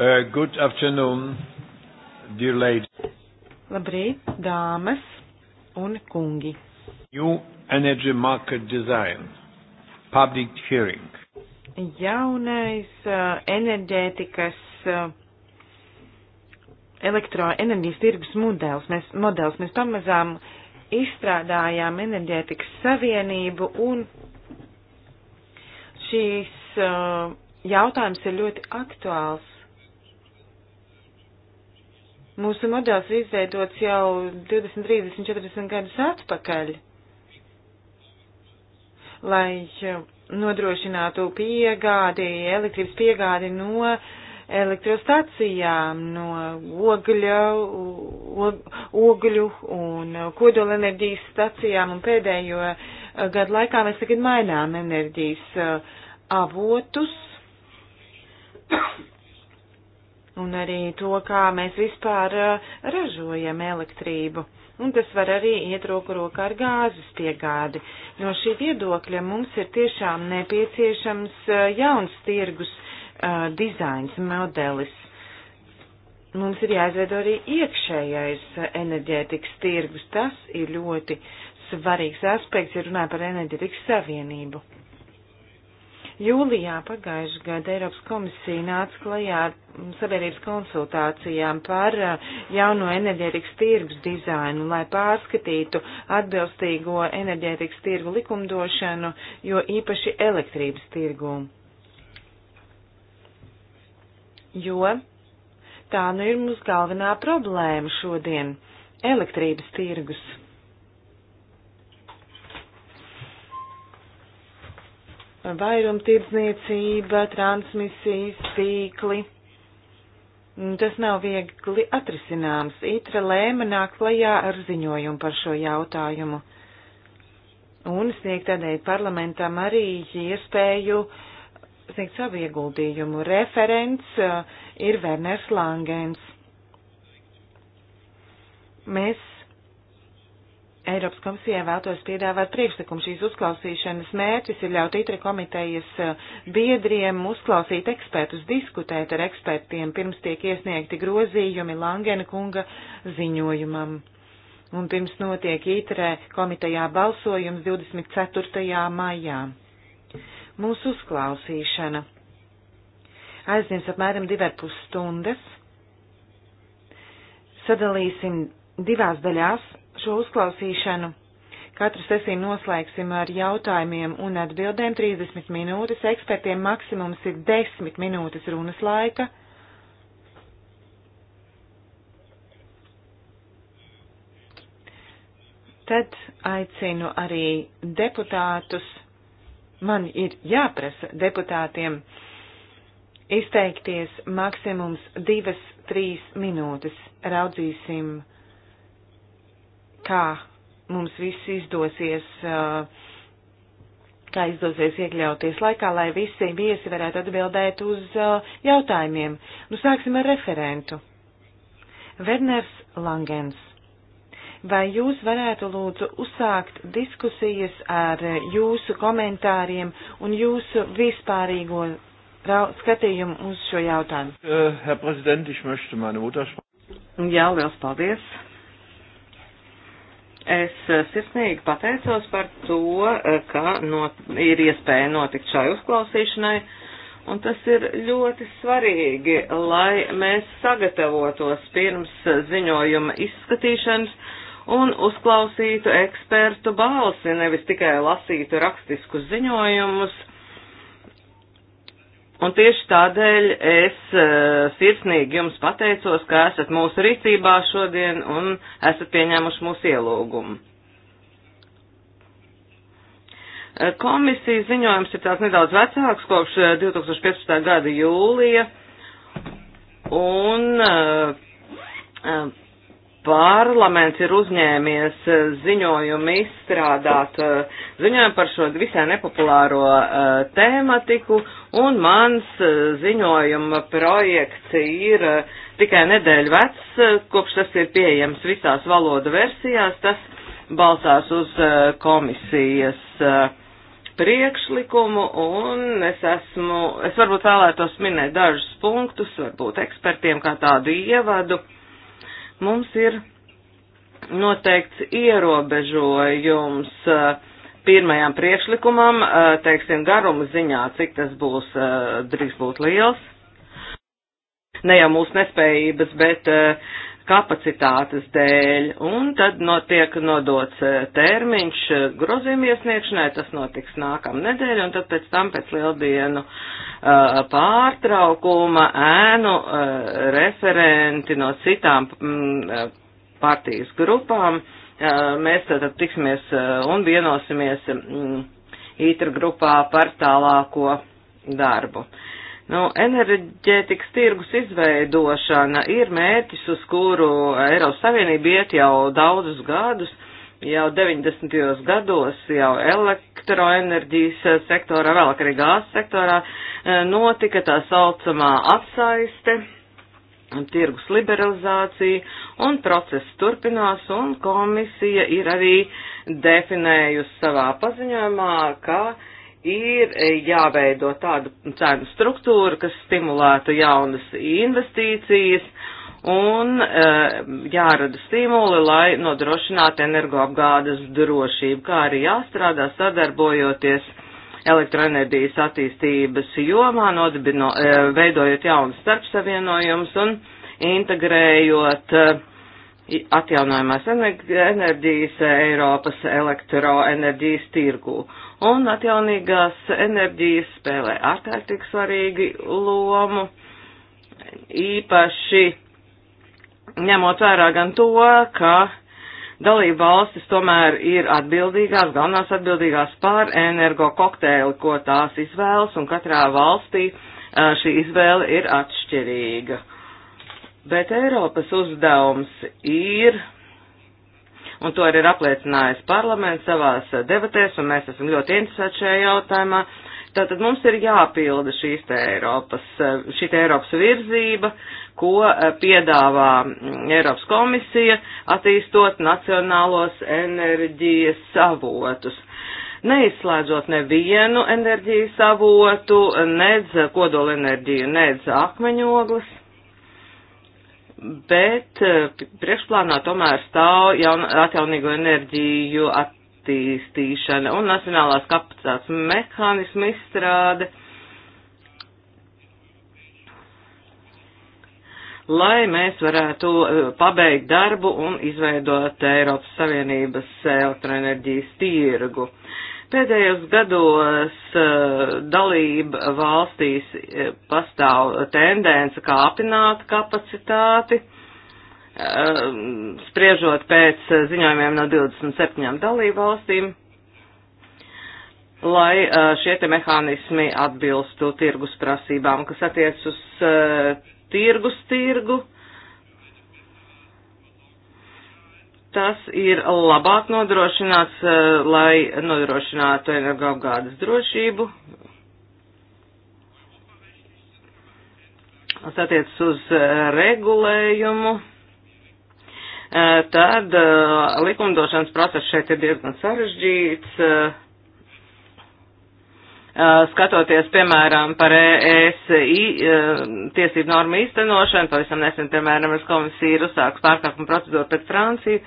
Uh, good afternoon, dear ladies. Labrīt, dāmas un kungi. New Energy Market Design Public Hearing. Jaunais uh, enerģētikas uh, elektroenerģijas tirgus modelis. Mēs, modelis. mēs pamazām izstrādājām enerģētikas savienību un šīs uh, jautājums ir ļoti aktuāls Mūsu modelis ir izveidots jau 20, 30, 40 gadus atpakaļ, lai eh, nodrošinātu piegādi, elektrības piegādi no elektrostacijām, no ogļa, og, ogļu un kodolenerģijas stacijām, un pēdējo eh, gadu laikā mēs tagad mainām enerģijas eh, avotus. un arī to, kā mēs vispār uh, ražojam elektrību. Un tas var arī iet roku rokā ar gāzes piegādi. No šī viedokļa mums ir tiešām nepieciešams uh, jauns tirgus uh, dizains modelis. Mums ir jāizveido arī iekšējais uh, enerģētikas tirgus. Tas ir ļoti svarīgs aspekts, ja runājam par enerģētikas savienību. Jūlijā pagājušajā gadā Eiropas komisija nāca klajā ar sabiedrības konsultācijām par uh, jauno enerģētikas tirgus dizainu, lai pārskatītu atbilstīgo enerģētikas tirgu likumdošanu, jo īpaši elektrības tirgu. Jo tā nu ir mūsu galvenā problēma šodien - elektrības tirgus. vairumtirdzniecība, transmisijas tīkli. Tas nav viegli atrisināms. Itra lēma nāk klajā ar ziņojumu par šo jautājumu un sniegt tādēļ parlamentam arī iespēju sniegt savu ieguldījumu. Referents uh, ir Werners Langens. Mēs Eiropas komisijai vēltos piedāvāt priekšlikumu. Šīs uzklausīšanas mērķis ir ļaut itri komitejas eh, biedriem uzklausīt ekspertus, diskutēt ar ekspertiem, pirms tiek iesniegti grozījumi Langena kunga ziņojumam. Un pirms notiek itrē komitejā balsojums 24. maijā. Mūsu uzklausīšana aizņems apmēram 2,5 stundas. Sadalīsim divās daļās šo uzklausīšanu. Katru sesiju noslēgsim ar jautājumiem un atbildēm 30 minūtes. Ekspertiem maksimums ir 10 minūtes runas laika. Tad aicinu arī deputātus. Man ir jāprasa deputātiem izteikties maksimums 2-3 minūtes. Raudzīsim kā mums viss izdosies, kā izdosies iekļauties laikā, lai visi viesi varētu atbildēt uz eh, jautājumiem. Nu, sāksim ar referentu. Werners Langens. Vai jūs varētu lūdzu uzsākt diskusijas ar jūsu komentāriem un jūsu vispārīgo skatījumu uz šo jautājumu? Uh, Herr Präsident, ich möchte meine Muttersprache. Jā, liels paldies. Es eh, sirsnīgi pateicos par to, eh, ka not, ir iespēja notikt šai uzklausīšanai, un tas ir ļoti svarīgi, lai mēs sagatavotos pirms ziņojuma izskatīšanas un uzklausītu ekspertu balsi, nevis tikai lasītu rakstiskus ziņojumus Un tieši tādēļ es uh, sirsnīgi jums pateicos, ka esat mūsu rīcībā šodien un esat pieņēmuši mūsu ielūgumu. Eh, komisijas ziņojums ir tāds nedaudz vecāks kopš 2015. Eh, gada jūlija, un uh, parlaments ir uzņēmies eh, ziņojumu izstrādāt eh, ziņojumu par šo visai nepopulāro eh, tēmatiku, un mans ziņojuma projekts ir tikai nedēļu vecs, kopš tas ir pieejams visās valodu versijās, tas balsās uz komisijas priekšlikumu, un es esmu, es varbūt vēlētos minēt dažus punktus, varbūt ekspertiem kā tādu ievadu. Uh, Mums ir noteikts ierobežojums eh, pirmajām priekšlikumam, eh, teiksim, garuma ziņā, cik tas būs, eh, drīz būt liels. Ne jau mūsu nespējības, bet kapacitātes dēļ, un tad notiek nodots termiņš grozījuma iesniegšanai, tas notiks nākamnedēļ, un tad pēc tam pēc lieldienu uh, Uh, pārtraukuma ēnu uh, referenti no citām mm, uh, partijas grupām. Mēs tad tiksimies un vienosimies mm, ītra grupā par tālāko darbu. Nu, enerģētikas tirgus izveidošana ir mērķis, uz kuru Eiropas Savienība iet jau daudzus gadus. Jau 90. gados jau elektroenerģijas sektorā, vēlāk arī gāzes sektorā Eh, notika tā saucamā atsaiste, tirgus liberalizācija un process turpinās un komisija ir arī definējusi savā paziņojumā, ka ir eh, jāveido tādu cenu struktūru, kas stimulētu jaunas investīcijas un e, jārada stimuli, lai nodrošinātu energoapgādes drošību, kā arī jāstrādā sadarbojoties elektroenerģijas attīstības jomā, nodibino, e, veidojot jaunas starpsavienojumus un integrējot e, atjaunojumās enerģijas Eiropas elektroenerģijas tirgū. Un atjaunīgās enerģijas spēlē ārkārtīgi svarīgi lomu, īpaši ņemot vērā gan to, ka Dalība valstis tomēr ir atbildīgās, galvenās atbildīgās par energo kokteili, ko tās izvēlas, un katrā valstī šī izvēle ir atšķirīga. Bet Eiropas uzdevums ir, un to arī ir apliecinājis parlaments savās debatēs, un mēs esam ļoti interesēti šajā jautājumā, tātad mums ir jāpilda šīs te Eiropas, šī te Eiropas virzība, uh, ko eh, piedāvā mm, Eiropas komisija, attīstot nacionālos enerģijas avotus. Neizslēdzot nevienu enerģijas avotu, nedz kodolenerģiju, nedz akmeņoglis, bet eh, priekšplānā tomēr stāv jaun, atjaunīgo enerģiju attīstīšana un nacionālās kapacitātes mehānismu izstrāde lai mēs varētu eh, pabeigt darbu un izveidot Eiropas Savienības elektroenerģijas tirgu. Pēdējos gados eh, dalība valstīs eh, pastāv tendence kāpināt kapacitāti, spriežot pēc ziņojumiem no 27 dalību valstīm, lai šie te mehānismi atbilstu tirgus prasībām, kas attiec uz tirgus tirgu. Tas ir labāk nodrošināts, eh, lai nodrošinātu energoapgādes drošību. Tas attiecas uz eh, regulējumu eh, tad likumdošanas process šeit ir diezgan sarežģīts skatoties, piemēram, par ES tiesību normu īstenošanu, pavisam nesen, piemēram, es komisija ir uzsāks pārkāpuma procedūru pret Franciju.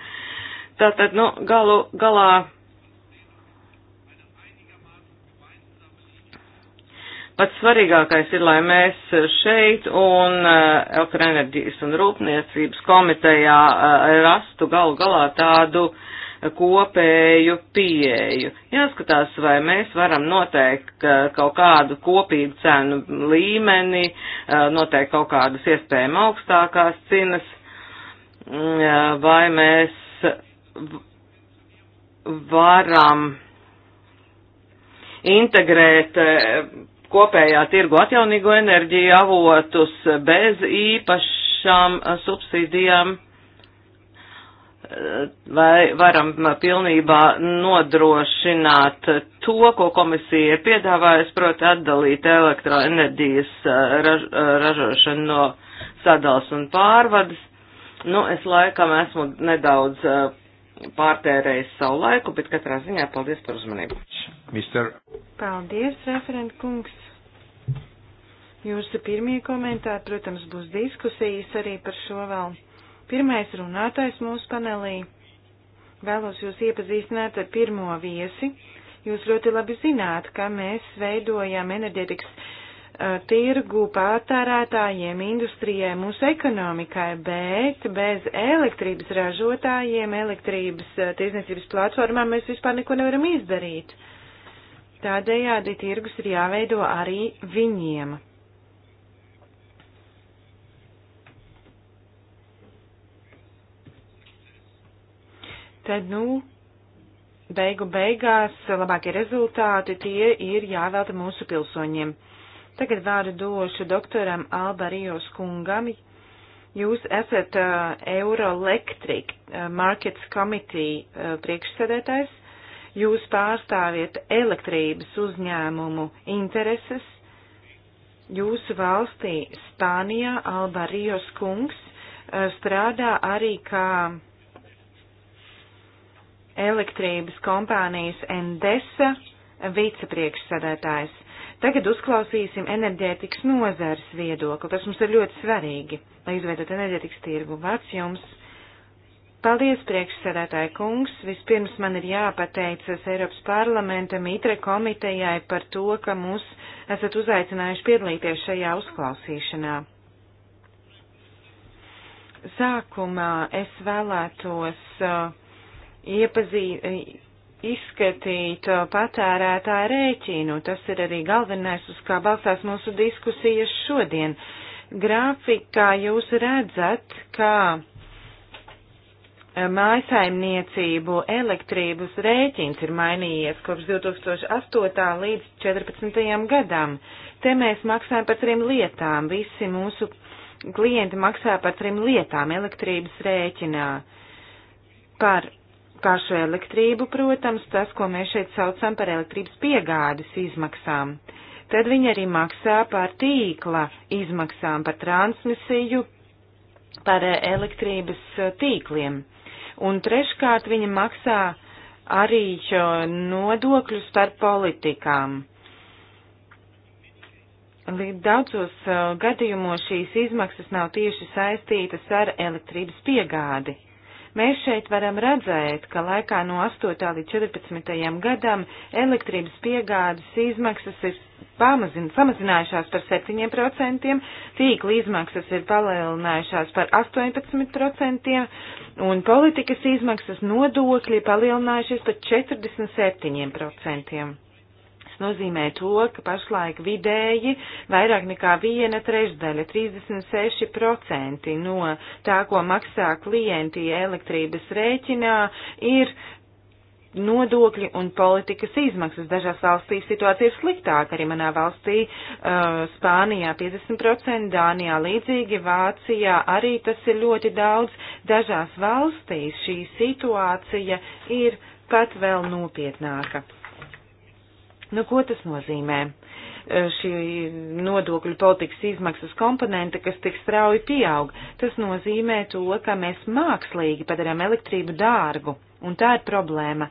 Tātad, nu, galu, galā. Pats svarīgākais ir, lai mēs šeit un Elektroenerģijas un Rūpniecības komitejā rastu galu galā tādu uh, kopēju pieeju. Jāskatās, vai mēs varam noteikt kaut kādu kopīgu cenu līmeni, noteikt kaut kādas iespējami augstākās cenas, vai mēs varam integrēt kopējā tirgu atjaunīgo enerģiju avotus bez īpašām subsīdijām vai varam pilnībā nodrošināt to, ko komisija ir piedāvājusi, proti atdalīt elektroenerģijas uh, raž, uh, ražošanu no sadals un pārvades. Nu, es laikam esmu nedaudz uh, pārtērējis savu laiku, bet katrā ziņā paldies par uzmanību. Mister. Paldies, referent kungs. Jūsu pirmie komentāri, protams, būs diskusijas arī par šo vēl. Pirmais runātājs mūsu panelī. Vēlos jūs iepazīstināt ar pirmo viesi. Jūs ļoti labi zināt, ka mēs veidojam enerģetikas uh, tirgu patērētājiem, industrijai, mūsu ekonomikai, bet bez elektrības ražotājiem, elektrības uh, tirdzniecības platformām mēs vispār neko nevaram izdarīt. Tādējādi tirgus ir jāveido arī viņiem. tad, nu, beigu beigās labākie rezultāti tie ir jāvelta mūsu pilsoņiem. Tagad vārdu došu doktoram Albarijos kungam. Jūs esat uh, Euroelectric uh, Markets Committee uh, priekšsēdētājs. Jūs pārstāviet elektrības uzņēmumu intereses. Jūsu valstī Spānijā Albarijos kungs uh, strādā arī kā uh, elektrības kompānijas Endesa vicepriekšsadētājs. Tagad uzklausīsim enerģētikas nozares viedokli. Tas mums ir ļoti svarīgi, lai izveidot enerģētikas tirgu. Vārds jums! Paldies, priekšsēdētāji kungs! Vispirms man ir jāpateicas Eiropas parlamenta mitre komitejai par to, ka mūs esat uzaicinājuši piedalīties šajā uzklausīšanā. Sākumā es vēlētos uh, iepazīt, izskatīt patērētāju rēķinu. Tas ir arī galvenais, uz kā balstās mūsu diskusijas šodien. Grāfikā jūs redzat, kā mājasaimniecību elektrības rēķins ir mainījies kopš 2008. līdz 2014. gadam. Te mēs maksājam par trim lietām. Visi mūsu klienti maksā par trim lietām elektrības rēķinā. Par pašu elektrību, protams, tas, ko mēs šeit saucam par elektrības piegādes izmaksām. Tad viņi arī maksā par tīkla izmaksām, par transmisiju, par eh, elektrības eh, tīkliem. Un treškārt viņi maksā arī eh, nodokļu starp politikām. Līdz daudzos gadījumos šīs izmaksas nav tieši saistītas ar elektrības piegādi. Mēs šeit varam redzēt, ka laikā no 8. līdz 14. gadam elektrības piegādes izmaksas ir pamazin, samazinājušās par 7%, tīkla izmaksas ir palielinājušās par 18%, un politikas izmaksas nodokļi palielinājušies par 47%. Tas nozīmē to, ka pašlaik vidēji vairāk nekā viena trešdaļa, 36% no tā, ko maksā klienti elektrības rēķinā, ir nodokļi un politikas izmaksas. Dažās valstīs situācija ir sliktāka, arī manā valstī uh, Spānijā 50%, Dānijā līdzīgi, Vācijā arī tas ir ļoti daudz. Dažās valstīs šī situācija ir pat vēl nopietnāka. Nu, ko tas nozīmē? E, šī nodokļu politikas izmaksas komponente, kas tik strauji pieaug, tas nozīmē to, ka mēs mākslīgi padarām elektrību dārgu. Un tā ir problēma.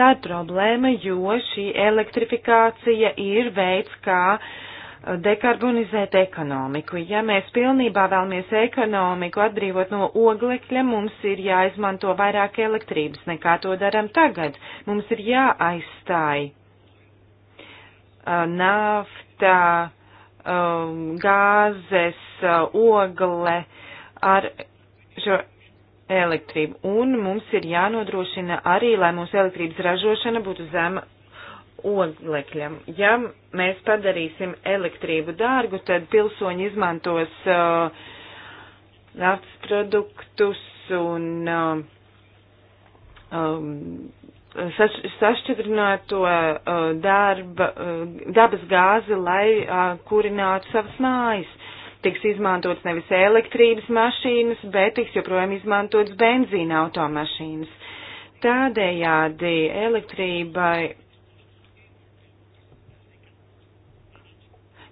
Tā ir problēma, jo šī elektrifikācija ir veids, kā e, dekarbonizēt ekonomiku. Ja mēs pilnībā vēlamies ekonomiku atbrīvot no oglekļa, mums ir jāizmanto vairāk elektrības nekā to daram tagad. Mums ir jāaizstāj Uh, naftā, um, gāzes, uh, ogle ar šo elektrību. Un mums ir jānodrošina arī, lai mūsu elektrības ražošana būtu zema oglekļam. Ja mēs padarīsim elektrību dārgu, tad pilsoņi izmantos uh, naftas produktus un uh, um, saš, sašķidrināto uh, darba, uh, dabas gāzi, lai uh, kurinātu savas mājas. Tiks izmantots nevis elektrības mašīnas, bet tiks joprojām izmantots benzīna automašīnas. Tādējādi elektrībai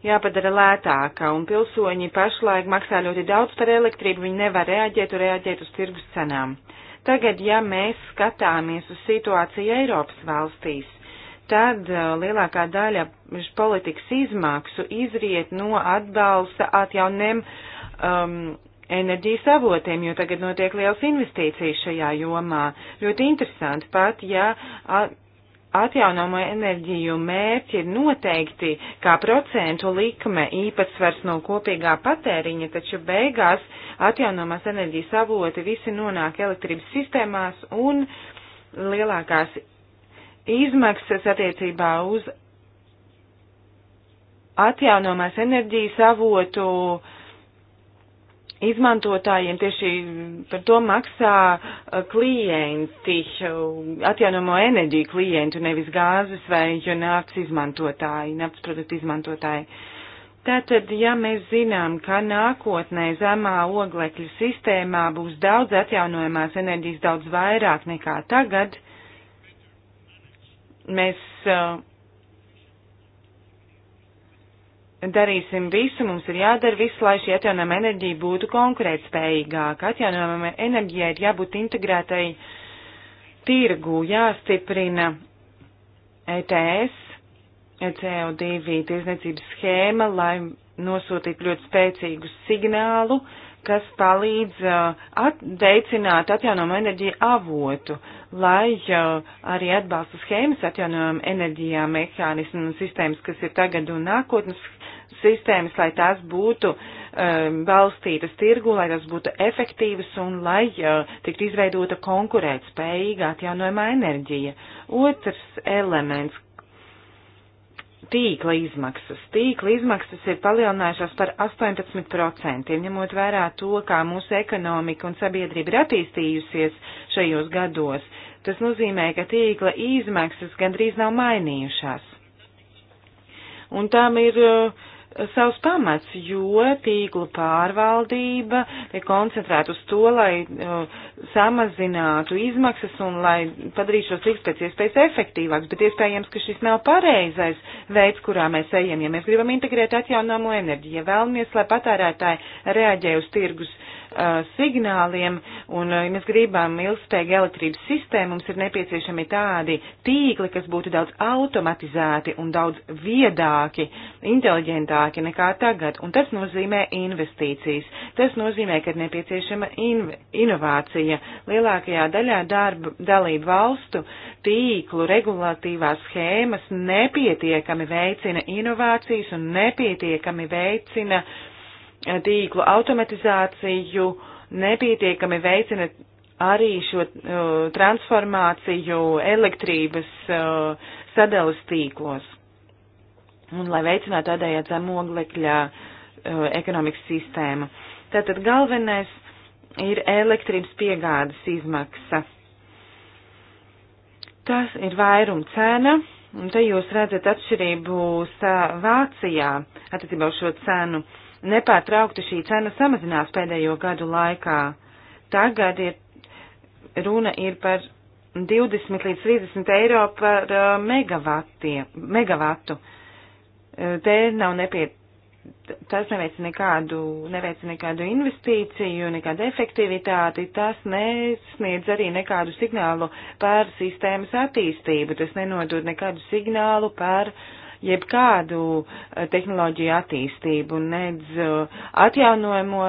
jāpadara lētākā, un pilsoņi pašlaik maksā ļoti daudz par elektrību, viņi nevar reaģēt un reaģēt uz tirgus cenām. Uh, Tagad, ja mēs skatāmies uz situāciju Eiropas valstīs, tad uh, lielākā daļa politikas izmaksu izriet no atbalsta atjauniem um, enerģijas avotiem, jo tagad notiek liels investīcijas šajā jomā. Ļoti interesanti pat, ja atjaunamo enerģiju mērķi ir noteikti kā procentu likme īpatsvars no kopīgā patēriņa, taču beigās atjaunomās enerģijas avoti visi nonāk elektrības sistēmās un lielākās izmaksas attiecībā uz atjaunomās enerģijas avotu izmantotājiem tieši par to maksā uh, klienti, uh, atjaunomo enerģiju klientu, nevis gāzes vai naftas izmantotāji, naftas produktu izmantotāji. Tātad, ja mēs zinām, ka nākotnē zemā oglekļa sistēmā būs daudz atjaunojamās enerģijas daudz vairāk nekā tagad, mēs uh, darīsim visu, mums ir jādara visu, lai šī atjaunojama enerģija būtu konkurētspējīgāka. Atjaunojama enerģija ir jābūt integrētai tirgu, jāstiprina ETS, e CO2 tiesniecības schēma, lai nosūtītu ļoti spēcīgu signālu uh, kas palīdz uh, at, veicināt atjaunojumu enerģiju avotu, lai uh, arī atbalstu schēmas atjaunojumu enerģijā mehānismu un sistēmas, kas ir tagad un nākotnes sistēmas, lai tās būtu um, balstītas tirgu, lai tās būtu efektīvas un lai uh, tiktu izveidota konkurētspējīga atjaunojumā enerģija. Otrs elements, tīkla izmaksas. Tīkla izmaksas ir palielinājušās par 18%, ņemot vērā to, kā mūsu ekonomika un sabiedrība ir attīstījusies šajos gados. Tas nozīmē, ka tīkla izmaksas gandrīz nav mainījušās. Un tam ir uh, savs pamats, jo tīklu pārvaldība tiek koncentrēta uz to, lai uh, samazinātu izmaksas un lai padarītu šos tīklus pēc iespējas efektīvāks, bet iespējams, ka šis nav pareizais veids, kurā mēs ejam. Ja mēs gribam integrēt atjaunamo enerģiju, ja vēlamies, lai patērētāji reaģē uz tirgus uh, signāliem, un ja mēs gribam ilgspējīgu elektrības sistēmu, mums ir nepieciešami tādi tīkli, kas būtu daudz automatizēti un daudz viedāki, inteliģentāki nekā tagad, un tas nozīmē investīcijas. Tas nozīmē, ka ir nepieciešama in inovācija. Lielākajā daļā darba dalību valstu tīklu regulatīvās schēmas nepietiekami veicina inovācijas un nepietiekami veicina uh, tīklu automatizāciju nepietiekami veicina arī šo uh, transformāciju elektrības uh, sadalas tīklos. Un lai veicinātu tādējā zemoglekļa uh, ekonomikas sistēmu. Tātad galvenais ir elektrības piegādes izmaksa. Tas ir vairuma cena, un te jūs redzat atšķirību Vācijā attiecībā uz šo cenu. Uh, nepārtraukti šī cena samazinās pēdējo gadu laikā. Tagad ir, runa ir par 20 līdz 30 eiro par uh, megavatu. Uh, te nav nepiet, tas neveic nekādu, neveic nekādu investīciju, nekādu efektivitāti, tas nesniedz arī nekādu signālu par sistēmas attīstību, tas nenodod nekādu signālu par uh, jebkādu eh, tehnoloģiju attīstību, nedz eh, atjaunojamo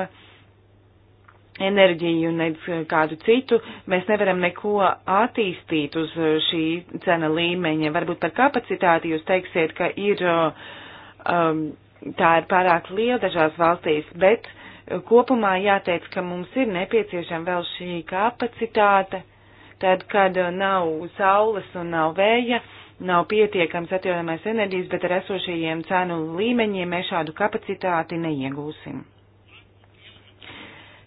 enerģiju, nedz eh, kādu citu. Mēs nevaram neko attīstīt uz šī cena līmeņa. Varbūt par kapacitāti jūs teiksiet, ka ir, um, tā ir pārāk liela dažās valstīs, bet kopumā jāteic, ka mums ir nepieciešama vēl šī kapacitāte, tad, kad nav saules un nav vēja nav pietiekams atjaunamais enerģijas, bet ar esošajiem cenu līmeņiem mēs šādu kapacitāti neiegūsim.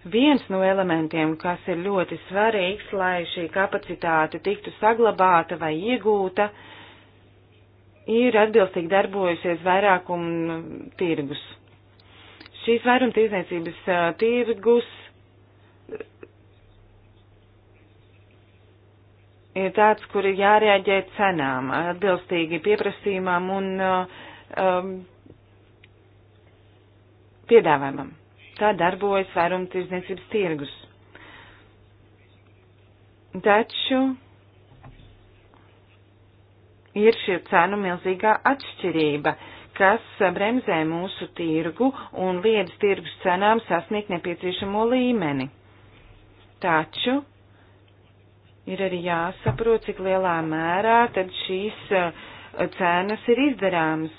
Viens no elementiem, kas ir ļoti svarīgs, lai šī kapacitāte tiktu saglabāta vai iegūta, ir atbilstīgi darbojusies vairākuma tirgus. Šīs vairumtirdzniecības uh, tirgus ir tāds, kur ir jārēģē cenām, atbilstīgi pieprasījumam un uh, um, piedāvājumam. Tā darbojas vairumtirdzniecības tirgus. Taču ir šī cenu milzīgā atšķirība, kas bremzē mūsu tirgu un liedz tirgus cenām sasniegt nepieciešamo līmeni. Taču ir arī jāsaprot, cik lielā mērā tad šīs eh, cenas ir izdarāmas.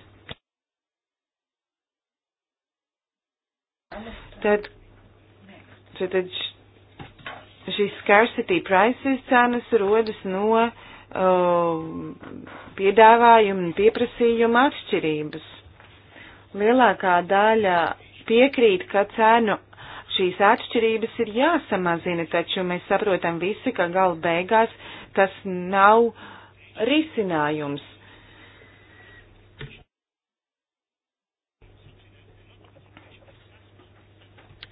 Tad, tad šīs scarcity prices cenas rodas no uh, piedāvājuma un pieprasījuma atšķirības. Lielākā daļa piekrīt, ka cenu šīs atšķirības ir jāsamazina, taču mēs saprotam visi, ka gala beigās tas nav risinājums.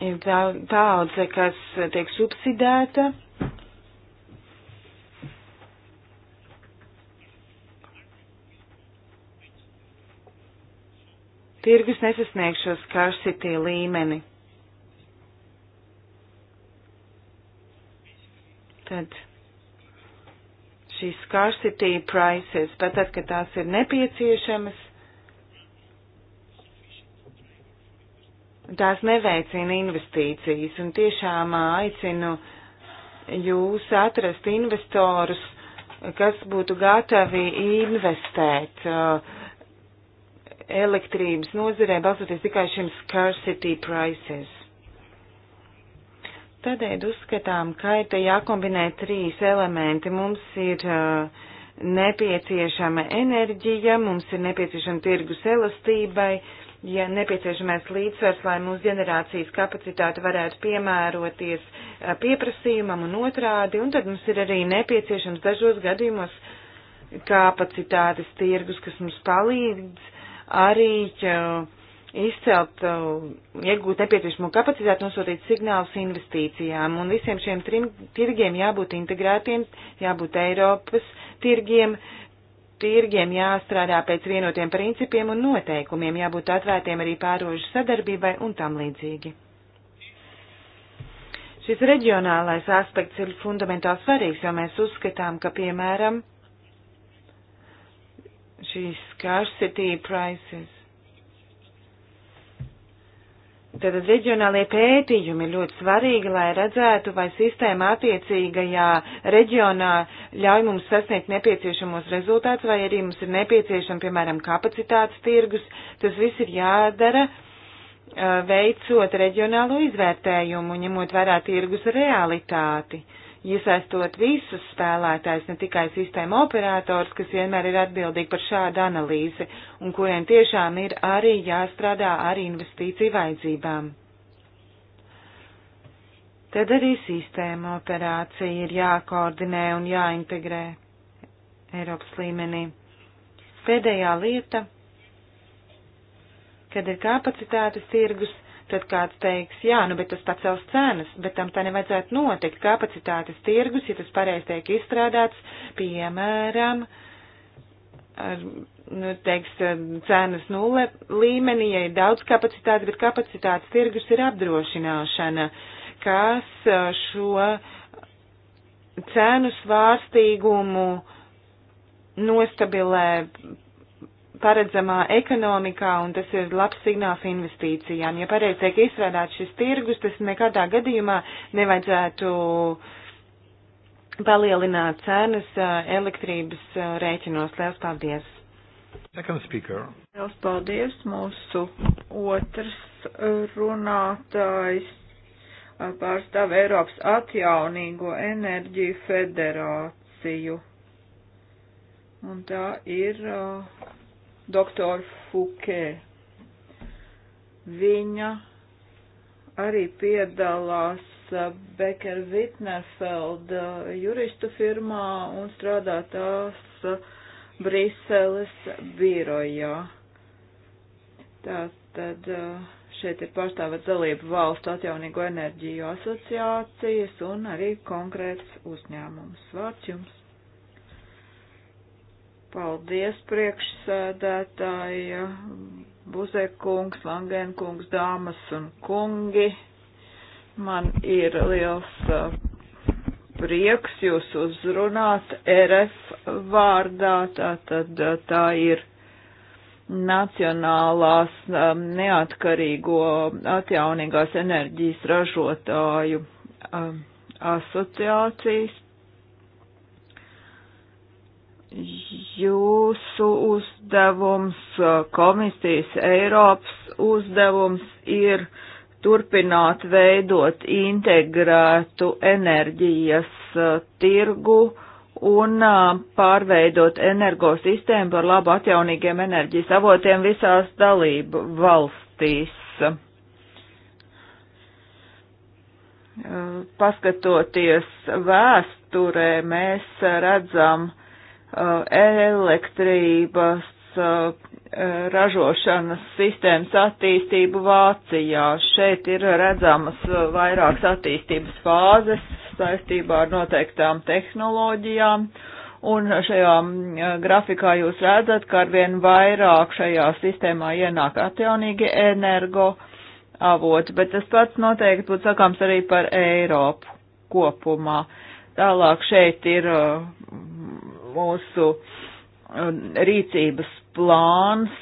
Ir paudze, kas tiek subsidēta. Tirgus nesasniegšos scarcity līmeni. kad šī scarcity prices, bet tad, kad tās ir nepieciešamas, tās neveicina investīcijas un tiešām aicinu jūs atrast investorus, kas būtu gatavi investēt uh, elektrības nozirē, balstoties tikai šiem scarcity prices. Tādēļ uzskatām, ka te jākombinē trīs elementi. Mums ir uh, nepieciešama enerģija, mums ir nepieciešama tirgus elastībai, ja nepieciešamais līdzsvars, lai mūsu ģenerācijas kapacitāte varētu piemēroties uh, pieprasījumam un otrādi, un tad mums ir arī nepieciešams dažos gadījumos kapacitātes tirgus, kas mums palīdz arī uh, izcelt, uh, iegūt nepieciešamo kapacitāti, nosūtīt signālus investīcijām. Un visiem šiem trim tirgiem jābūt integrētiem, jābūt Eiropas tirgiem, tirgiem jāstrādā pēc vienotiem principiem un noteikumiem, jābūt atvērtiem arī pārožu sadarbībai un tam līdzīgi. Šis reģionālais aspekts ir fundamentāli svarīgs, jo mēs uzskatām, ka, piemēram, šīs scarcity prices Tātad reģionālie pētījumi ļoti svarīgi, lai redzētu, vai sistēma attiecīgajā reģionā ļauj mums sasniegt nepieciešamos rezultātus, vai arī mums ir nepieciešama, piemēram, kapacitātes tirgus. Tas viss ir jādara veicot reģionālo izvērtējumu, ņemot vērā tirgus realitāti. Uh, iesaistot visus spēlētājs, ne tikai sistēma operators, kas vienmēr ir atbildīgi par šādu analīzi un kuriem tiešām ir arī jāstrādā ar investīciju vajadzībām. Tad arī sistēma operācija ir jākoordinē un jāintegrē Eiropas līmenī. Pēdējā lieta, kad ir kapacitātes tirgus, Tad kāds teiks, jā, nu, bet tas pacels cenas, bet tam tā nevajadzētu notikt. Kapacitātes tirgus, ja tas pareizi tiek izstrādāts, piemēram, ar, nu, teiks, eh, cenas nulle līmenī, ja ir daudz kapacitātes, bet kapacitātes tirgus ir apdrošināšana, kas eh, šo cenu svārstīgumu nostabilē paredzamā ekonomikā, un tas ir labs signāls investīcijām. Ja pareizi tiek izstrādāts šis tirgus, tas nekādā gadījumā nevajadzētu palielināt cenas elektrības rēķinos. Liels paldies! Liels paldies! Mūsu otrs runātājs pārstāv Eiropas atjaunīgo enerģiju federāciju. Un tā ir uh, doktoru Fukē. Viņa arī piedalās Becker Wittnerfeld uh, juristu firmā un strādā tās uh, Briseles birojā. Tātad uh, šeit ir pārstāvēt dalību valstu atjaunīgo enerģiju asociācijas un arī konkrēts uzņēmums. Vārds jums! Paldies priekšsēdētāji, Buzekungs, Langenkungs, dāmas un kungi. Man ir liels uh, prieks jūs uzrunāt e RF vārdā, tātad uh, tā ir Nacionālās um, neatkarīgo atjaunīgās enerģijas ražotāju um, asociācijas Jūsu uzdevums, komisijas Eiropas uzdevums ir turpināt veidot integrētu enerģijas tirgu un pārveidot energosistēmu par labu atjaunīgiem enerģijas avotiem visās dalību valstīs. Paskatoties vēsturē, mēs redzam, Uh, elektrības uh, ražošanas sistēmas attīstību Vācijā. Šeit ir redzamas uh, vairākas attīstības fāzes saistībā ar noteiktām tehnoloģijām. Un šajā mm, grafikā jūs redzat, ka arvien vairāk šajā sistēmā ienāk atjaunīgi energo avoti, bet tas pats noteikti būtu sakāms arī par Eiropu kopumā. Tālāk šeit ir uh, mūsu um, rīcības plāns.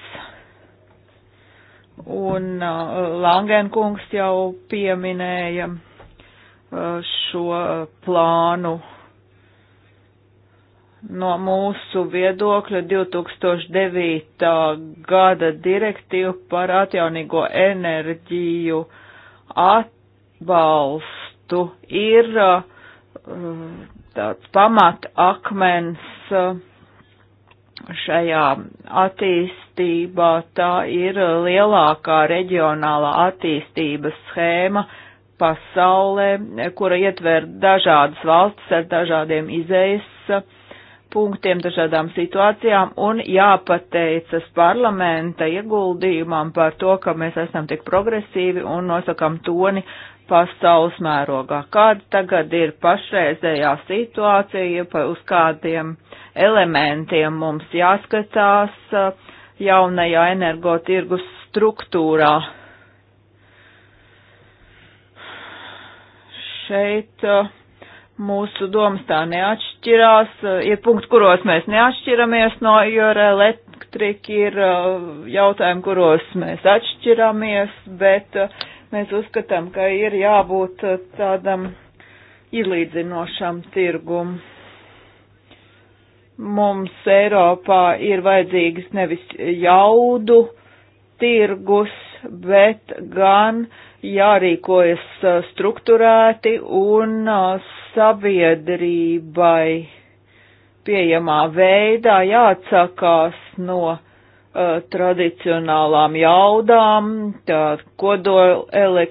Un uh, Langenkungs jau pieminēja uh, šo plānu no mūsu viedokļa 2009. gada direktīvu par atjaunīgo enerģiju atbalstu ir uh, tāds pamat akmens uh, šajā attīstībā. Tā ir lielākā reģionālā attīstības schēma pasaulē, kura ietver dažādas valstis ar dažādiem izējas uh, punktiem, dažādām situācijām un jāpateicas parlamenta ieguldījumam par to, ka mēs esam tik progresīvi un nosakam toni pasaules mērogā. Kāda tagad ir pašreizējā situācija, uz kādiem elementiem mums jāskatās eh, jaunajā energotirgus struktūrā? Šeit uh, mūsu domas tā neatšķirās. Eh, ir punkti, kuros mēs neatšķiramies no Jora elektrika, ir eh, jautājumi, kuros mēs atšķiramies, bet eh, mēs uzskatām, ka ir jābūt tādam izlīdzinošam tirgum. Mums Eiropā ir vajadzīgs nevis jaudu tirgus, bet gan uh, jārīkojas strukturēti un sabiedrībai pieejamā veidā jāatsakās no uh, tradicionālām jaudām, tā kodola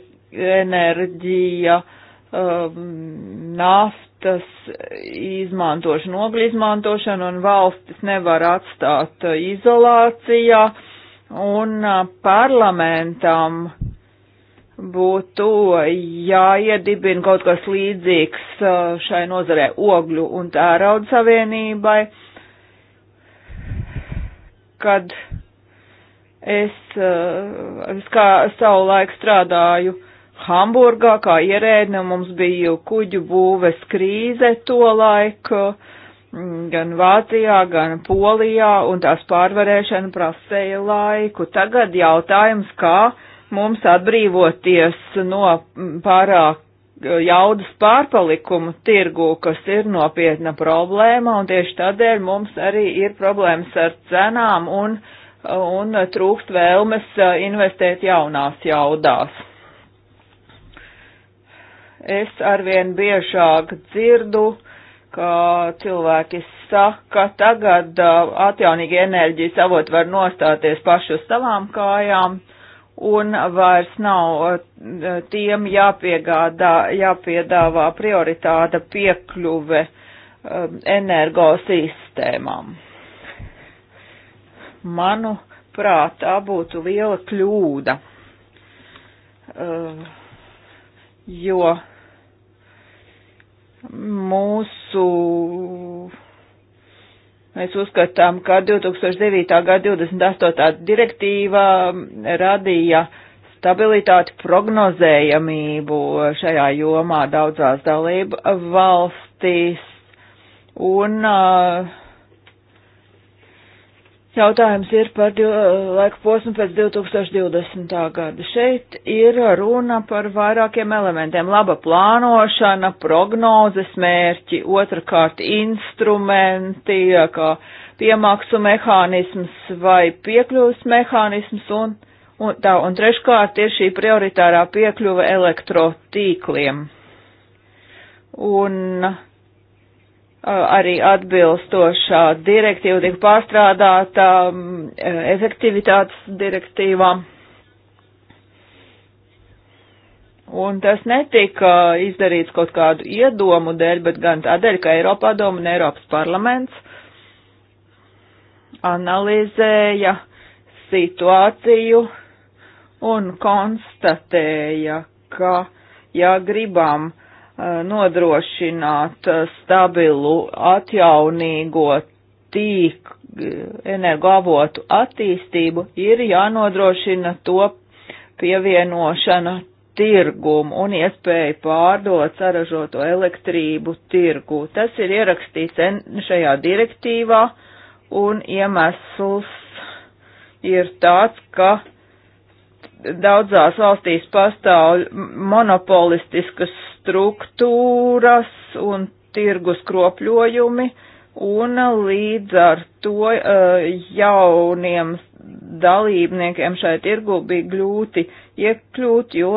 enerģija, uh, naftas izmantošana, ogļu izmantošana un valstis nevar atstāt izolācijā un uh, parlamentam būtu jāiedibina kaut kas līdzīgs uh, šai nozarē ogļu un tērauda savienībai, kad es, uh, es kā savu laiku strādāju Hamburgā kā ierēdne, mums bija kuģu būves krīze to laiku, gan Vācijā, gan Polijā, un tās pārvarēšana prasēja laiku. Tagad jautājums, kā mums atbrīvoties no pārāk eh, jaudas pārpalikumu tirgu, kas ir nopietna problēma, un tieši tādēļ mums arī ir problēmas ar cenām un, un trūkst vēlmes eh, investēt jaunās jaudās. Es arvien biežāk dzirdu, ka cilvēki saka, tagad eh, atjaunīgi enerģijas avot var nostāties pašu savām kājām un vairs nav eh, tiem jāpiegādā, jāpiedāvā prioritāte piekļuve um, energosistēmām. Manuprāt, tā būtu liela kļūda, uh, jo mūsu Mēs uzskatām, ka 2009. gada 28. direktīva radīja stabilitāti, prognozējamību šajā jomā daudzās dalību valstīs. Un uh, Jautājums ir par eh, laika posmu pēc 2020. gada. Šeit ir runa par vairākiem elementiem - laba plānošana, prognozes mērķi, otrkārt instrumenti, kā piemaksu mehānisms vai piekļuvas mehānisms un, un, tā, un treškārt ir šī prioritārā piekļuva elektrotīkliem. Un Uh, arī atbilstošā direktīva tika pārstrādāta um, uh, efektivitātes direktīvā. Un tas netika uh, izdarīts kaut kādu iedomu dēļ, bet gan tādēļ, ka Eiropā doma un Eiropas parlaments analizēja situāciju un konstatēja, ka, ja gribam Uh, nodrošināt uh, stabilu atjaunīgo tīk, uh, energoavotu attīstību, ir jānodrošina to pievienošana tirgumu un iespēju pārdot saražoto elektrību tirgu. Tas ir ierakstīts šajā direktīvā un iemesls ir tāds, ka daudzās valstīs pastāv monopolistiskas struktūras un tirgus kropļojumi, un līdz ar to eh, jauniem dalībniekiem šai tirgu bija grūti iekļūt, jo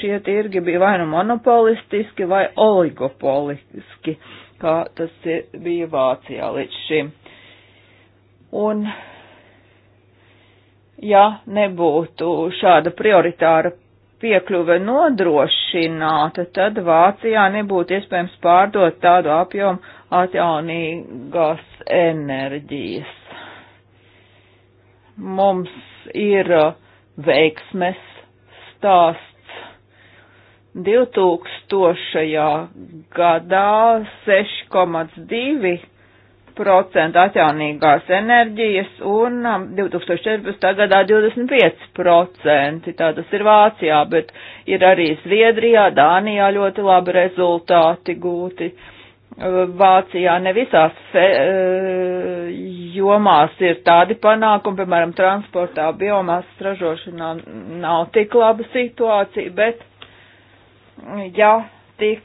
šie tirgi bija vai nu monopolistiski vai oligopolistiski, kā tas bija Vācijā līdz šim. Un ja nebūtu šāda prioritāra piekļuve nodrošināta, tad Vācijā nebūtu iespējams pārdot tādu apjomu atjaunīgās enerģijas. Mums ir uh, veiksmes stāsts. 2000. gadā 6,2 10% atjaunīgās enerģijas un 2014. Um, gadā 25%. Tā tas ir Vācijā, bet ir arī Zviedrijā, Dānijā ļoti labi rezultāti gūti. Uh, Vācijā ne visās fe, uh, jomās ir tādi panākumi, piemēram, transportā, biomasas ražošanā nav tik laba situācija, bet ja tik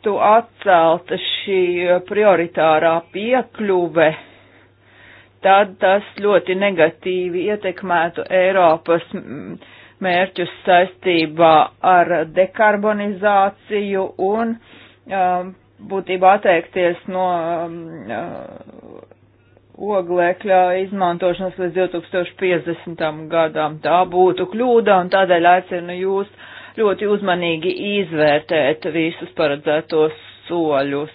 tiktu atcelta šī prioritārā piekļuve, tad tas ļoti negatīvi ietekmētu Eiropas mērķus saistībā ar dekarbonizāciju un um, būtībā atteikties no um, uh, oglekļa izmantošanas līdz 2050. gadam. Tā būtu kļūda un tādēļ aicinu jūs uh, ļoti uzmanīgi izvērtēt visus paredzētos soļus.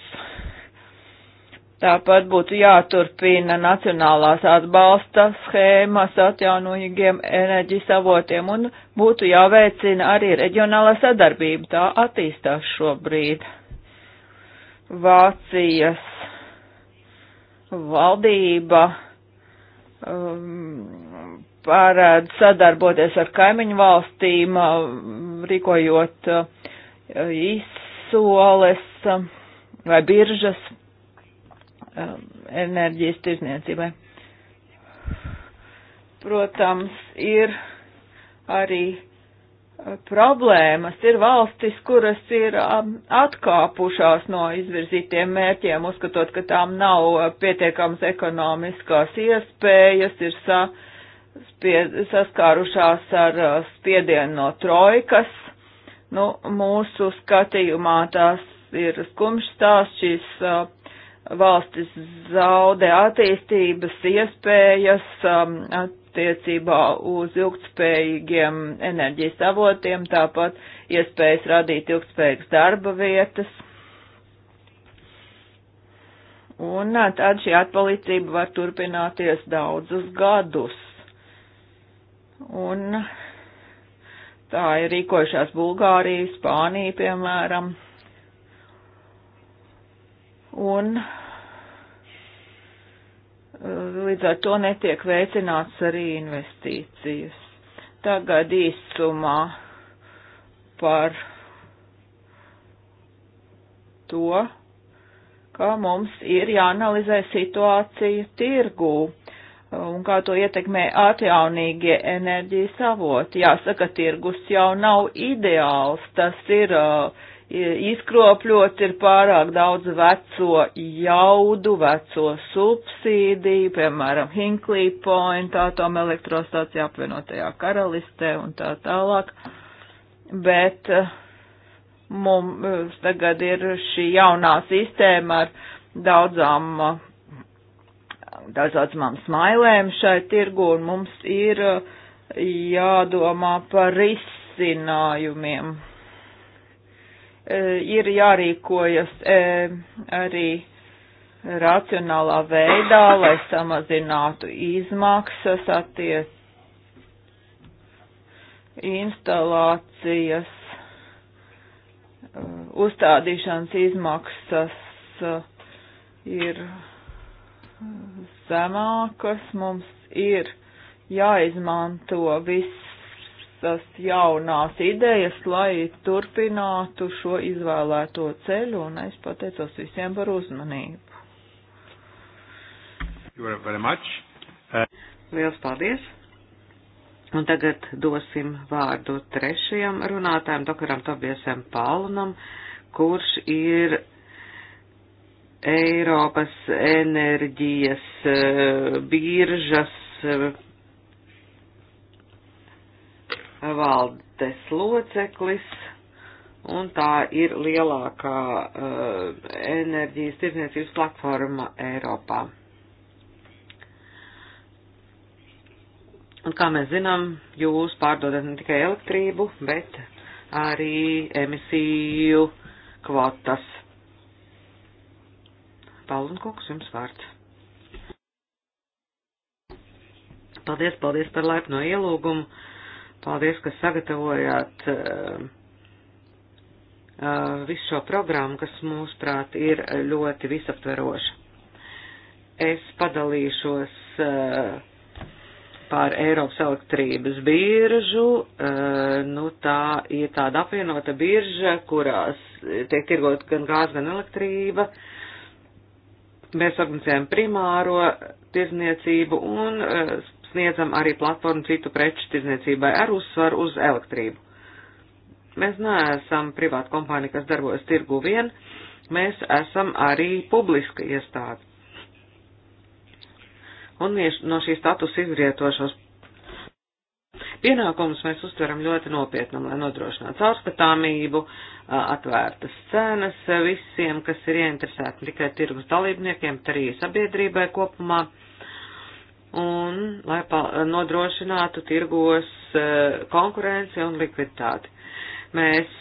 Tāpat būtu jāturpina nacionālās atbalsta schēmas atjaunojīgiem enerģijas avotiem un būtu jāveicina arī reģionālā sadarbība. Tā attīstās šobrīd. Vācijas valdība um, pārēd sadarboties ar kaimiņu valstīm, rīkojot izsoles vai biržas enerģijas tirzniecībai. Protams, ir arī problēmas. Ir valstis, kuras ir atkāpušās no izvirzītiem mērķiem, uzskatot, ka tām nav pietiekams ekonomiskās iespējas, ir sa. Uh, spied, saskārušās ar uh, spiedienu no trojkas. Nu, mūsu skatījumā tās ir skumjš stāsts, šīs uh, valstis zaudē attīstības iespējas um, attiecībā uz ilgtspējīgiem enerģijas avotiem, tāpat iespējas radīt ilgtspējīgas darba vietas. Un uh, tad šī atpalīdzība var turpināties daudzus gadus. Un tā ir rīkojušās Bulgārija, Spānija, piemēram. Un eh, līdz ar to netiek veicināts arī investīcijas. Tagad īsumā par to, kā mums ir jāanalizē situācija tirgū un kā to ietekmē atjaunīgie enerģijas avoti. Jāsaka, tirgus jau nav ideāls, tas ir uh, izkropļots, ir pārāk daudz veco jaudu, veco subsīdiju, piemēram, Hinkley Point, atomelektrostācija apvienotajā karalistē un tā tālāk. Bet uh, mums uh, tagad ir šī jaunā sistēma ar daudzām dažādām smailēm šai tirgu, un mums ir eh, jādomā par risinājumiem. Eh, ir jārīkojas eh, arī racionālā veidā, lai samazinātu izmaksas attiec instalācijas, uzstādīšanas izmaksas ir zemākas, mums ir jāizmanto visas jaunās idejas, lai turpinātu šo izvēlēto ceļu, un es pateicos visiem par uzmanību. Liels paldies! Un tagad dosim vārdu trešajam runātājam, doktoram Tobiesam Pālunam, kurš ir Eiropas enerģijas eh, biržas eh, valdes loceklis, un tā ir lielākā eh, enerģijas tirdzniecības platforma Eiropā. Un kā mēs zinām, jūs pārdodat ne tikai elektrību, bet arī emisiju kvotas Palunkungs, jums vārds. Paldies, paldies par laipno ielūgumu. Paldies, ka sagatavojāt uh, uh, visu šo programmu, kas mūsuprāt ir ļoti visaptveroša. Es padalīšos uh, eh, pār Eiropas elektrības biržu. Nu, tā ir tāda apvienota birža, kurās tiek tirgot gan gāze, gan elektrība. Uh, Mēs organizējam primāro tirzniecību un e, sniedzam arī platformu citu preču tirzniecībai ar uzsvaru uz elektrību. Mēs neesam privāta kompānija, kas darbojas tirgu vien, mēs esam arī publiska iestāde. Un no šī statusa izrietošos Pienākumus mēs uztveram ļoti nopietnam, lai nodrošinātu caurskatāmību, atvērtas cenas visiem, kas ir ieinteresēti ne tikai tirgus dalībniekiem, bet arī sabiedrībai kopumā, un lai nodrošinātu tirgos konkurenci un likviditāti. Mēs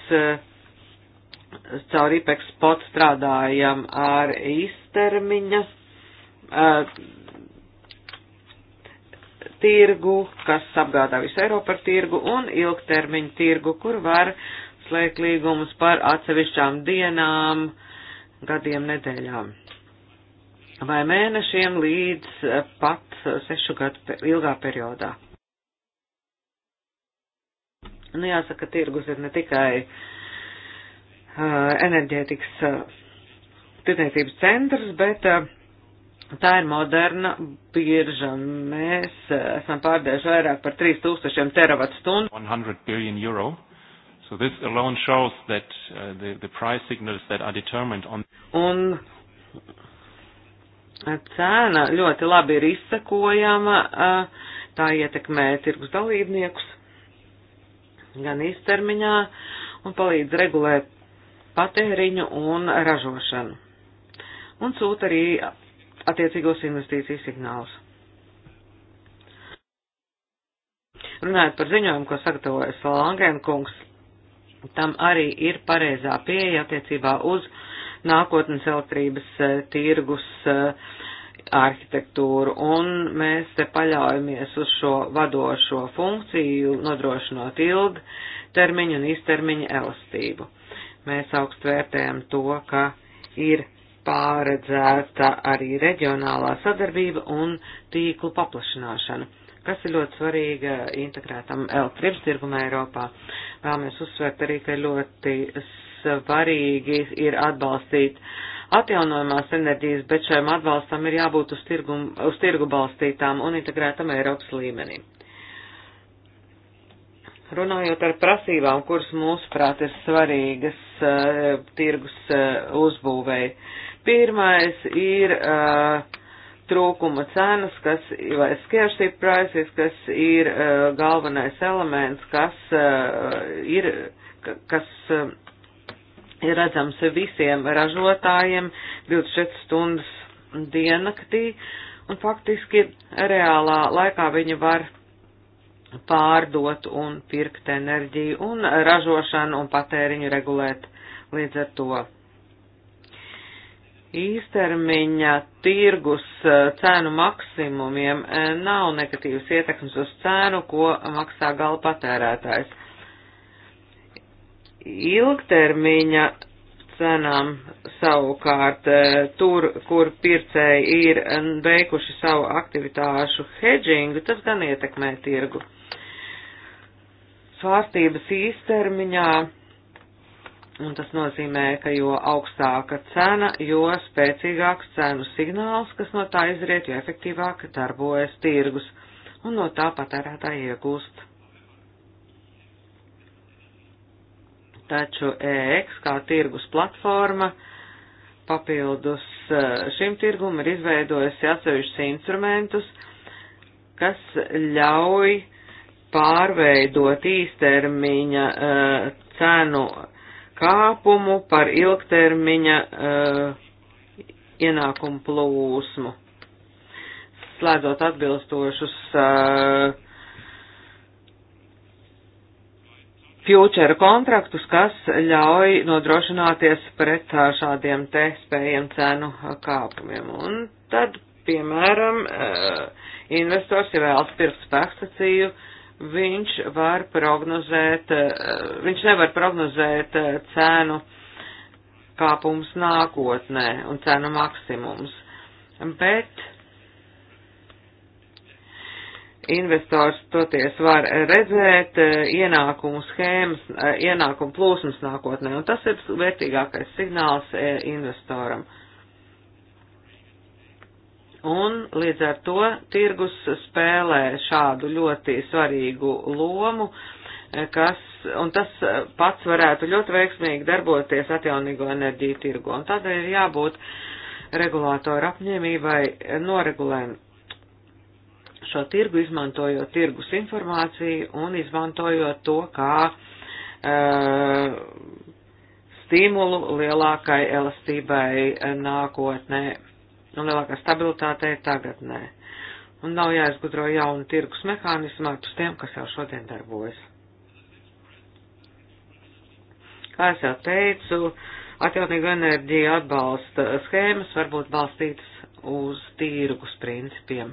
caur IPEX pot strādājam ar īstermiņa tirgu, kas apgādā visu Eiropu ar tirgu, un ilgtermiņu tirgu, kur var slēgt līgumus par atsevišķām dienām, gadiem, nedēļām vai mēnešiem līdz eh, pat sešu gadu ilgā periodā. Nu, jāsaka, tirgus ir ne tikai uh, enerģētikas uh, tirdzniecības centrs, bet uh, Tā ir moderna birža. Mēs eh, esam pārdevuši vairāk par 3000 teravatu stundu. 100 billion euro. So this alone shows that uh, the, the price signals that are determined on. Un cena ļoti labi ir izsekojama, tā ietekmē tirgus dalībniekus gan īstermiņā un palīdz regulēt patēriņu un ražošanu. Un sūta arī attiecīgos investīciju signālus. Runājot par ziņojumu, ko sagatavojas Langenkungs, tam arī ir pareizā pieeja attiecībā uz nākotnes elektrības eh, tirgus eh, arhitektūru, un mēs te paļaujamies uz šo vadošo funkciju, nodrošinot ilgu termiņu un īstermiņu elastību. Mēs augst vērtējam to, ka ir pāredzēta arī reģionālā sadarbība un tīklu paplašināšana, kas ir ļoti svarīga integrētam elektrības tirgumā Eiropā. Vēlamies uzsvērt arī, ka ļoti svarīgi ir atbalstīt atjaunojumās enerģijas, bet šajam atbalstam ir jābūt uz, tirgum, uz tirgu balstītām un integrētam Eiropas līmenī. Runājot ar prasībām, kuras mūsuprāt ir svarīgas uh, tirgus uh, eh, uzbūvēja, Pirmais ir uh, trūkuma cenas, kas, vai scarcity prices, kas ir uh, galvenais elements, kas uh, ir, kas uh, ir redzams visiem ražotājiem 24 stundas diennaktī, un faktiski reālā laikā viņi var pārdot un pirkt enerģiju un ražošanu un patēriņu regulēt līdz ar to īstermiņa tirgus eh, cēnu maksimumiem eh, nav negatīvas ietekmes uz cēnu, ko maksā gala patērētājs. Ilgtermiņa cenām savukārt eh, tur, kur pircēji ir veikuši savu aktivitāšu hedžingu, tas gan ietekmē tirgu. Svārstības īstermiņā Un tas nozīmē, ka jo augstāka cena, jo spēcīgāks cenu signāls, kas no tā izriet, jo efektīvāk darbojas tirgus, un no tā patērētāji iegūst. Taču EX kā tirgus platforma papildus eh, šim tirgum ir izveidojusi atsevišķus instrumentus, kas ļauj pārveidot īstermiņa uh, cenu kāpumu, par ilgtermiņa uh, ienākumu plūsmu, slēdzot atbilstošus uh, future kontraktus, kas ļauj nodrošināties pret eh, šādiem te spējiem cenu kāpumiem. Un tad, piemēram, investors, ja vēlas pirkt spektaciju, viņš var prognozēt, eh, viņš nevar prognozēt eh, cēnu kāpums nākotnē un cēnu maksimums. Bet investors toties var redzēt eh, ienākumu schēmas, ienākumu plūsmas nākotnē, un tas ir vērtīgākais signāls investoram. Un līdz ar to tirgus spēlē šādu ļoti svarīgu lomu, kas, un tas pats varētu ļoti veiksmīgi darboties atjaunīgo enerģiju tirgu. Un tādēļ ir jābūt regulātoru apņēmībai noregulēm šo tirgu, izmantojot tirgus informāciju un izmantojot to kā uh, stimulu lielākai elastībai nākotnē un nu, lielākā stabilitāte ir tagadnē. Un nav jāizgudro jaunu tirgus mehānismu ārpus tiem, kas jau šodien darbojas. Kā es jau teicu, atjaunīgu enerģiju atbalsta schēmas var būt balstītas uz tirgus principiem.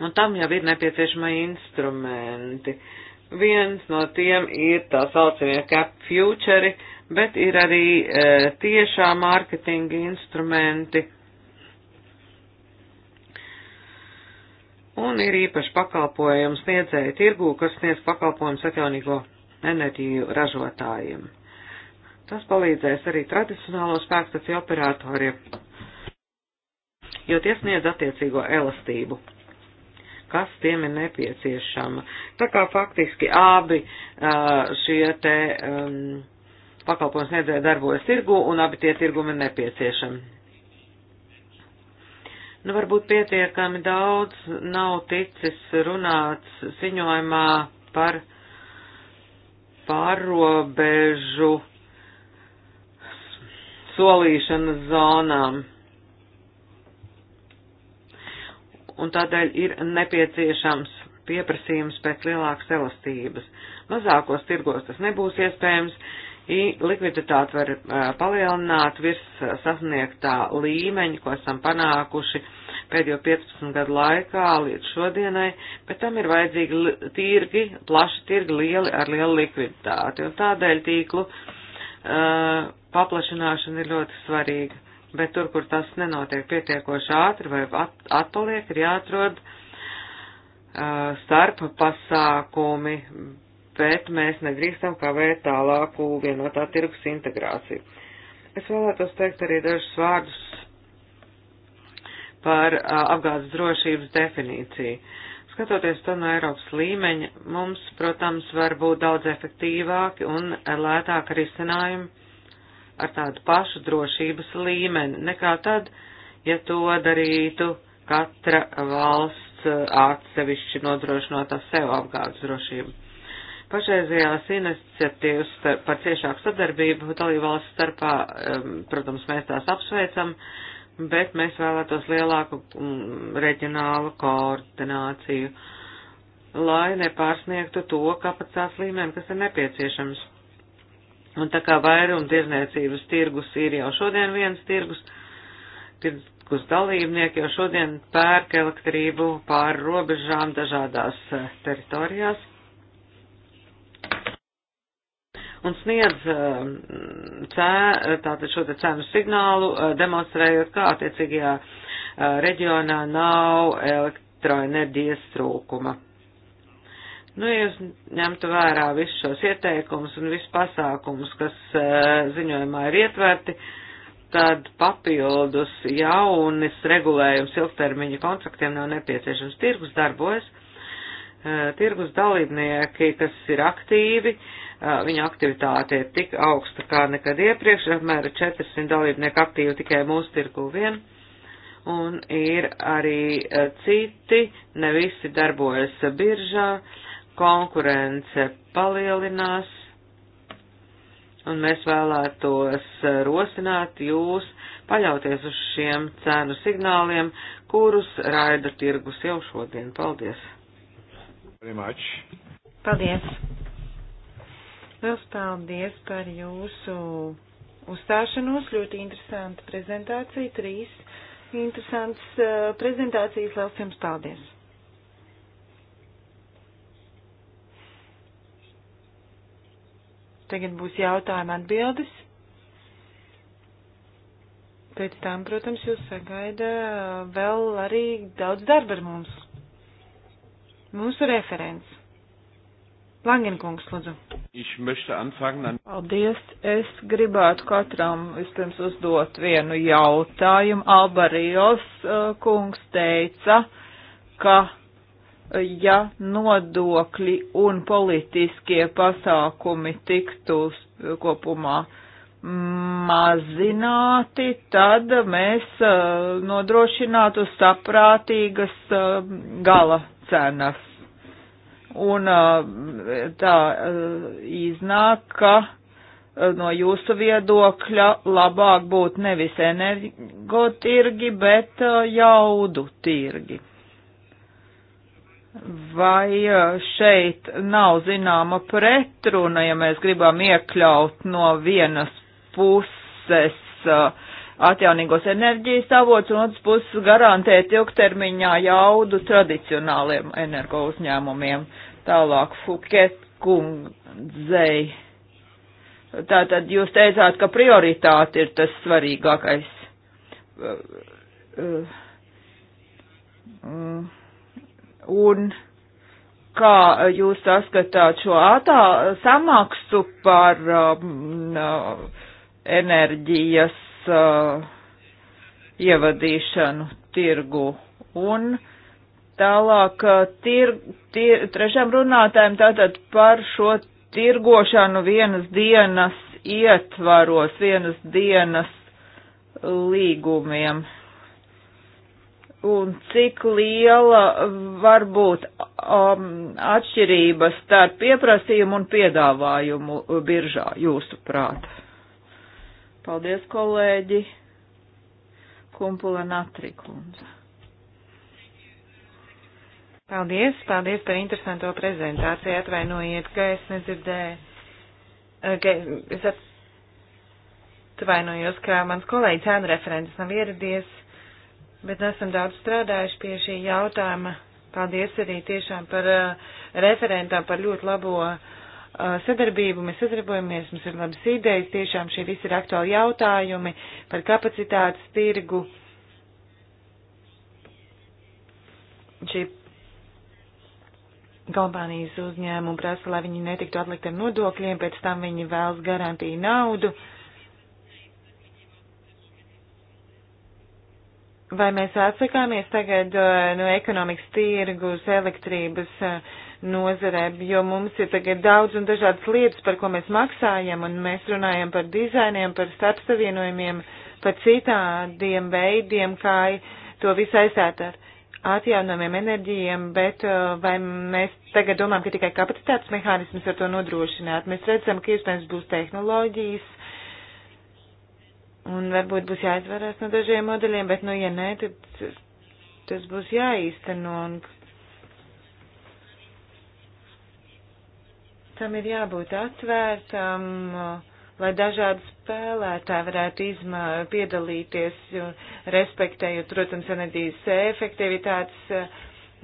Un tam jau ir nepieciešama instrumenti. Viens no tiem ir tā saucamie cap futuri, uh, bet ir arī e, tiešā mārketinga instrumenti. Un ir īpaši pakalpojums sniedzēja tirgū, kas sniedz pakalpojums atjaunīgo enerģiju ražotājiem. Tas palīdzēs arī tradicionālo spēkstaciju operatoriem, jo tie sniedz attiecīgo elastību kas tiem ir nepieciešama. Tā kā faktiski abi uh, šie te um, pakalpojums nedzēja darbojas tirgu un abi tie tirgumi ir nepieciešami. Nu, varbūt pietiekami daudz nav ticis runāts ziņojumā par pārobežu solīšanas zonām. Un tādēļ ir nepieciešams pieprasījums pēc lielākas elastības. Mazākos tirgos tas nebūs iespējams, likviditāti var palielināt virs sasniegtā līmeņa, ko esam panākuši pēdējo 15 gadu laikā līdz šodienai, bet tam ir vajadzīgi tirgi, plaši tirgi lieli ar lielu likviditāti, un tādēļ tīklu uh, paplašināšana ir ļoti svarīga, bet tur, kur tas nenotiek pietiekoši ātri vai at, atpaliek, ir jāatrod uh, starp pasākumi, bet mēs nedrīkstam kavēt tālāku vienotā tirgus integrāciju. Es vēlētos teikt arī dažus vārdus par apgādes drošības definīciju. Skatoties to no Eiropas līmeņa, mums, protams, var būt daudz efektīvāki un lētāki risinājumi ar tādu pašu drošības līmeni nekā tad, ja to darītu katra valsts atsevišķi nodrošinotā sev apgādes drošību. Pašreizējās iniciatīvas par ciešāku sadarbību dalībvalstu starpā, um, protams, mēs tās apsveicam, bet mēs vēlētos lielāku um, reģionālu koordināciju, lai nepārsniegtu to kapacitātes līmeni, kas ir nepieciešams. Un tā kā vairums tirzniecības tirgus ir jau šodien viens tirgus, tirgus dalībnieki jau šodien pērk elektrību pār robežām dažādās eh, teritorijās un sniedz eh, cē, tātad šo te cenu signālu, eh, demonstrējot, kā attiecīgajā eh, reģionā nav elektroenerģijas trūkuma. Nu, ja jūs ņemtu vērā visus šos ieteikumus un visus pasākumus, kas ziņojumā ir ietverti, tad papildus jaunis regulējums ilgtermiņa kontraktiem nav nepieciešams. Tirgus darbojas, tirgus dalībnieki, kas ir aktīvi, uh, viņa aktivitāte ir tik augsta kā nekad iepriekš, apmēram 400 dalībnieku aktīvi tikai mūsu tirgu vien, un ir arī citi, ne visi darbojas biržā, konkurence palielinās, un mēs vēlētos rosināt jūs paļauties uz šiem cēnu signāliem, kurus raida tirgus jau šodien. Paldies! Paldies! Liels paldies par jūsu uzstāšanos, ļoti interesanta prezentācija, trīs interesantas uh, eh, prezentācijas, liels jums paldies! Tagad būs jautājuma atbildes. Pēc tam, protams, jūs sagaida eh, vēl arī daudz darba ar mums. Mūsu referents. Langenkungs, lūdzu. Ich möchte anfangen an. Paldies. Es gribētu katram vispirms uzdot vienu jautājumu. Albarijos uh, eh, kungs teica, ka eh, ja nodokļi un politiskie pasākumi tiktu kopumā mazināti, tad mēs uh, nodrošinātu saprātīgas uh, gala cenas Un uh, tā uh, iznāk, ka uh, no jūsu viedokļa labāk būtu nevis energotirgi, bet jaudu tirgi. Vai šeit nav zināma pretruna, ja mēs gribam iekļaut no vienas puses uh, atjaunīgos enerģijas avots un otrs puses garantēt ilgtermiņā jaudu tradicionāliem energo uzņēmumiem. Tālāk Fuket kundzei. Tātad jūs teicāt, ka prioritāte ir tas svarīgākais. Un kā jūs saskatāt šo atā, samaksu par um, enerģijas uh, ievadīšanu tirgu. Un tālāk uh, tir, tir, trešam runātājiem tātad par šo tirgošanu vienas dienas ietvaros, vienas dienas līgumiem. Un cik liela var būt um, atšķirība starp pieprasījumu un piedāvājumu biržā, jūsuprāt? Paldies, kolēģi! Kumpula Natrikundze. Paldies, paldies par interesanto prezentāciju. Atvainojiet, ka es nedzirdēju. Eh, ka es atvainojos, ka mans kolēģis ēnu referents nav ieradies, bet esam daudz strādājuši pie šī jautājuma. Paldies arī tiešām par eh, referentām, par ļoti labo uh, Uh, sadarbību, mēs sadarbojamies, mums ir labas idejas, tiešām šie visi ir aktuāli jautājumi par kapacitātes tirgu. Šī kompānijas uzņēmumu prasa, lai viņi netiktu atlikt ar nodokļiem, pēc tam viņi vēlas garantīju naudu. Vai mēs atsakāmies tagad uh, no ekonomikas tirgus, elektrības uh, nozarē, jo mums ir tagad daudz un dažādas lietas, par ko mēs maksājam, un mēs runājam par dizainiem, par starpsavienojumiem, par citādiem veidiem, kā to visu aizstāt ar atjaunojumiem enerģijiem, bet uh, vai mēs tagad domājam, ka tikai kapacitātes mehānisms var to nodrošināt? Mēs redzam, ka iespējams būs tehnoloģijas, un varbūt būs jāizvarās no dažiem modeļiem, bet, nu, ja nē, tad tas būs jāīsteno, un tam ir jābūt atvērtam, lai dažādi spēlētāji varētu izmā, piedalīties, respektējot, protams, enerģijas efektivitātes eh,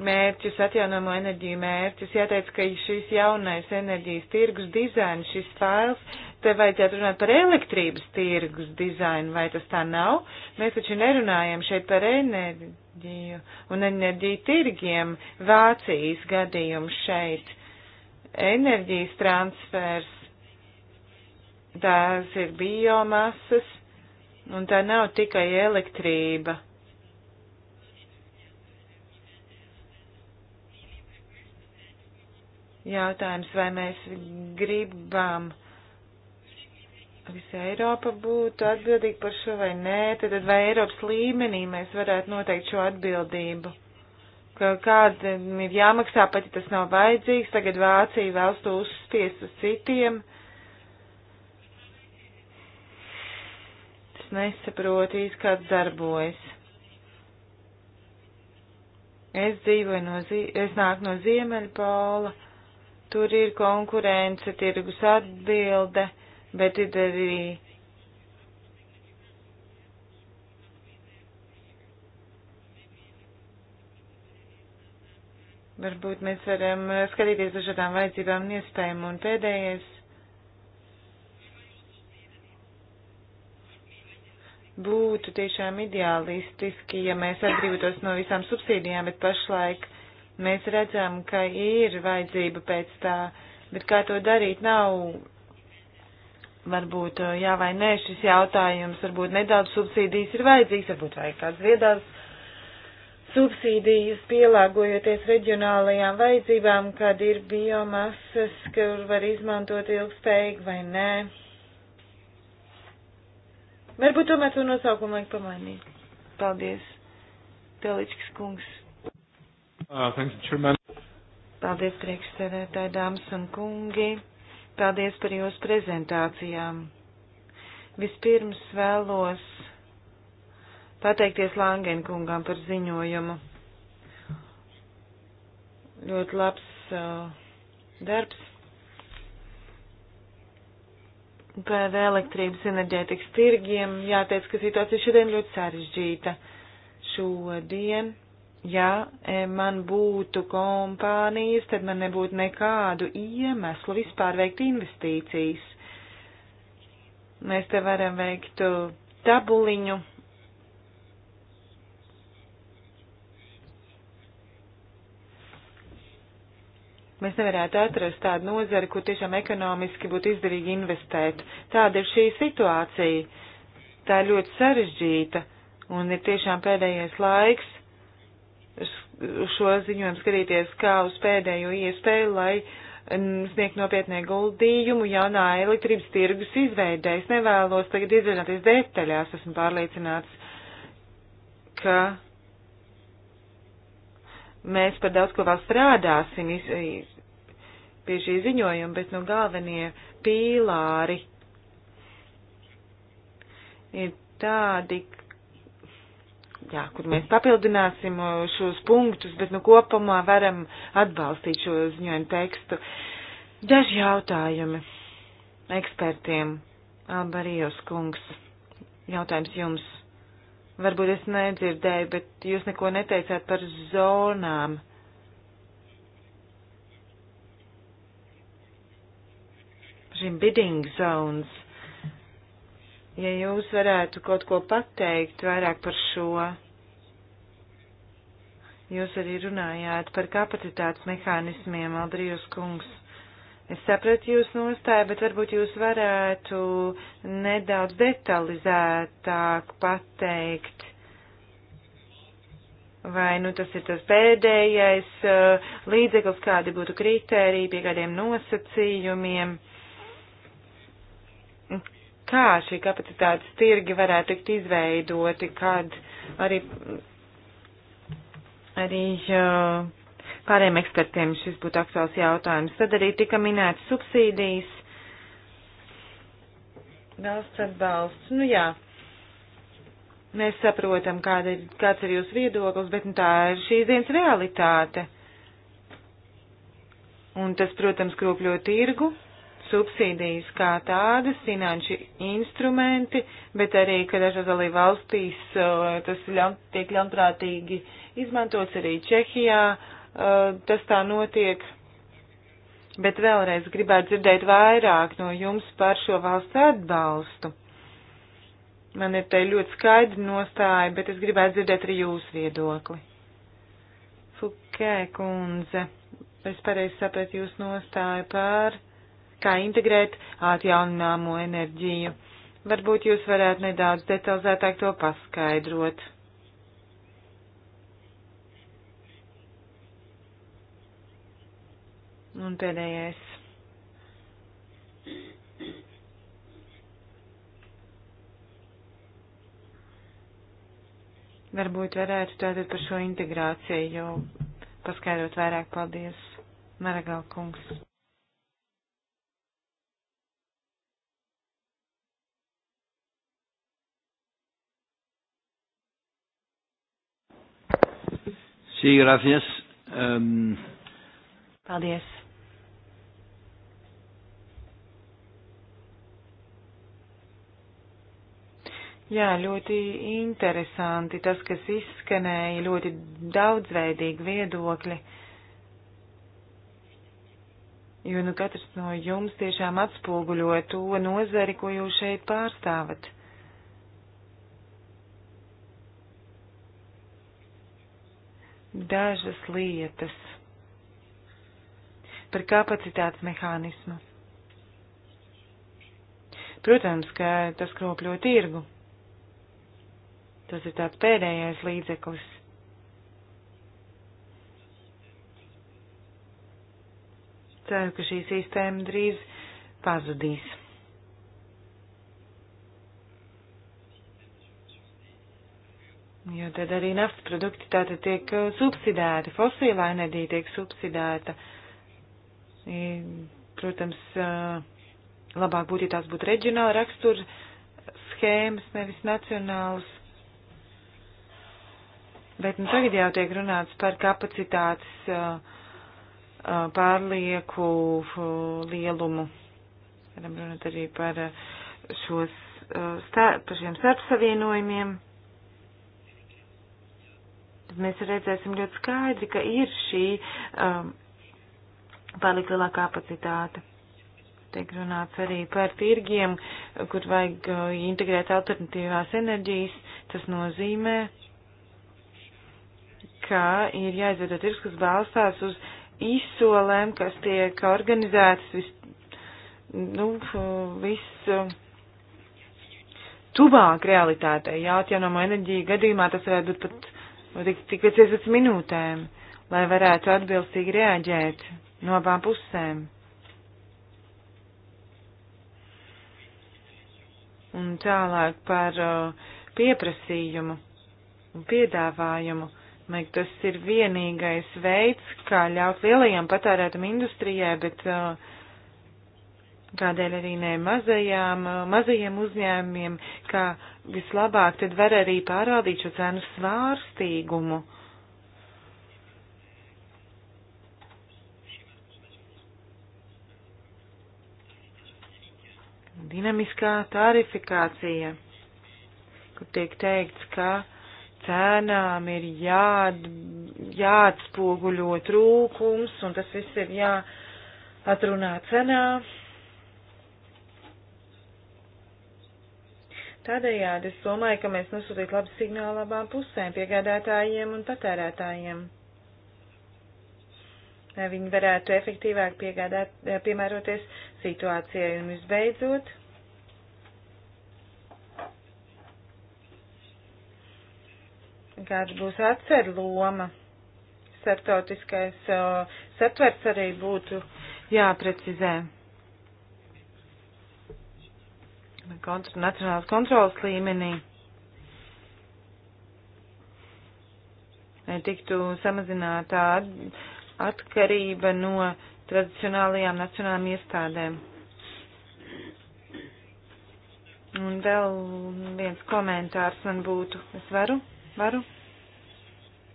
mērķus, atjaunamo enerģiju mērķus. Jāteic, ka šis jaunais enerģijas tirgus dizains, šis fails, te vajadzētu runāt par elektrības tirgus dizainu, vai tas tā nav? Mēs taču nerunājam šeit par enerģiju un enerģiju tirgiem. Vācijas gadījums šeit enerģijas transfers. Tās ir biomasas, un tā nav tikai elektrība. Jautājums, vai mēs gribam visa Eiropa būtu atbildīga par šo vai nē, tad vai Eiropas līmenī mēs varētu noteikt šo atbildību ka kādam ir jāmaksā, pat ja tas nav vajadzīgs, tagad Vācija vēlas to uzspiest uz citiem. Es nesaprotu īsti, kāds darbojas. Es dzīvoju no, zi es nāku no Ziemeļpola, tur ir konkurence, tirgus atbilde, bet ir arī Varbūt mēs varam skatīties dažādām vajadzībām un iespējām. Un pēdējais būtu tiešām ideālistiski, ja mēs atbrīvotos no visām subsīdijām, bet pašlaik mēs redzam, ka ir vajadzība pēc tā, bet kā to darīt nav. Varbūt jā vai nē šis jautājums, varbūt nedaudz subsīdijas ir vajadzīgs, varbūt vajag kāds viedās subsīdijas pielāgojoties reģionālajām vajadzībām, kad ir biomasas, kur var izmantot ilgspējīgi vai nē. Varbūt tomēr to nosaukumu vajag pamainīt. Paldies, Teličkas kungs. Uh, thanks, Chairman. Paldies, priekšsēdētāji, dāmas un kungi. Paldies par jūsu prezentācijām. Vispirms vēlos pateikties Langenkungam par ziņojumu. Ļoti labs uh, darbs. Par elektrības enerģētikas tirgiem jāteic, ka situācija šodien ļoti sarežģīta. Šodien, ja e, man būtu kompānijas, tad man nebūtu nekādu iemeslu vispār veikt investīcijas. Mēs te varam veikt uh, tabuliņu Mēs nevarētu atrast tādu nozari, kur tiešām ekonomiski būtu izdevīgi investēt. Tāda ir šī situācija. Tā ir ļoti sarežģīta un ir tiešām pēdējais laiks šo ziņojumu skatīties kā uz pēdējo iespēju, lai sniegt nopietnē guldījumu jaunā elektrības tirgus izveidē. Es nevēlos tagad iedziļināties detaļās, esmu pārliecināts, ka mēs par daudz ko vēl strādāsim iz, iz, pie šī ziņojuma, bet nu galvenie pīlāri ir tādi, jā, kur mēs papildināsim šos punktus, bet nu kopumā varam atbalstīt šo ziņojumu tekstu. Daži jautājumi ekspertiem. Albarijos kungs, jautājums jums. Varbūt es nedzirdēju, bet jūs neko neteicāt par zonām. Šim bidding zones. Ja jūs varētu kaut ko pateikt vairāk par šo. Jūs arī runājāt par kapacitātes mehānismiem, Aldrijos kungs. Es sapratu jūsu nostāju, bet varbūt jūs varētu nedaudz detalizētāk pateikt, vai nu tas ir tas pēdējais uh, līdzeklis, kādi būtu kriteriji, pie kādiem nosacījumiem, kā šī kapacitātes tirgi varētu tikt izveidoti, kad arī, arī uh, pāriem ekspertiem šis būtu aktuāls jautājums. Tad arī tika minēts subsīdijas, valsts atbalsts. Nu jā, mēs saprotam, kāda ir, kāds ir jūsu viedoklis, bet nu, tā ir šīs dienas realitāte. Un tas, protams, kropļo tirgu, subsīdijas kā tādas, finanšu instrumenti, bet arī, ka dažās arī valstīs uh, tas ļaun, tiek ļaunprātīgi izmantots arī Čehijā Eh, tas tā notiek. Bet vēlreiz gribētu dzirdēt vairāk no jums par šo valsts atbalstu. Man ir te ļoti skaidra nostāja, bet es gribētu dzirdēt arī jūsu viedokli. Fukē kundze, es pareizi sapratu jūsu nostāju par, kā integrēt atjaunināmo enerģiju. Varbūt jūs varētu nedaudz detalizētāk to paskaidrot. Un pēdējais. Varbūt varētu tātad par šo integrāciju jau paskaidrot vairāk. Paldies, Maragal kungs. Sí, gracias. Um... Paldies. Jā, ļoti interesanti tas, kas izskanēja, ļoti daudzveidīgi viedokļi. Jo nu katrs no jums tiešām atspoguļo to nozari, ko jūs šeit pārstāvat. Dažas lietas par kapacitātes mehānismu. Protams, ka tas kropļo tirgu. Tas ir tāds pēdējais līdzeklis. Ceru, ka šī sistēma drīz pazudīs. Jo tad arī naftas produkti tātad tiek uh, subsidēti, fosilā enerģija tiek subsidēta. Protams, uh, labāk būtu, ja tās būtu reģionāla rakstura schēmas, nevis nacionālas Bet nu, tagad jau tiek runāts par kapacitātes uh, uh pārlieku uh, lielumu. Varam runāt arī par uh, šos, uh, star, par šiem starpsavienojumiem. Tad mēs redzēsim ļoti skaidri, ka ir šī um, pārlieka lielā kapacitāte. Tiek runāts arī par tirgiem, kur vajag uh, integrēt alternatīvās enerģijas. Tas nozīmē, ka ir jāizveido tirgus, kas balstās uz izsolēm, kas tiek organizētas vis, nu, vis tuvāk realitātei. Jā, atjaunamo enerģiju gadījumā tas varētu būt pat tik, tik pēc 15 minūtēm, lai varētu atbilstīgi reaģēt no abām pusēm. Un tālāk par uh, pieprasījumu un piedāvājumu Laik, tas ir vienīgais veids, kā ļaut lielajām patērētam industrijai, bet uh, kādēļ arī ne mazajām, uh, mazajiem uzņēmumiem, kā vislabāk tad var arī pārvaldīt šo cenu svārstīgumu. Dinamiskā tarifikācija, kur tiek teikts, ka cenām ir jā, jāatspoguļo trūkums, un tas viss ir jāatrunā cenā. Tādējādi es domāju, ka mēs nosūtītu labu signālu abām pusēm, piegādātājiem un patērētājiem. Viņi varētu efektīvāk piegādāt, piemēroties situācijai un visbeidzot. kāds būs atcer loma. Startautiskais uh, satvers arī būtu jāprecizē. Kontr nacionālas kontrolas līmenī. Lai tiktu samazinātā atkarība no tradicionālajām nacionālām iestādēm. Un vēl viens komentārs man būtu. Es varu? Varu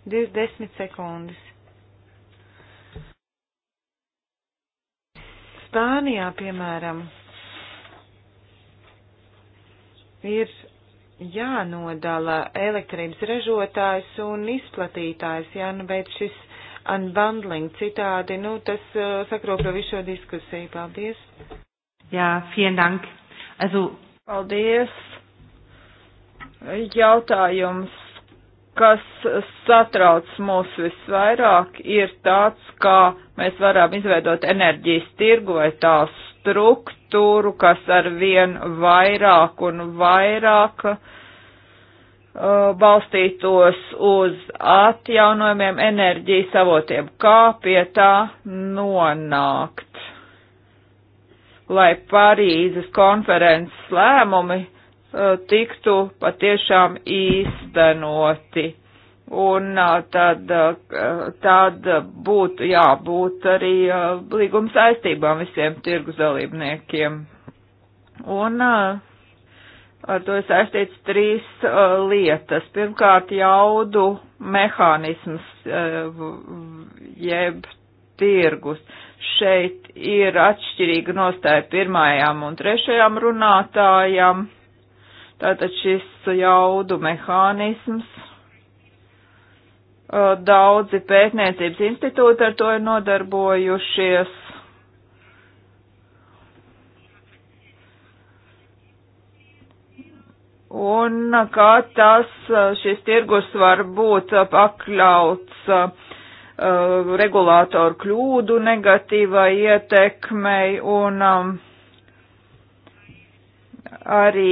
20 sekundes. Spānijā, piemēram, ir jānodala elektrības ražotājs un izplatītājs, jānobeidz nu, šis unbundling citādi, nu tas uh, sakropļo visu šo diskusiju. Paldies. Jā, vielen dank. Also, paldies. Jautājums kas satrauc mūs visvairāk, ir tāds, kā mēs varam izveidot enerģijas tirgu vai tā struktūru, kas ar vien vairāk un vairāk uh, balstītos uz atjaunojumiem enerģijas avotiem. Kā pie tā nonākt? Lai Parīzes konferences lēmumi tiktu patiešām īstenoti. Un tad, tad būtu jābūt arī līguma saistībām visiem tirgus dalībniekiem. Un ar to ir saistīts trīs lietas. Pirmkārt, jaudu mehānisms jeb tirgus. Šeit ir atšķirīga nostāja pirmajām un trešajām runātājām Tātad šis jaudu mehānisms. Daudzi pētniecības institūti ar to ir nodarbojušies. Un kā tas, šis tirgus var būt pakļauts uh, regulātoru kļūdu negatīvai ietekmei un um, arī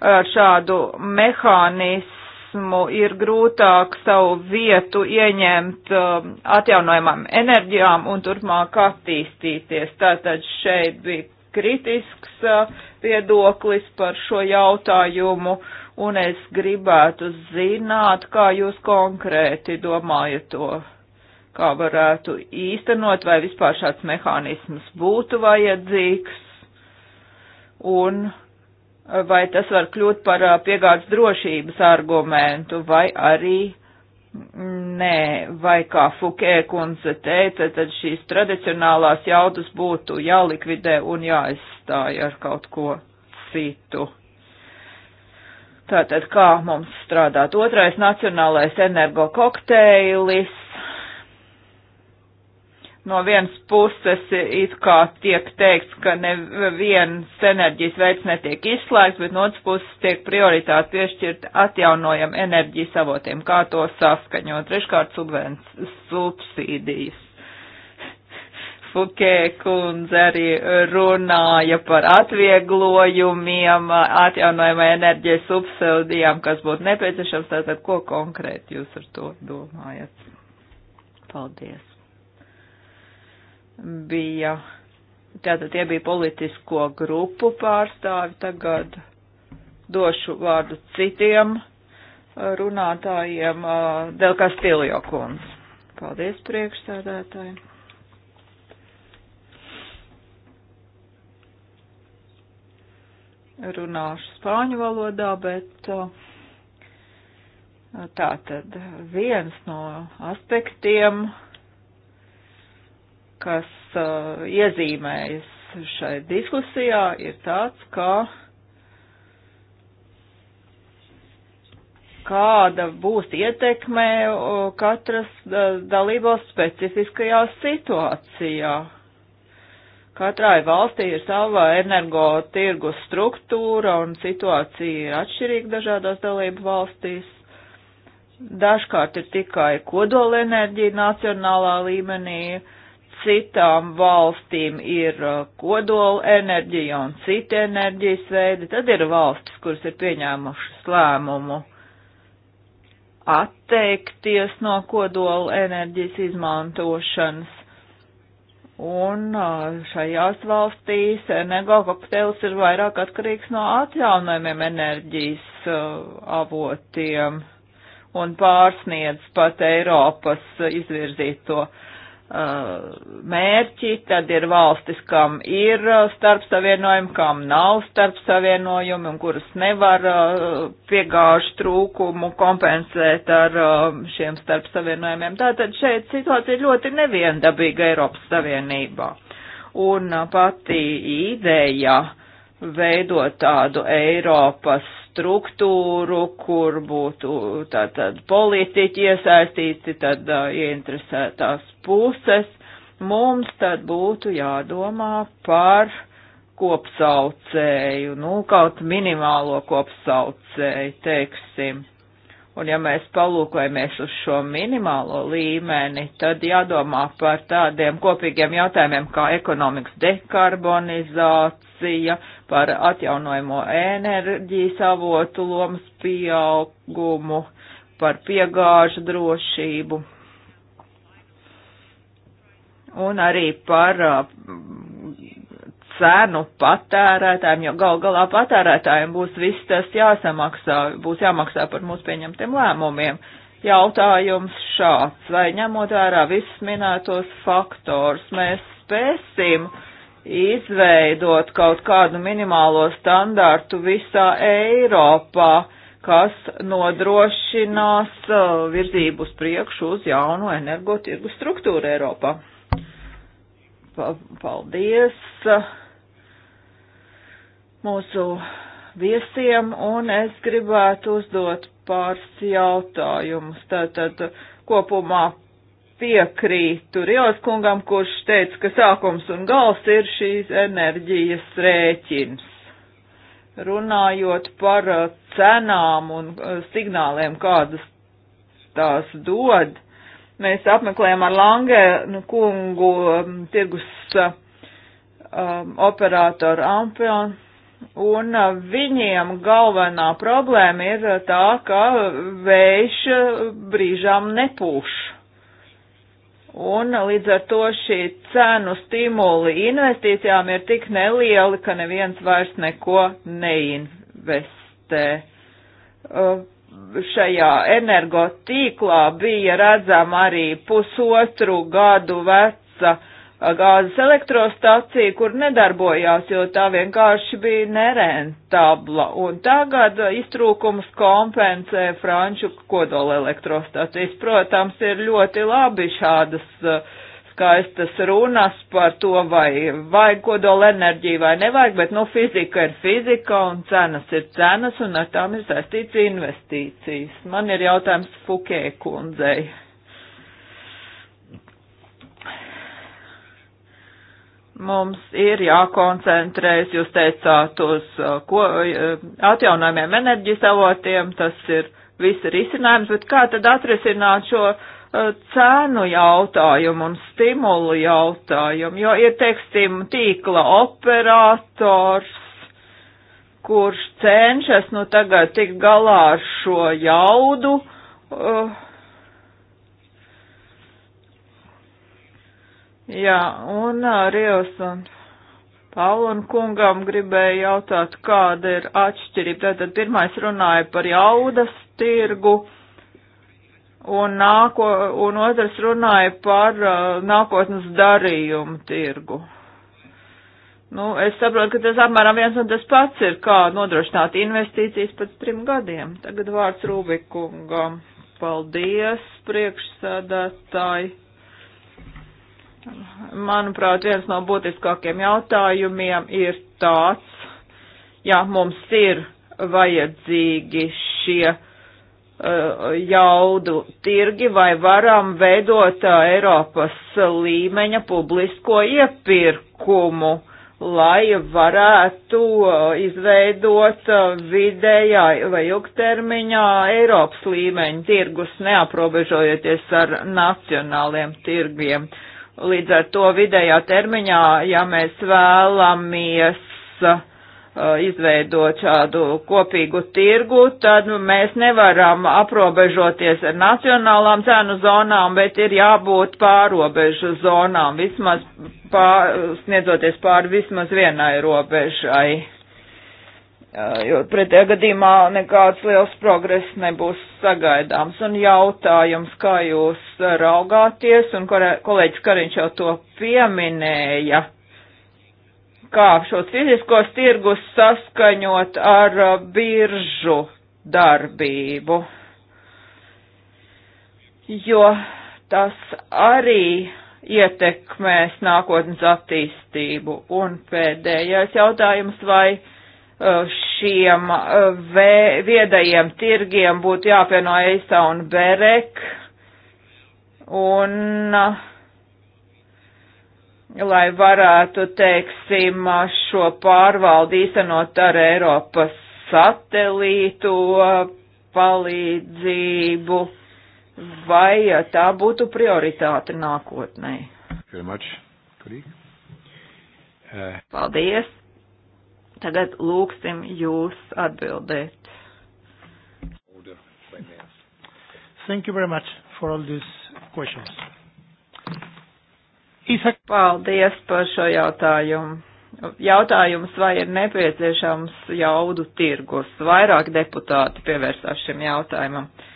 ar šādu mehānismu ir grūtāk savu vietu ieņemt um, atjaunojumam enerģijām un turpmāk attīstīties. Tātad šeit bija kritisks uh, viedoklis par šo jautājumu, un es gribētu zināt, kā jūs konkrēti domājat to, kā varētu īstenot, vai vispār šāds mehānisms būtu vajadzīgs, un vai tas var kļūt par piegādes drošības argumentu, vai arī Nē, vai kā Fukē kundze teica, tad šīs tradicionālās jaudas būtu jālikvidē un jāaizstāja ar kaut ko citu. Tātad, kā mums strādāt? Otrais nacionālais energo kokteilis, no vienas puses it kā tiek teikts, ka neviens enerģijas veids netiek izslēgts, bet no otras puses tiek prioritāti piešķirt atjaunojam enerģijas avotiem, kā to saskaņot. Treškārt subvenc, subsīdijas. Fukē kundze arī runāja par atvieglojumiem, atjaunojamai enerģijas subsīdijām, kas būtu nepieciešams, tātad ko konkrēti jūs ar to domājat? Paldies! bija, tātad tie bija politisko grupu pārstāvi, tagad došu vārdu citiem runātājiem, Delkā Stiljo kundz. Paldies priekšstādētāji. Runāšu spāņu valodā, bet tā tad viens no aspektiem, kas uh, iezīmējas šai diskusijā, ir tāds, ka kāda būs ietekme uh, katras uh, dalībās specifiskajā situācijā. Katrai valstī ir sava energotirgus struktūra un situācija ir atšķirīga dažādās dalību valstīs. Dažkārt ir tikai kodolenerģija nacionālā līmenī, uh, citām valstīm ir uh, kodola enerģija un citi enerģijas veidi, tad ir valstis, kuras ir pieņēmušas lēmumu atteikties no kodola enerģijas izmantošanas. Un uh, šajās valstīs energo kokteils ir vairāk atkarīgs no atjaunojumiem enerģijas uh, avotiem un pārsniedz pat Eiropas izvirzīto Uh, mērķi, tad ir valstis, kam ir uh, starpsavienojumi, kam nav starpsavienojumi un kuras nevar uh, piegāžu trūkumu kompensēt ar šiem starpsavienojumiem. Tātad šeit situācija ir ļoti neviendabīga Eiropas Savienībā. Un pati ideja veidot tādu Eiropas struktūru, kur būtu tātad politiķi iesaistīti, tad uh, ieinteresētās puses, mums tad būtu jādomā par kopsaucēju, nu, kaut minimālo kopsaucēju, teiksim. Un ja mēs palūkojamies uz šo minimālo līmeni, tad jādomā par tādiem kopīgiem jautājumiem kā ekonomikas dekarbonizācija, par atjaunojamo enerģijas avotu lomas pieaugumu, par piegāžu drošību un arī par uh, cenu patērētājiem, jo gal galā patērētājiem būs viss tas jāsamaksā, būs jāmaksā par mūsu pieņemtiem lēmumiem. Jautājums šāds, vai ņemot vērā visus minētos faktors, mēs spēsim izveidot kaut kādu minimālo standārtu visā Eiropā, kas nodrošinās uh, virzību uz priekšu uz jaunu energotirgu struktūru Eiropā paldies mūsu viesiem, un es gribētu uzdot pāris jautājumus. Tātad kopumā piekrītu Rielas kungam, kurš teica, ka sākums un gals ir šīs enerģijas rēķins. Runājot par uh, cenām un uh, signāliem, kādas tās dod, mēs apmeklējām ar Langēnu kungu um, tirgus uh, um, operātoru Ampionu un uh, viņiem galvenā problēma ir uh, tā, ka vējš uh, brīžām nepūš. Un līdz ar to šī cenu stimuli investīcijām ir tik nelieli, ka neviens vairs neko neinvestē. Uh, šajā energotīklā bija redzama arī pusotru gadu veca gāzes elektrostaciju, kur nedarbojās, jo tā vienkārši bija nerentabla. Un tagad iztrūkums kompensē franču kodola elektrostacijas. Protams, ir ļoti labi šādas uh, skaistas runas par to, vai vajag kodola enerģiju vai nevajag, bet, nu, fizika ir fizika un cenas ir cenas un ar tām ir saistīts investīcijas. Man ir jautājums Fukē kundzei. mums ir jākoncentrējas, jūs teicāt, uz uh, ko, uh, atjaunojumiem enerģijas avotiem, tas ir viss ir izcinājums, bet kā tad atrisināt šo uh, cēnu jautājumu un stimulu jautājumu, jo ir, teiksim, tīkla operators, kurš cenšas, nu, tagad tik galā ar šo jaudu, uh, Jā, un Rievs un Paulun kungam gribēja jautāt, kāda ir atšķirība. Tātad pirmais runāja par jaudas tirgu, un, nāko, un otrs runāja par uh, nākotnes darījumu tirgu. Nu, es saprotu, ka tas apmēram viens un tas pats ir, kā nodrošināt investīcijas pēc trim gadiem. Tagad vārds Rubikungam. Paldies, priekšsēdētāji. Manuprāt, viens no būtiskākiem jautājumiem ir tāds, ja mums ir vajadzīgi šie uh, jaudu tirgi, vai varam veidot uh, Eiropas līmeņa publisko iepirkumu, lai varētu uh, izveidot vidējā vai ilgtermiņā Eiropas līmeņa tirgus, neaprobežojoties ar nacionāliem tirgiem. Uh, Līdz ar to vidējā termiņā, ja mēs vēlamies uh, izveidot šādu kopīgu tirgu, tad mēs nevaram aprobežoties ar nacionālām cenu zonām, bet ir jābūt pārobežu zonām, vismaz pār, sniedzoties pāri vismaz vienai robežai jo pretējā gadījumā nekāds liels progress nebūs sagaidāms. Un jautājums, kā jūs raugāties, un kolēģis Kariņš jau to pieminēja, kā šo fiziskos tirgus saskaņot ar uh, biržu darbību, jo tas arī ietekmēs nākotnes attīstību. Un pēdējais jautājums, vai šiem eh, viedajiem tirgiem būtu jāpieno ESA un BEREK, un eh, lai varētu, teiksim, šo pārvaldi īstenot ar Eiropas satelītu eh, palīdzību, vai tā būtu prioritāte nākotnē? Uh, Paldies! Tagad lūksim jūs atbildēt. Thank you very much for all these questions. Isak. Paldies par šo jautājumu. Jautājums, vai ir nepieciešams jaudu tirgus? Vairāk deputāti pievērsās šim jautājumam. Uh,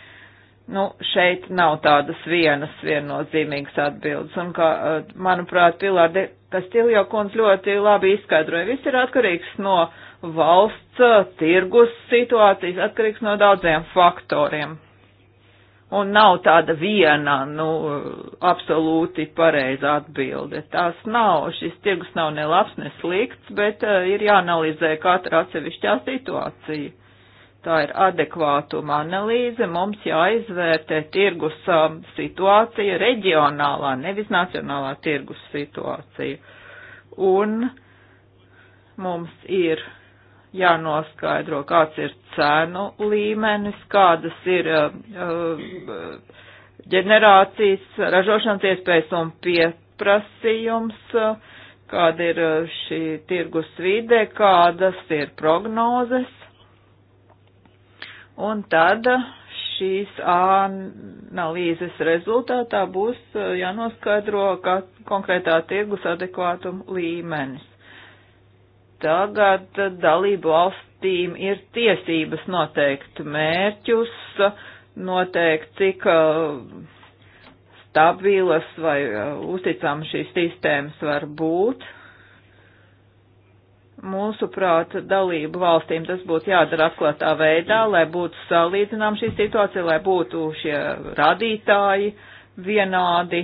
Nu, šeit nav tādas vienas viennozīmīgas atbildes, un, kā, eh, manuprāt, Pilārdi Kastiljo kundz ļoti labi izskaidroja, viss ir atkarīgs no valsts eh, tirgus situācijas, atkarīgs no daudziem faktoriem. Un nav tāda viena, nu, eh, absolūti pareiza atbilde. Tās nav, šis tirgus nav ne labs, ne slikts, bet uh, ir jāanalizē katra atsevišķā situācija tā ir adekvātuma analīze, mums jāizvērtē tirgus um, situācija reģionālā, nevis nacionālā tirgus situācija. Un mums ir jānoskaidro, kāds ir cēnu līmenis, kādas ir um, uh, ģenerācijas, ražošanas iespējas un pieprasījums. Uh, kāda ir uh, šī tirgus vide, kādas ir prognozes, Un tad šīs analīzes rezultātā būs eh, jānoskaidro, kā konkrētā tirgus adekvātuma līmenis. Tagad dalību valstīm ir tiesības noteikt mērķus, noteikt, cik eh, stabilas vai eh, uzticamas šīs sistēmas var būt, mūsuprāt, dalību valstīm tas būtu jādara atklātā veidā, lai būtu salīdzinām šī situācija, lai būtu šie radītāji vienādi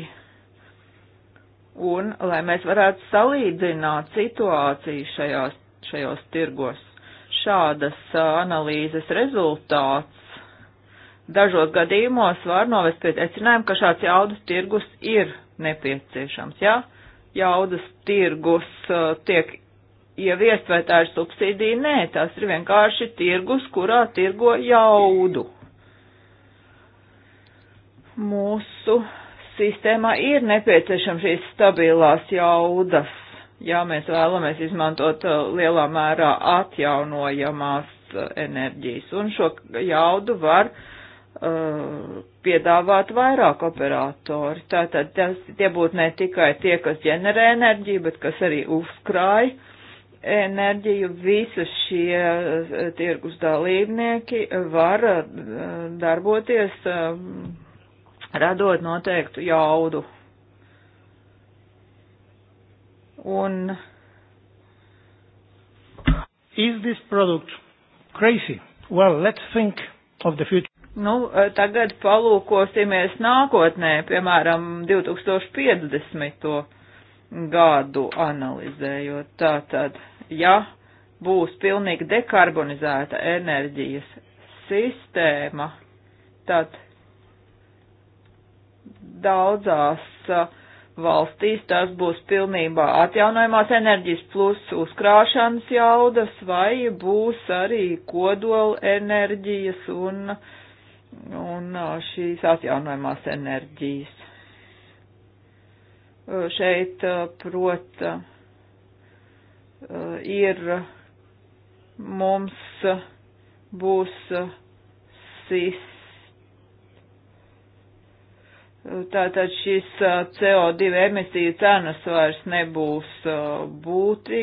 un lai mēs varētu salīdzināt situāciju šajās, šajos tirgos. Šādas analīzes rezultāts dažos gadījumos var novest pie secinājuma, ka šāds jaudas tirgus ir nepieciešams. Ja? Jaudas tirgus uh, tiek ieviest, vai tā ir subsīdija. Nē, tas ir vienkārši tirgus, kurā tirgo jaudu. Mūsu sistēmā ir nepieciešama šīs stabilās jaudas, ja mēs vēlamies izmantot uh, lielā mērā atjaunojamās uh, enerģijas. Un šo jaudu var uh, piedāvāt vairāk operatori. Tātad tas, tie būtu ne tikai tie, kas ģenerē enerģiju, bet kas arī uzkrāj uh, enerģiju visi šie eh, tirgus dalībnieki var eh, darboties, eh, radot noteiktu jaudu. Un Is this product crazy? Well, let's think of the future. Nu, tagad palūkosimies nākotnē, piemēram, 2050. gadu analizējot. Tātad. Tā ja būs pilnīgi dekarbonizēta enerģijas sistēma, tad daudzās valstīs tas būs pilnībā atjaunojumās enerģijas plus uzkrāšanas jaudas vai būs arī kodola enerģijas un, un šīs atjaunojumās enerģijas. Šeit, protams, Eh, ir mums eh, būs eh, sis. Tātad šis CO2 emisiju cenas vairs nebūs būti,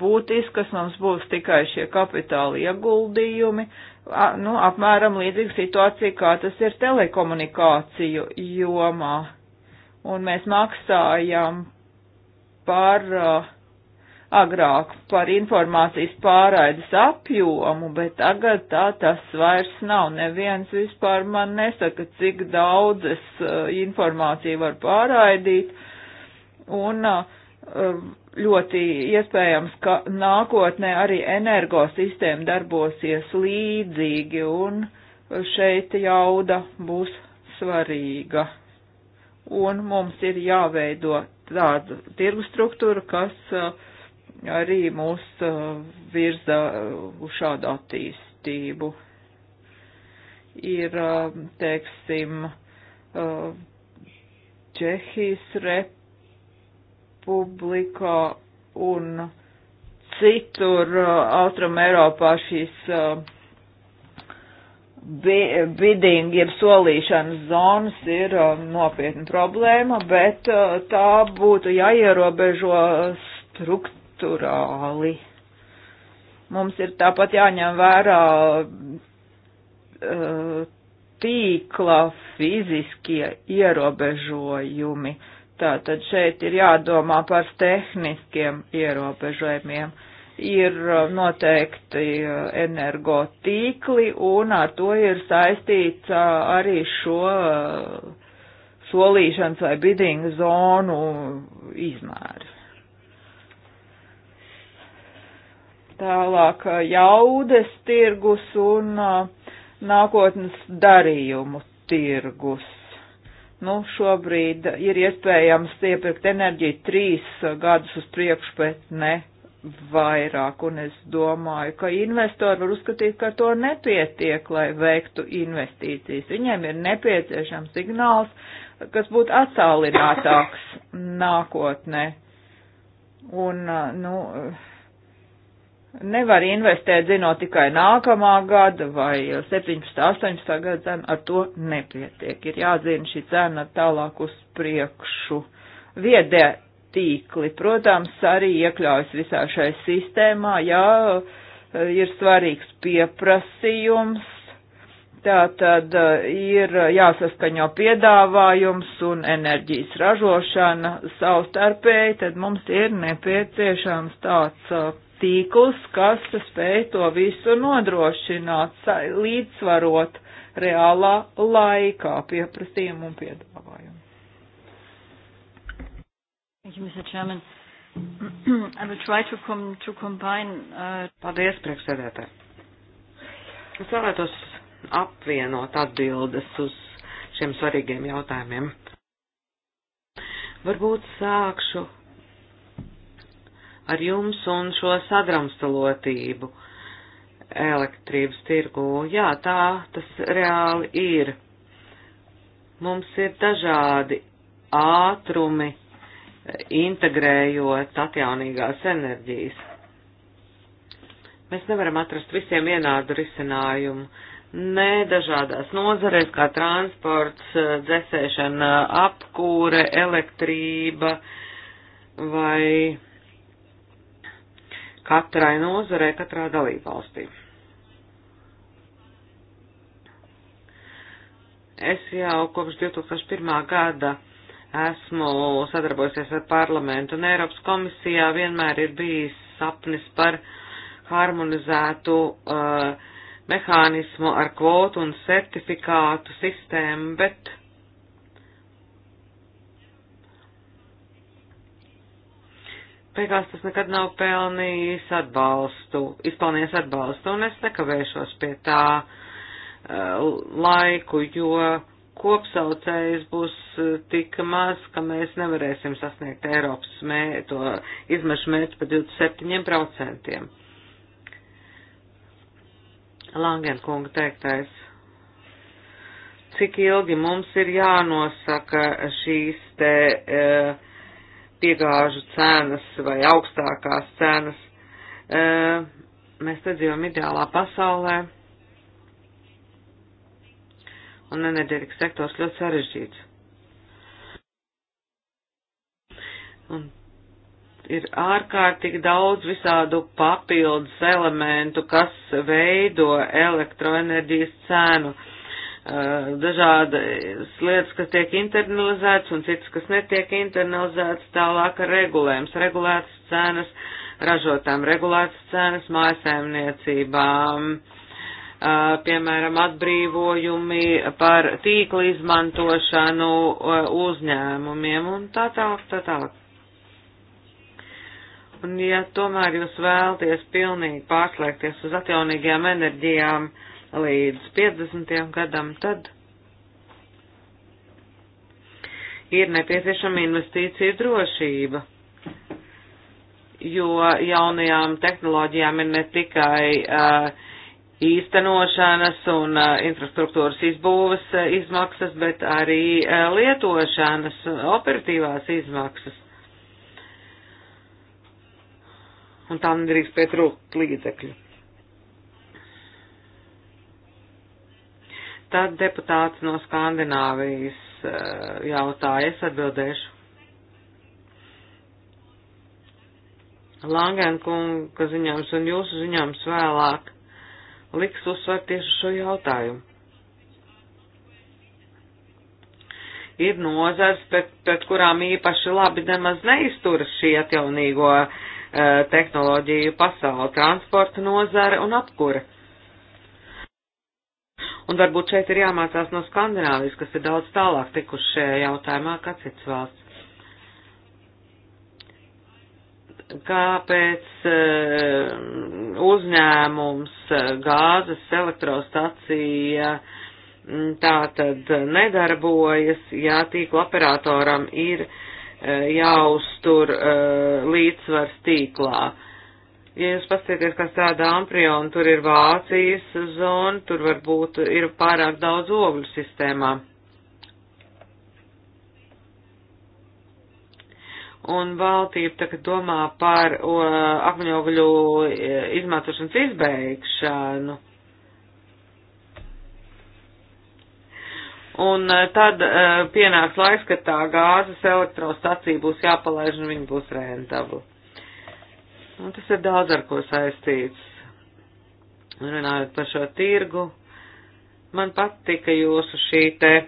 būtiskas, mums būs tikai šie kapitāla ieguldījumi, nu, apmēram līdzīga situācija, kā tas ir telekomunikāciju jomā. Un mēs maksājam par uh, agrāk par informācijas pārraides apjomu, bet tagad tā tas vairs nav. Neviens vispār man nesaka, cik daudz es uh, informāciju var pārraidīt. Un uh, ļoti iespējams, ka nākotnē arī energosistēma darbosies līdzīgi un šeit jauda būs svarīga. Un mums ir jāveido tāda tirgu struktūra, kas uh, arī mūs uh, virza uh, uz šādu attīstību. Ir, uh, teiksim, Čehijas republikā un citur Austrum Eiropā šīs bidding, jeb solīšanas zonas ir nopietna problēma, bet tā būtu jāierobežo strukt strukturāli. Mums ir tāpat jāņem vērā uh, tīkla fiziskie ierobežojumi. Tātad šeit ir jādomā par tehniskiem ierobežojumiem. Ir uh, noteikti uh, energotīkli un ar to ir saistīts arī šo solīšanas vai bidinga zonu izmērs. tālāk jaudas tirgus un nākotnes darījumu tirgus. Nu, šobrīd ir iespējams iepirkt enerģiju trīs gadus uz priekšu, bet ne vairāk, un es domāju, ka investori var uzskatīt, ka to nepietiek, lai veiktu investīcijas. Viņiem ir nepieciešams signāls, kas būtu atsālinātāks nākotnē. Un, nu, Nevar investēt, zinot tikai nākamā gada vai 17, 18 gada cenu, ar to nepietiek. Ir jāzina šī cena tālāk uz priekšu. Viedē tīkli, protams, arī iekļaujas visā šai sistēmā, jā, ir svarīgs pieprasījums, tā tad eh, ir jāsaskaņo piedāvājums un enerģijas ražošana savstarpēji, tad mums ir nepieciešams tāds eh, tīkls, kas spēj to visu nodrošināt, līdzsvarot reālā laikā pieprasījumu un piedāvājumu. Thank you, Mr. Chairman. I will try to, com to combine. Uh... Paldies, priekšsēdētāji. Es vēlētos apvienot atbildes uz šiem svarīgiem jautājumiem. Varbūt sākšu ar jums un šo sadramstalotību elektrības tirgu. Jā, tā tas reāli ir. Mums ir dažādi ātrumi, eh, integrējot atjaunīgās enerģijas. Mēs nevaram atrast visiem vienādu risinājumu. Ne dažādās nozarēs, kā transports, eh, dzēsēšana, apkūre, elektrība vai katrai nozarē, katrā dalībvalstī. Es jau kopš 2001. gada esmu sadarbojusies ar parlamentu, un Eiropas komisijā vienmēr ir bijis sapnis par harmonizētu uh, mehānismu ar kvotu un certifikātu sistēmu, bet beigās tas nekad nav pelnījis atbalstu, izpelnījis atbalstu, un es nekavēšos pie tā uh, laiku, jo kopsaucējs būs uh, tik maz, ka mēs nevarēsim sasniegt Eiropas mē, to izmešu mērķi par 27%. Langenkunga teiktais, cik ilgi mums ir jānosaka šīs te uh, piegāžu cenas vai augstākās cenas. Mēs te dzīvojam ideālā pasaulē, un enerģētikas sektors ļoti sarežģīts. Un ir ārkārtīgi daudz visādu papildus elementu, kas veido elektroenerģijas cēnu. Eh, dažādas lietas, kas tiek internalizētas un citas, kas netiek internalizētas, tālāk regulējums, regulētas cenas ražotām, regulētas cenas mājasēmniecībām, eh, piemēram, atbrīvojumi par tīkla izmantošanu eh, uzņēmumiem un tā tālāk, tā tālāk. Un ja tomēr jūs vēlties pilnīgi pārslēgties uz atjaunīgajām enerģijām, uh, līdz 50. gadam, tad ir nepieciešama investīcija drošība, jo jaunajām tehnoloģijām ir ne tikai uh, īstenošanas un uh, infrastruktūras izbūves uh, izmaksas, bet arī uh, lietošanas operatīvās izmaksas. Un tam nedrīkst pietrūkt līdzekļu. Tad deputāts no Skandināvijas eh, jautāja, es atbildēšu. Langenkunga ziņojums un jūsu ziņojums vēlāk liks uzsvērt tieši šo jautājumu. Ir nozars, pret, pret kurām īpaši labi nemaz neizturas šī atjaunīgo uh, tehnoloģiju pasauli - transporta nozara un apkura. Uh, Un varbūt šeit ir jāmācās no Skandināvijas, kas ir daudz tālāk tikuši šajā jautājumā kā cits valsts. Kāpēc eh, uzņēmums, eh, gāzes, elektrostacija mm, tā tad nedarbojas, ja tīkla operatoram ir eh, jāuztur līdzsvars tīklā? Ja jūs paskatieties, kas tāda amprija, un tur ir Vācijas zona, tur varbūt ir pārāk daudz ogļu sistēmā. Un valdība tagad domā par uh, akmeņogļu e, izmantošanas izbeigšanu. Un uh, tad uh, pienāks laiks, kad tā gāzes elektrostacija būs jāpalaiž un viņa būs rentabla. Un tas ir daudz ar ko saistīts. Runājot par šo tirgu, man patika jūsu šī te uh,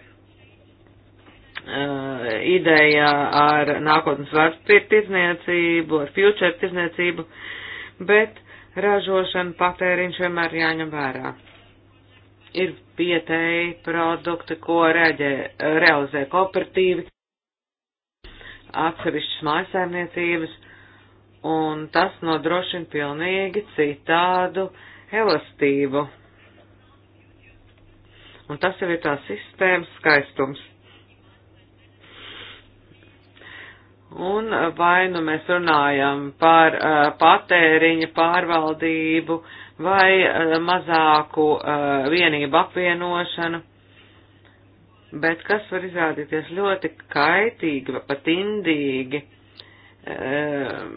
ideja ar nākotnes vērtspīru tirzniecību, ar future tirzniecību, bet ražošana patēriņš vienmēr jāņem vērā. Ir vietēji produkti, ko reģē, realizē kooperatīvi, atsevišķas mājasēmniecības un tas nodrošina pilnīgi citādu elastību. Un tas jau ir tās sistēmas skaistums. Un vai nu mēs runājam par uh, patēriņa pārvaldību vai uh, mazāku uh, vienību apvienošanu, bet kas var izrādīties ļoti kaitīgi vai pat indīgi. Ehm,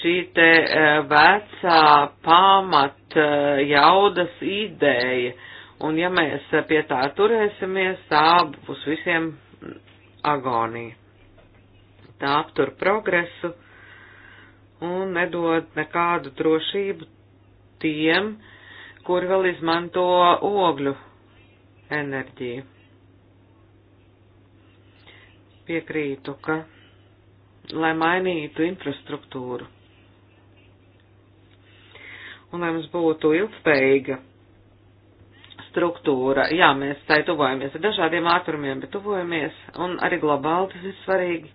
šī te eh, vecā pamat eh, jaudas ideja, un ja mēs pie tā turēsimies, tā būs visiem agonija. Tā aptur progresu un nedod nekādu drošību tiem, kur vēl izmanto ogļu enerģiju. Piekrītu, ka lai mainītu infrastruktūru un lai mums būtu ilgspējīga struktūra. Jā, mēs tai tuvojamies ar dažādiem ātrumiem, bet tuvojamies, un arī globāli tas ir svarīgi.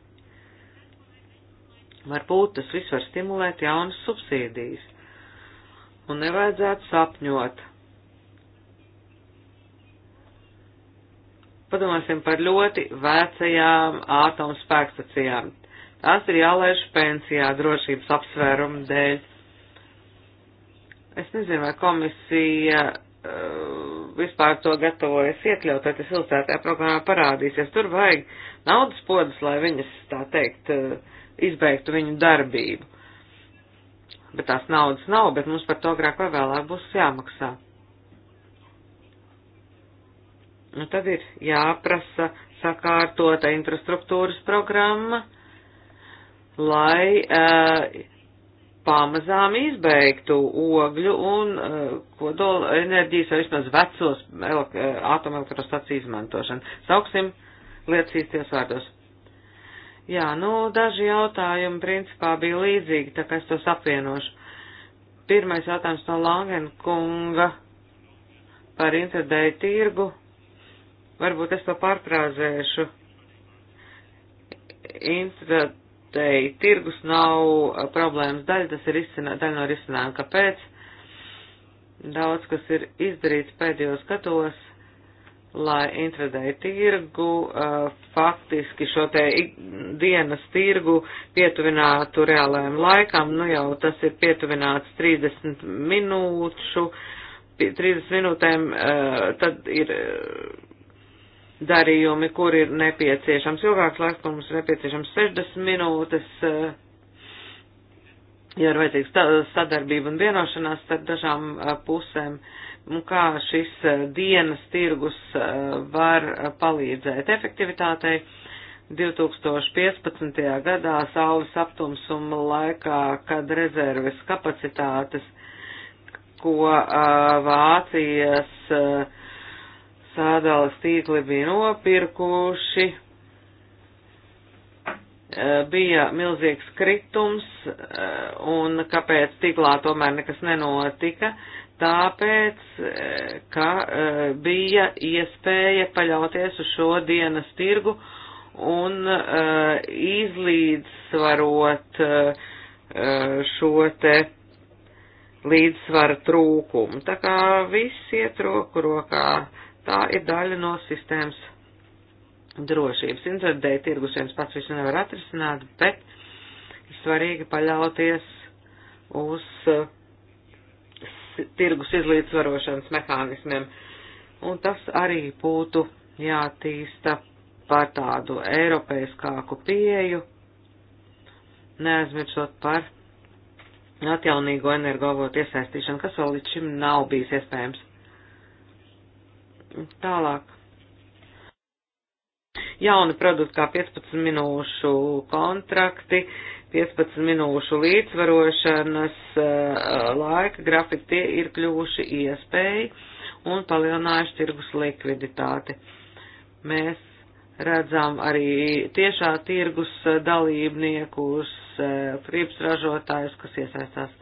Varbūt tas viss var stimulēt jaunas subsīdijas, un nevajadzētu sapņot. Padomāsim par ļoti vecajām ātomspēkstacijām. Tās ir jālaiž pensijā drošības apsvērumu dēļ. Es nezinu, vai komisija uh, vispār to gatavojas iekļaut, tad tas ilustētajā programmā parādīsies. Tur vajag naudas podas, lai viņas, tā teikt, uh, izbeigtu viņu darbību. Bet tās naudas nav, bet mums par to agrāk vai vēlāk būs jāmaksā. Un nu, tad ir jāprasa sakārtota infrastruktūras programma. Uh, lai uh, pamazām izbeigtu ogļu un uh, kodola enerģijas vai vismaz vecos eh, atomelektrostaciju izmantošanu. Sauksim lietas īsties vārdos. Jā, nu, daži jautājumi principā bija līdzīgi, tā kā es tos apvienošu. Pirmais jautājums no Langenkunga par interdēju tirgu. Varbūt es to pārprāzēšu. Interdēju tei tirgus nav problēmas daļa, tas ir izcinā, daļa no risinājuma. Kāpēc? Daudz, kas ir izdarīts pēdējos gados, lai intradēju tirgu, faktiski šo te dienas tirgu pietuvinātu reālajam laikam, nu jau tas ir pietuvināts 30 minūšu, 30 minūtēm, tad ir darījumi, kur ir nepieciešams ilgāks laiks, kur mums ir nepieciešams 60 minūtes, eh, ja ir vajadzīgs sadarbība un vienošanās starp dažām eh, pusēm, un kā šis eh, dienas tirgus var palīdzēt efektivitātei. 2015. gadā saules aptumsuma laikā, kad rezerves kapacitātes, ko uh, Vācijas uh, sādālas tīkli bija nopirkuši, bija milzīgs kritums, un kāpēc tīklā tomēr nekas nenotika? Tāpēc, ka bija iespēja paļauties uz šo dienas tirgu un izlīdzsvarot šo te līdzsvaru trūkumu. Tā kā viss iet roku rokā Tā ir daļa no sistēmas drošības. Internetēja tirgus viens pats visu nevar atrisināt, bet ir svarīgi paļauties uz uh, tirgus izlīdzvarošanas mehānismiem. Un tas arī būtu jātīsta par tādu eiropeiskāku pieju, neaizmirstot par atjaunīgo energoavotu iesaistīšanu, kas vēl līdz šim nav bijis iespējams. Tālāk. Jauni produkti kā 15 minūšu kontrakti, 15 minūšu līdzvarošanas eh, laika grafiki tie ir kļuvuši iespēja un palielinājuši tirgus likviditāti. Mēs redzam arī tiešā tirgus dalībniekus, eh, frīps ražotājus, kas iesaistās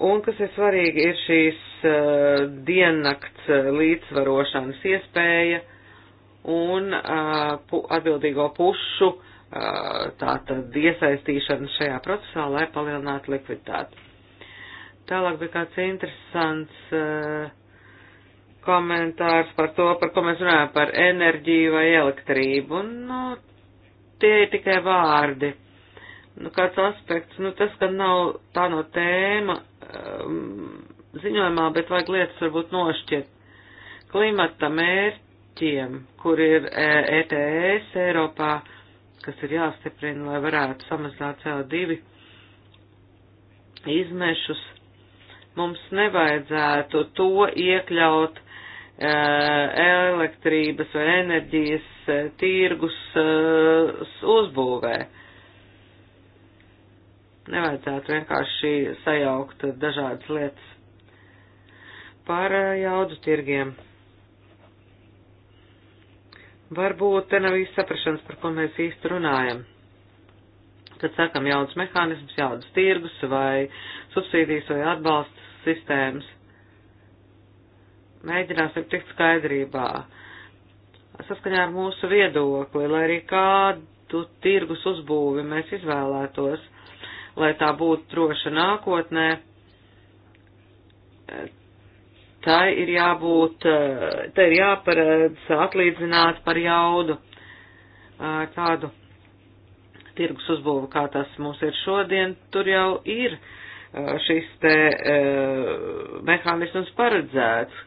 Un kas ir svarīgi, ir šīs uh, diennakts uh, eh, līdzsvarošanas iespēja un uh, pu atbildīgo pušu uh, tātad iesaistīšana šajā procesā, lai palielinātu likviditāti. Tālāk bija kāds interesants uh, komentārs par to, par ko mēs runājam, par enerģiju vai elektrību. Un, nu, tie ir tikai vārdi nu, kāds aspekts, nu, tas, ka nav tā no tēma um, ziņojumā, bet vajag lietas varbūt nošķirt. Klimata mērķiem, kur ir e, ETS Eiropā, kas ir jāstiprina, lai varētu samazināt CO2 izmešus, mums nevajadzētu to iekļaut e, elektrības vai enerģijas e, tirgus e, uzbūvē. E, Nevajadzētu vienkārši sajaukt dažādas lietas par eh, jaudu tirgiem. Varbūt te nav īsti saprašanas, par ko mēs īsti runājam. Kad sakam jaudas mehānisms, jaudas tirgus vai subsīdijas vai atbalsta sistēmas, mēģināsim tikt skaidrībā. Saskaņā ar mūsu viedokli, lai arī kādu tirgus uzbūvi mēs izvēlētos, lai tā būtu droša nākotnē, eh, tai ir jābūt, eh, tai ir jāparedz atlīdzināt par jaudu eh, tādu tirgus uzbūvu, kā tas mums ir šodien, tur jau ir šis te mehānisms paredzēts.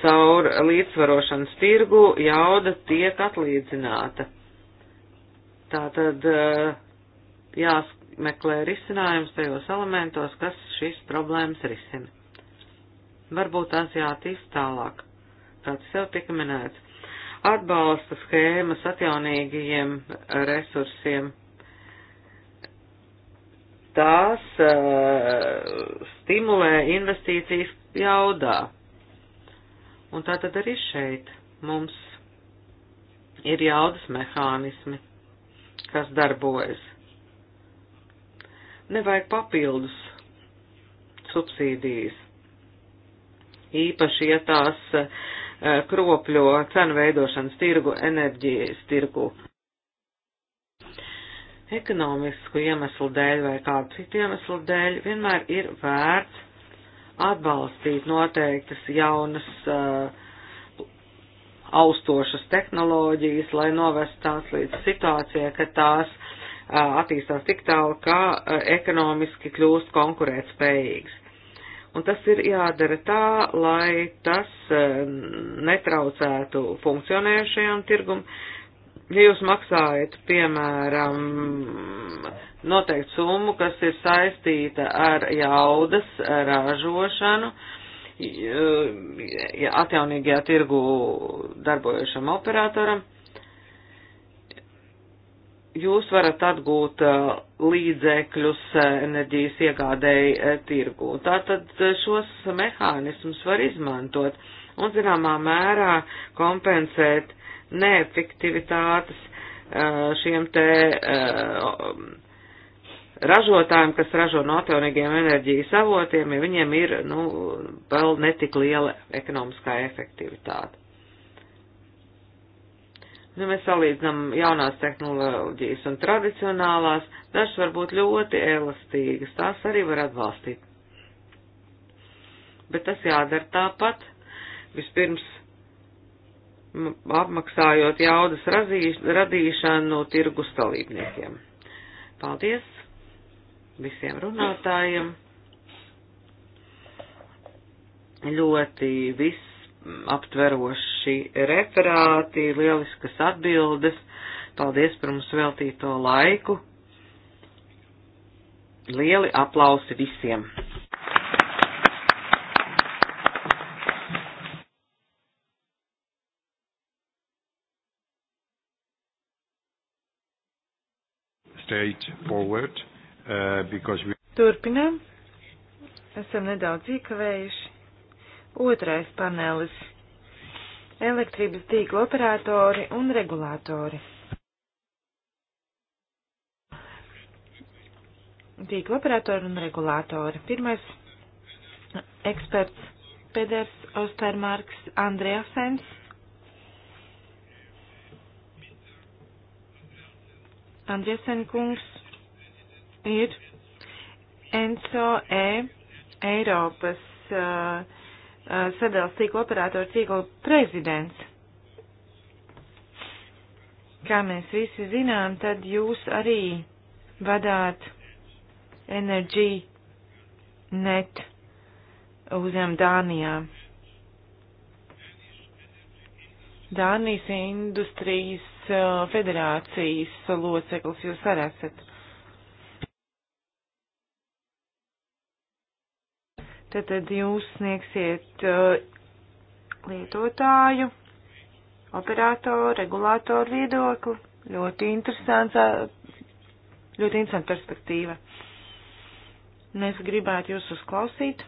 Caur līdzsvarošanas tirgu jauda tiek atlīdzināta. Tātad jāskatās jāmeklē risinājums tajos elementos, kas šīs problēmas risina. Varbūt tās jātīst tālāk, kāds jau tika minēts. Atbalsta schēmas atjaunīgajiem resursiem. Tās uh, stimulē investīcijas jaudā. Un tā tad arī šeit mums ir jaudas mehānismi, kas darbojas nevajag papildus subsīdijas. Īpaši, ja tās e, kropļo cenu veidošanas tirgu, enerģijas tirgu. Ekonomisku iemeslu dēļ vai kādu citu iemeslu dēļ vienmēr ir vērts atbalstīt noteiktas jaunas uh, austošas tehnoloģijas, lai novest tās līdz situācijai, ka tās attīstās tik tālu, ka ekonomiski kļūst konkurētspējīgs. Un tas ir jādara tā, lai tas netraucētu funkcionējušajam tirgum. Ja jūs maksājat, piemēram, noteiktu summu, kas ir saistīta ar jaudas ražošanu, ja atjaunīgajā tirgu darbojošam operatoram, jūs varat atgūt uh, līdzekļus uh, enerģijas iegādēji uh, tirgū. Tātad šos mehānismus var izmantot un zināmā mērā kompensēt neefektivitātes šiem te ražotājiem, kas ražo no atjaunīgiem enerģijas avotiem, ja viņiem ir, nu, vēl netik liela ekonomiskā efektivitāte ja nu, mēs salīdzinām jaunās tehnoloģijas un tradicionālās, dažas var būt ļoti elastīgas, tās arī var atbalstīt. Bet tas jādara tāpat, vispirms apmaksājot jaudas razīs, radīšanu tirgus dalībniekiem. Paldies visiem runātājiem. Ļoti viss aptverošs lieliski referāti, lieliskas atbildes. Paldies par mums veltīto laiku. Lieli aplausi visiem! straight forward uh, because we. Turpinām. Esam nedaudz iekavējuši. Otrais panelis elektrības tīkla operatori un regulātori. Tīkla operatori un regulātori. Pirmais eksperts Peders Ostermarks Andreasens. Andriesen kungs ir NCOE Eiropas uh, Uh, sadalās tīkla operātoru tīkla prezidents. Kā mēs visi zinām, tad jūs arī vadāt Energy Net uzņēmumu Dānijā. Dānijas industrijas uh, federācijas loceklis jūs arī esat. Tad, tad jūs sniegsiet uh, lietotāju, operātoru, regulātoru viedokli. Ļoti interesants, uh, ļoti interesanta perspektīva. Mēs gribētu jūs uzklausīt,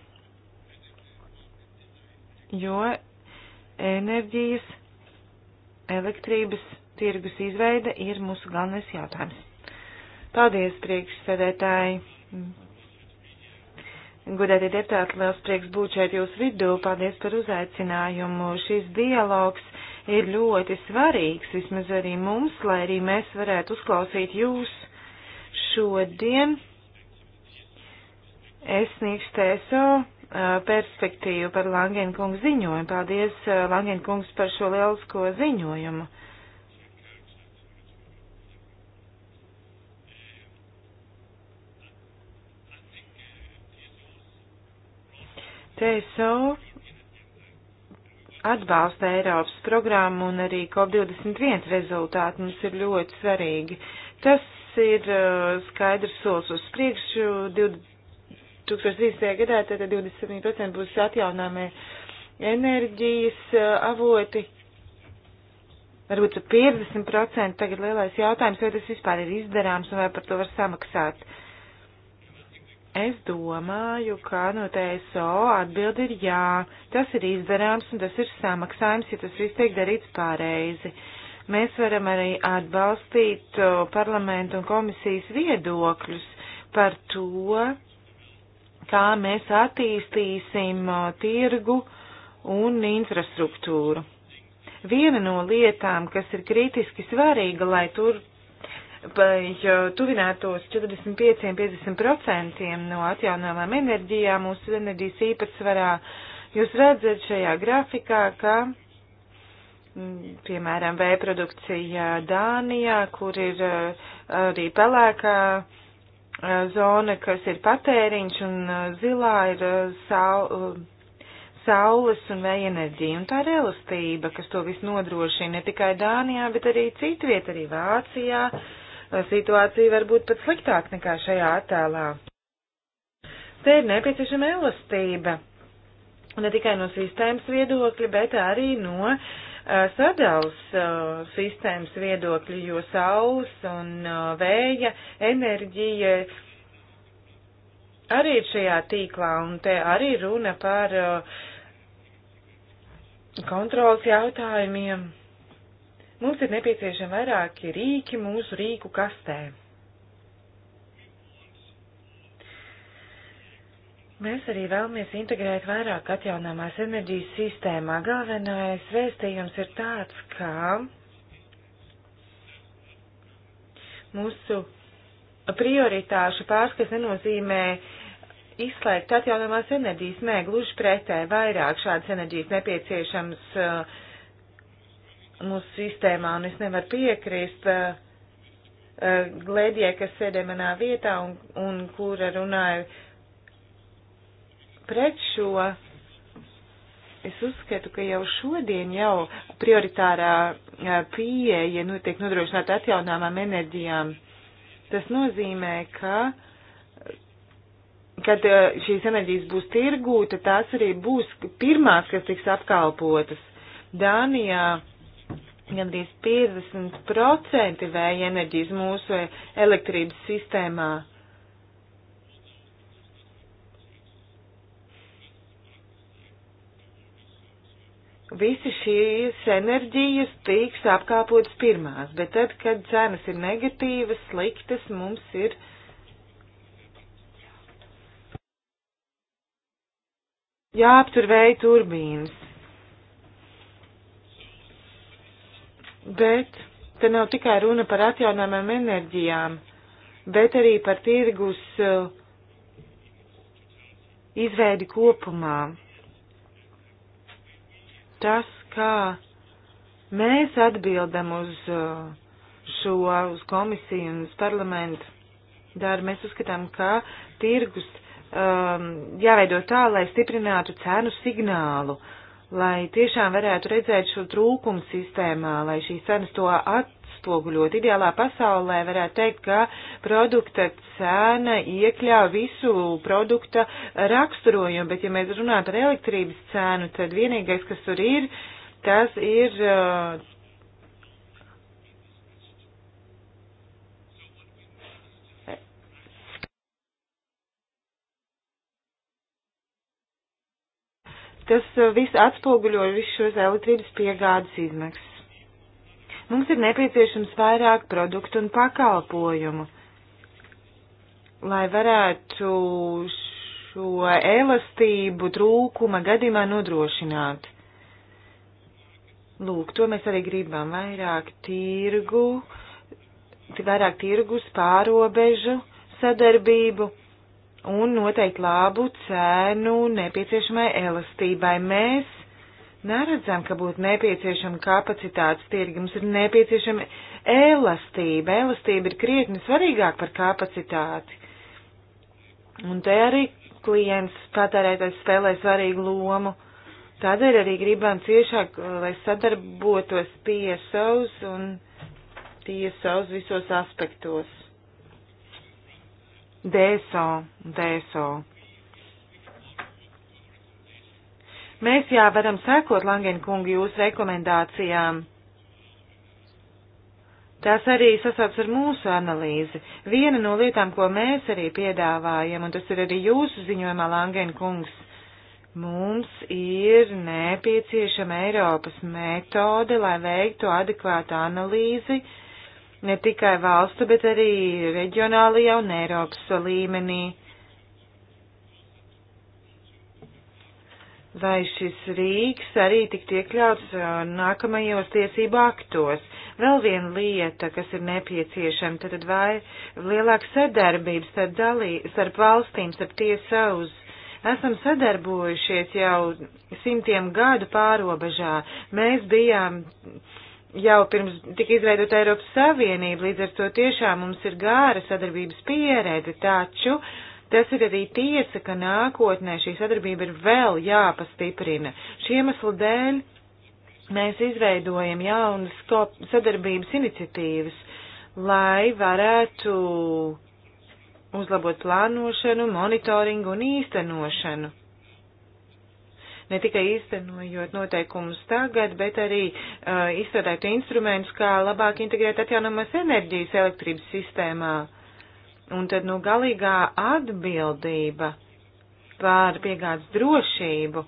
jo enerģijas, elektrības tirgus izveide ir mūsu galvenais jautājums. Paldies, priekšsēdētāji! Godētie deputāti, liels prieks būt šeit jūsu vidū. Paldies par uzaicinājumu. Šis dialogs ir ļoti svarīgs, vismaz arī mums, lai arī mēs varētu uzklausīt jūs šodien. Es sniegšu TSO perspektīvu par Langēna kungu ziņojumu. Paldies, Langēna kungs, par šo lielisko ziņojumu. TSO atbalsta Eiropas programmu un arī COP21 rezultāti mums ir ļoti svarīgi. Tas ir uh, skaidrs solis uz priekšu. 2030. gadā tātad 27% būs atjaunāmie enerģijas uh, avoti. Varbūt 50% tagad lielais jautājums, vai tas vispār ir izdarāms un vai par to var samaksāt. Uh, Es domāju, ka no TSO atbildi ir jā. Tas ir izdarāms un tas ir samaksājums, ja tas viss tiek darīts pareizi. Mēs varam arī atbalstīt parlamentu un komisijas viedokļus par to, kā mēs attīstīsim tirgu un infrastruktūru. Viena no lietām, kas ir kritiski svarīga, lai tur lai tuvinātos 45-50% no atjaunāmām enerģijām mūsu enerģijas īpatsvarā. Jūs redzat šajā grafikā, ka, mm, piemēram, vēja produkcija Dānijā, kur ir eh, arī pelēkā eh, zona, kas ir patēriņš, un eh, zilā ir saule saules un vēja enerģija un tā realistība, kas to viss nodrošina ne tikai Dānijā, bet arī citviet, arī Vācijā, situācija var būt pat sliktāka nekā šajā attēlā. Te ir nepieciešama elastība, ne tikai no sistēmas viedokļa, bet arī no uh, eh, sadalas uh, eh, sistēmas viedokļa, jo saules un uh, vēja enerģija arī ir šajā tīklā, un te arī runa par uh, kontrolas jautājumiem. Mums ir nepieciešami vairāki rīki mūsu rīku kastē. Mēs arī vēlamies integrēt vairāk atjaunāmās enerģijas sistēmā. Galvenais vēstījums ir tāds, ka mūsu prioritāšu pārskats nenozīmē izslēgt atjaunāmās enerģijas. Nē, gluži pretē, vairāk šādas enerģijas nepieciešams uh, mūsu sistēmā, un es nevaru piekrist uh, uh, Glēdijai, kas sēdē manā vietā un, un kura runāja pret šo. Es uzskatu, ka jau šodien jau prioritārā uh, pieeja nu, tiek nodrošināta atjaunāmām enerģijām. Tas nozīmē, ka kad šīs enerģijas būs tirgū, tad tās arī būs pirmās, kas tiks apkalpotas. Dānijā gandrīz 50% vēja enerģijas mūsu elektrības sistēmā. Visi šīs enerģijas tiks apkāpotas pirmās, bet tad, kad cenas ir negatīvas, sliktas, mums ir jāaptur vēja turbīnas. Bet te nav tikai runa par atjaunāmām enerģijām, bet arī par tirgus uh, izveidi kopumā. Tas, kā mēs atbildam uz uh, šo, uz komisiju un uz parlamentu darbu, mēs uzskatām, ka tirgus um, jāveido tā, lai stiprinātu cenu signālu. Uh, lai tiešām varētu redzēt šo trūkumu sistēmā, lai šīs cenas to atspoguļot. Ideālā pasaulē varētu teikt, ka produkta cena iekļauj visu produkta raksturojumu, bet ja mēs runātu ar elektrības cenu, tad vienīgais, kas tur ir, tas ir uh, Tas uh, viss atspoguļo visu šos elektrības piegādes izmaksas. Mums ir nepieciešams vairāk produktu un pakalpojumu, lai varētu šo elastību trūkuma gadījumā nodrošināt. Lūk, to mēs arī gribam vairāk tirgu, vairāk tirgus, pārobežu sadarbību un noteikt labu cēnu nepieciešamai elastībai. Mēs neredzam, ka būtu nepieciešama kapacitātes tirgi, mums ir nepieciešama elastība. Elastība ir krietni svarīgāk par kapacitāti. Un te arī klients patērētājs spēlē svarīgu lomu. Tādēļ arī gribam ciešāk, lai sadarbotos PSOs un TSOs visos aspektos. DSO un DSO. Mēs jā varam sekot Langenkungu jūsu rekomendācijām. Tas arī sasauc ar mūsu analīzi. Viena no lietām, ko mēs arī piedāvājam, un tas ir arī jūsu ziņojumā, Langenkungs, mums ir nepieciešama Eiropas metode, lai veiktu adekvātu analīzi uh, ne tikai valstu, bet arī reģionālajā un Eiropas līmenī. Vai šis Rīgas arī tik iekļauts uh, nākamajos tiesību aktos? Vēl viena lieta, kas ir nepieciešama, tad vai lielāka sadarbības starp, dalī, starp valstīm, starp tiesauz esam sadarbojušies jau simtiem gadu pārobežā. Mēs bijām jau pirms tika izveidota Eiropas Savienība, līdz ar to tiešām mums ir gāra sadarbības pieredze, taču tas ir arī tiesa, ka nākotnē šī sadarbība ir vēl jāpastiprina. Šī iemesla dēļ mēs izveidojam jaunas sadarbības iniciatīvas, lai varētu uzlabot plānošanu, monitoringu un īstenošanu ne tikai īstenojot noteikumus tagad, bet arī uh, izstrādāt instrumentus, kā labāk integrēt atjaunamas enerģijas elektrības sistēmā. Un tad, nu, galīgā atbildība par piegādes drošību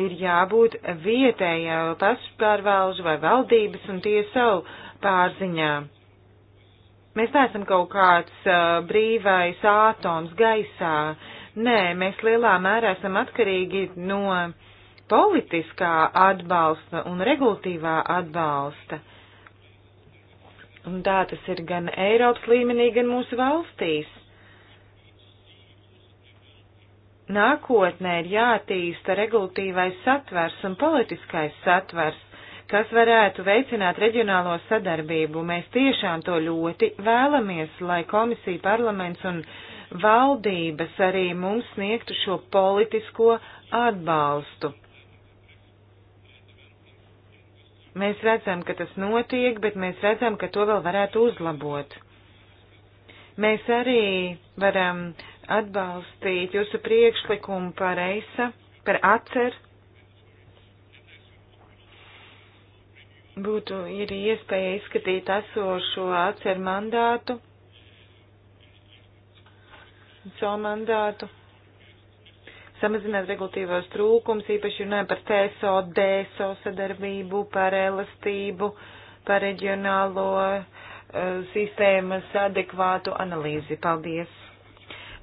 ir jābūt vietējā pašpārvalžu vai valdības un tiesavu pārziņā. Mēs neesam kaut kāds uh, brīvais ātoms gaisā, uh, Nē, mēs lielā mērā esam atkarīgi no politiskā atbalsta un regulatīvā atbalsta. Un tā tas ir gan Eiropas līmenī, gan mūsu valstīs. Nākotnē ir jātīsta regulatīvais satvers un politiskais satvers, kas varētu veicināt reģionālo sadarbību. Mēs tiešām to ļoti vēlamies, lai komisija, parlaments un uh, valdības arī mums sniegtu šo politisko atbalstu. Mēs redzam, ka tas notiek, bet mēs redzam, ka to vēl varētu uzlabot. Mēs arī varam atbalstīt jūsu priekšlikumu par EISA, par ACER. Būtu ir iespēja izskatīt esošo ACER mandātu savu mandātu, samazināt regulatīvos trūkums, īpaši runājot par TSO, DSO sadarbību, par elastību, par reģionālo uh, sistēmas adekvātu analīzi. Paldies!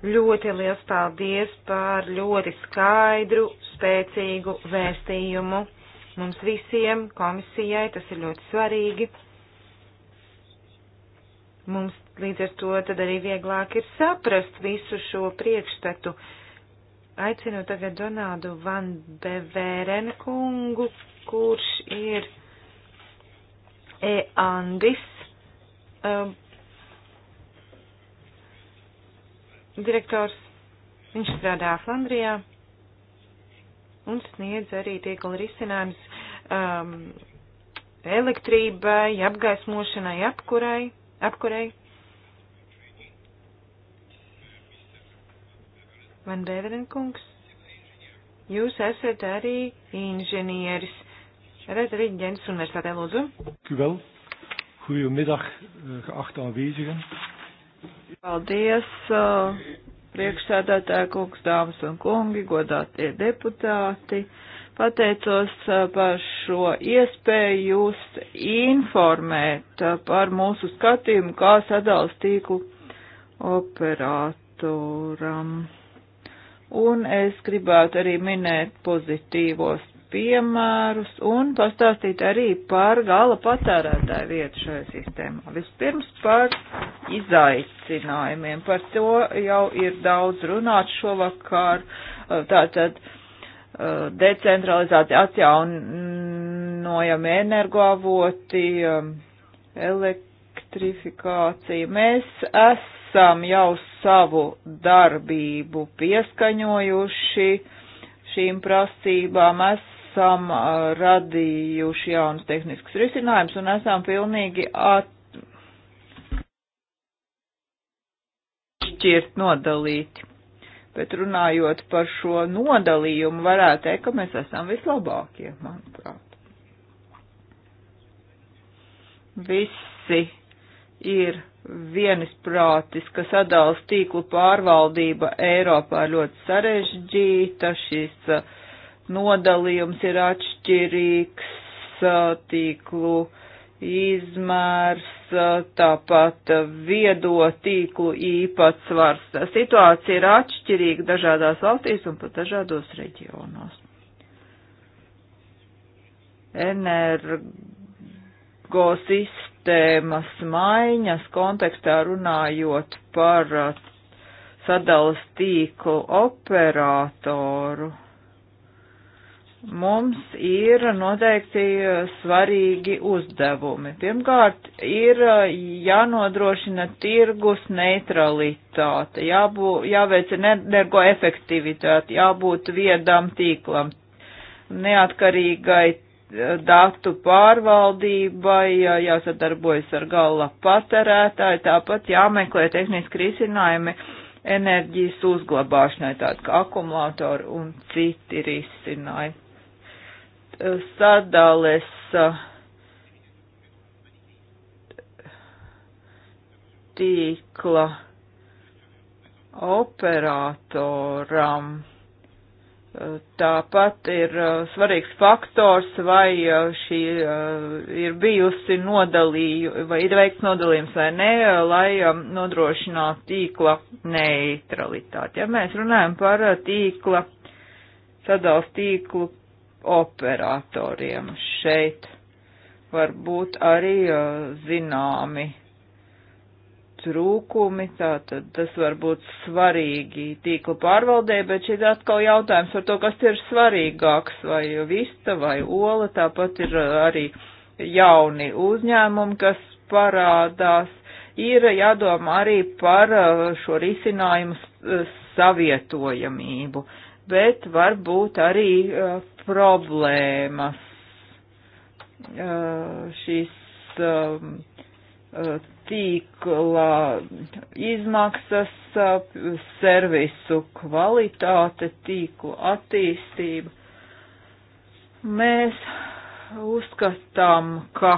Ļoti liels paldies par ļoti skaidru, spēcīgu vēstījumu mums visiem, komisijai, tas ir ļoti svarīgi. Mums līdz ar to tad arī vieglāk ir saprast visu šo priekšstatu. Aicinu tagad Donādu Van Bevēren kungu, kurš ir E-Andis um, direktors. Viņš strādā Flandrijā un sniedz arī tiekla risinājums um, elektrībai, apgaismošanai, apkurai apkurei. Van Deverenkungs, jūs esat arī inženieris. Rēdriņģens Universitātē, lūdzu. Kuvel. Goedemiddag, eh, geachte aanwezigen. Paldies, eh, priekšsēdētāja kungs, dāmas un kungi, godātie deputāti. Pateicos par šo iespēju jūs informēt par mūsu skatījumu kā sadalas tīklu operatoram. Un es gribētu arī minēt pozitīvos piemērus un pastāstīt arī par gala patērētāju vietu šajā sistēmā. Vispirms par izaicinājumiem. Par to jau ir daudz runāts šovakar. Tātad. Tā, decentralizācija, atjaunojami energoavoti, um, elektrifikācija. Mēs esam jau savu darbību pieskaņojuši šīm prasībām, esam uh, radījuši jaunas tehniskas risinājumus un esam pilnīgi atšķirt nodalīti. Bet runājot par šo nodalījumu, varētu teikt, ka mēs esam vislabākie, manuprāt. Visi ir vienisprātis, ka sadalas tīklu pārvaldība Eiropā ļoti sarežģīta, šis uh, nodalījums ir atšķirīgs, uh, tīklu izmērs, tāpat viedo tīklu īpatsvars. Situācija ir atšķirīga dažādās valstīs un pat dažādos reģionos. Energosistēmas maiņas kontekstā runājot par sadalas tīklu operātoru mums ir noteikti svarīgi uzdevumi. Pirmkārt, ir uh, jānodrošina tirgus neutralitāte, jābū, jāveic energoefektivitāte, jābūt viedam tīklam, neatkarīgai uh, datu pārvaldībai, jāsadarbojas ar gala patērētāju, tāpat jāmeklē tehniski risinājumi enerģijas uzglabāšanai, tāds kā akumulātori un citi risinājumi sadales tīkla operatoram. Tāpat ir svarīgs faktors, vai šī ir bijusi nodalījuma, vai ir veikts nodalījums vai nē, lai nodrošinātu tīkla neutralitāti. Ja mēs runājam par tīkla, sadals tīklu operatoriem. Šeit var būt arī zināmi trūkumi, tātad tas var būt svarīgi tīkla pārvaldē, bet šī atkal jautājums par to, kas ir svarīgāks, vai vista vai ola, tāpat ir arī jauni uzņēmumi, kas parādās, ir jādomā arī par šo risinājumu savietojamību. Uh, bet var būt arī uh, problēmas uh, šīs uh, tīkla izmaksas, servisu kvalitāte, tīklu attīstība. Mēs uzskatām, ka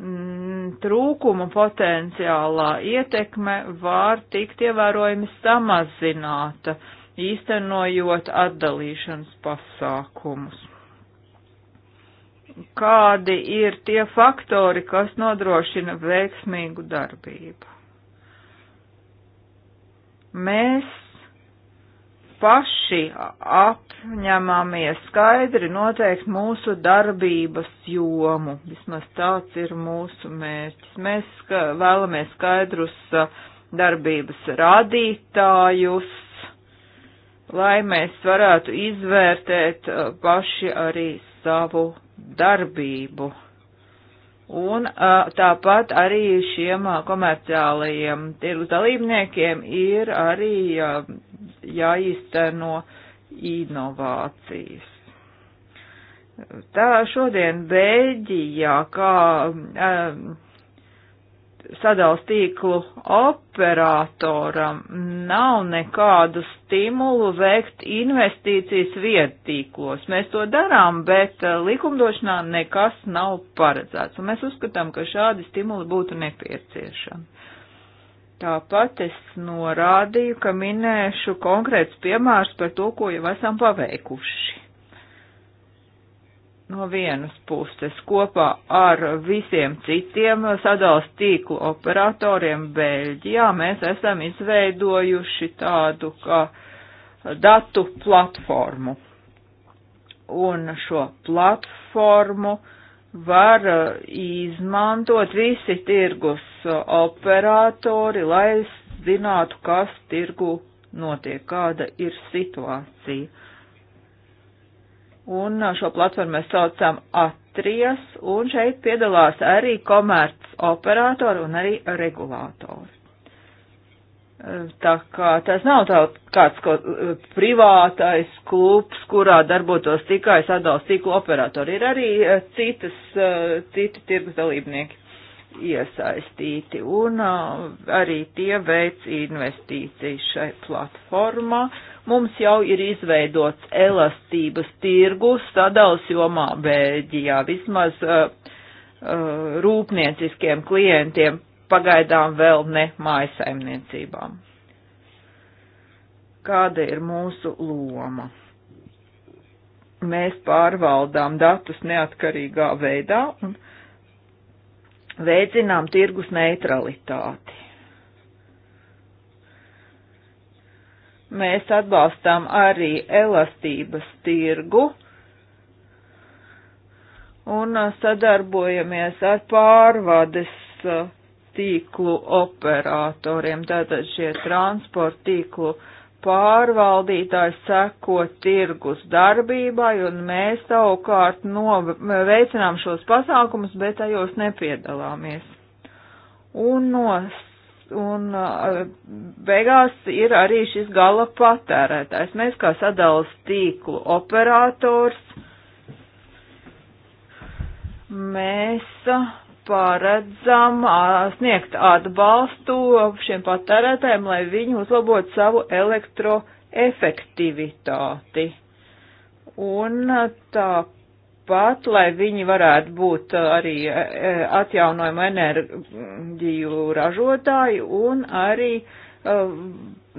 mm, trūkuma potenciālā ietekme var tikt ievērojami samazināta. Uh, īstenojot atdalīšanas pasākumus. Kādi ir tie faktori, kas nodrošina veiksmīgu darbību? Mēs paši apņemamies skaidri noteikt mūsu darbības jomu. Vismaz tāds ir mūsu mērķis. Mēs vēlamies skaidrus uh, darbības rādītājus, lai mēs varētu izvērtēt uh, paši arī savu darbību. Un uh, tāpat arī šiem uh, komerciālajiem tirgus dalībniekiem ir arī jāizteno inovācijas. Tā šodien Bēļģijā, kā um, sadals tīklu operatoram nav nekādu stimulu veikt investīcijas viedtīklos. Mēs to darām, bet eh, likumdošanā nekas nav paredzēts, un mēs uzskatām, ka šādi stimuli būtu nepieciešami. Tāpat es norādīju, ka minēšu konkrēts piemērs par to, ko jau esam paveikuši no vienas puses kopā ar visiem citiem sadalas tīklu operatoriem Beļģijā mēs esam izveidojuši tādu kā datu platformu. Un šo platformu var uh, izmantot visi tirgus uh, operatori, lai zinātu, kas tirgu notiek, kāda ir situācija un šo platformu mēs saucam Atries, un šeit piedalās arī komerc operatori un arī regulātori. Tā kā tas nav tāds kāds ko, privātais klubs, kurā darbotos tikai sadalās tīklu operatori, ir arī citas, citi tirgus dalībnieki iesaistīti, un arī tie veic investīcijas šai platformā. Uh, Mums jau ir izveidots elastības tirgus sadalas jomā Bēļģijā, vismaz uh, uh, rūpnieciskiem klientiem, pagaidām vēl ne mājasaimniecībām. Kāda ir mūsu loma? Mēs pārvaldām datus neatkarīgā veidā un veicinām tirgus neutralitāti Mēs atbalstām arī elastības tirgu un uh, sadarbojamies ar pārvades uh, tīklu operatoriem. Tātad šie transporta tīklu pārvaldītājs seko tirgus darbībai, un mēs savukārt veicinām šos pasākumus, bet tajos nepiedalāmies. Un no un eh, beigās ir arī šis gala patērētājs. Mēs kā sadalas tīklu operators, mēs eh, paredzam eh, sniegt atbalstu šiem patērētājiem, lai viņi uzlabotu savu elektroefektivitāti. Un tā pat, lai viņi varētu būt uh, arī uh, uh, atjaunojumu enerģiju ražotāji un arī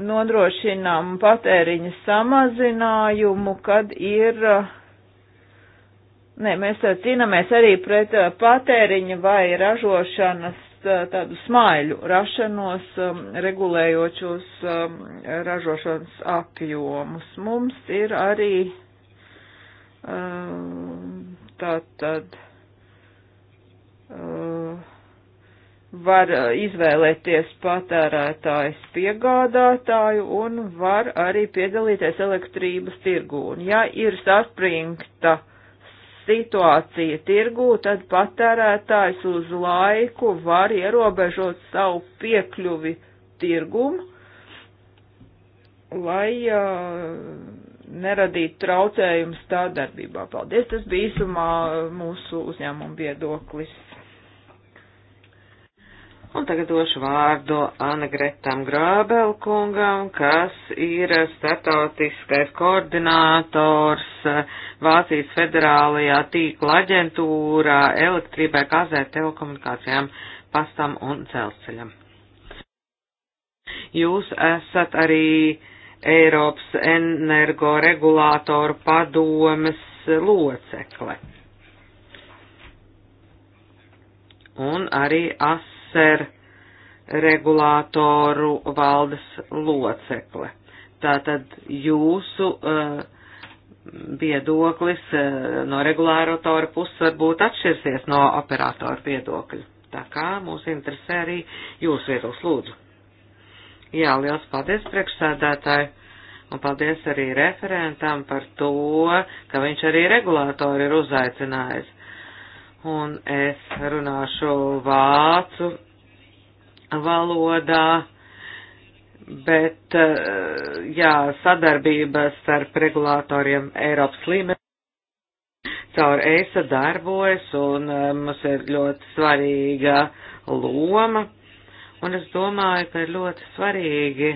nodrošinām patēriņa samazinājumu, kad ir, nē, mēs cīnāmies arī pret patēriņa vai ražošanas tādu smaiļu rašanos, um, regulējot šos um, ražošanas apjomus. Mums ir arī um, tātad uh, var izvēlēties patērētājs piegādātāju un var arī piedalīties elektrības tirgū. Un ja ir saspringta situācija tirgū, tad patērētājs uz laiku var ierobežot savu piekļuvi tirgumu, lai uh, neradīt traucējumus tā darbībā. Paldies, tas bija īsumā mūsu uzņēmuma viedoklis. Un tagad došu vārdu Anegretam Grābelkungam, kas ir startautiskais koordinators Vācijas federālajā tīkla aģentūrā elektrībai, kazē, telekomunikācijām, pastam un dzelzceļam. Jūs esat arī uh, Eiropas energoregulātoru padomes locekle. Un arī ASER regulātoru valdes locekle. Tātad jūsu uh, viedoklis uh, no regulātora puses varbūt atšķirsies no operatora viedokļa. Tā kā mūs interesē arī jūsu viedoklis, lūdzu. Jā, liels paldies priekšsēdētāji un paldies arī referentam par to, ka viņš arī regulātori ir uzaicinājis. Un es runāšu vācu valodā, bet, eh, jā, sadarbība starp regulātoriem Eiropas līmenī caur ESA darbojas un eh, mums ir ļoti svarīga loma Un es domāju, ka ir ļoti svarīgi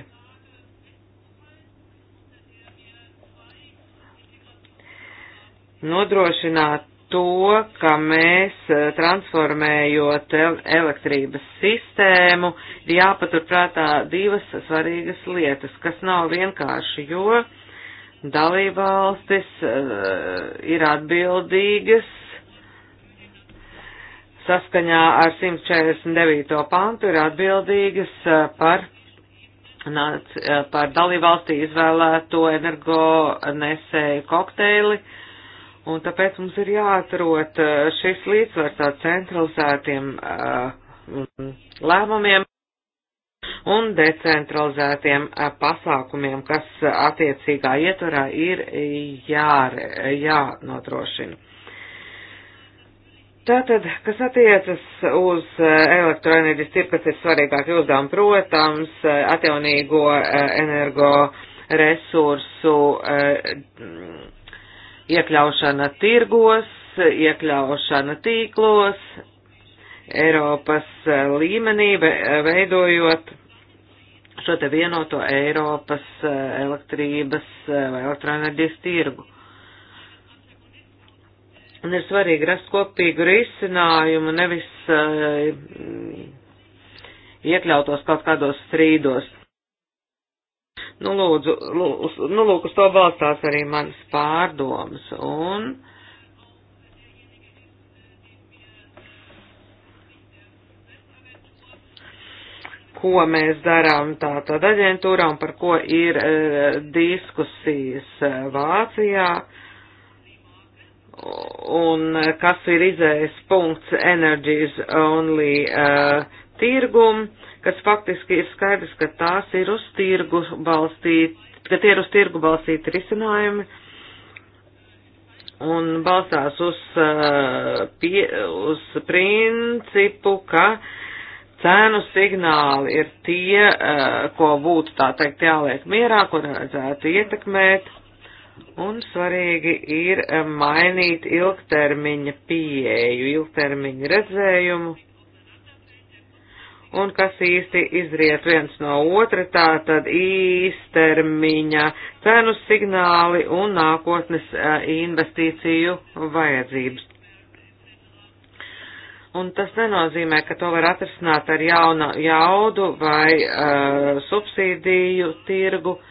nodrošināt to, ka mēs eh, transformējot elektrības sistēmu, ir jāpaturprātā divas svarīgas lietas, kas nav vienkārši, jo dalībvalstis uh, ir atbildīgas saskaņā ar 149. pantu ir atbildīgas eh, par, eh, par dalībvalstī izvēlēto energonesēju kokteili, un tāpēc mums ir jāatrot eh, šis līdzsvars ar centralizētiem lēmumiem un decentralizētiem pasākumiem, kas attiecīgā ietvarā ir jā, jānodrošina. Tātad, kas attiecas uz eh, elektroenerģijas tirku, kas ir svarīgāk jūsdām, protams, eh, atjaunīgo eh, energo resursu iekļaušana tirgos, iekļaušana tīklos, Eiropas līmenī veidojot šo te vienoto Eiropas elektrības vai elektroenerģijas tirgu. Un ir svarīgi rast kopīgu risinājumu, nevis uh, iekļautos kaut kādos strīdos. Nu, lūdzu, lūdzu, nu, lūk, uz to balstās arī manas pārdomas. Un, ko mēs darām tātad aģentūrā un par ko ir e, diskusijas eh, Vācijā. E, un eh, kas ir izējas punkts Energies Only uh, tirgum, kas faktiski ir skaidrs, ka tās ir uz tirgu balstīti, ka tie ir uz tirgu balstīti risinājumi un balstās uz, uh, pie, uz principu, ka cēnu signāli ir tie, uh, ko būtu tā teikt jāliek mierā, ko nevajadzētu ietekmēt Un svarīgi ir eh, mainīt ilgtermiņa pieeju, ilgtermiņa redzējumu. Un kas īsti izriet viens no otra, tā tad īstermiņa cenu signāli un nākotnes eh, investīciju vajadzības. Un tas nenozīmē, ka to var atrisināt ar jaunu jaudu vai uh, subsīdiju tirgu. Uh,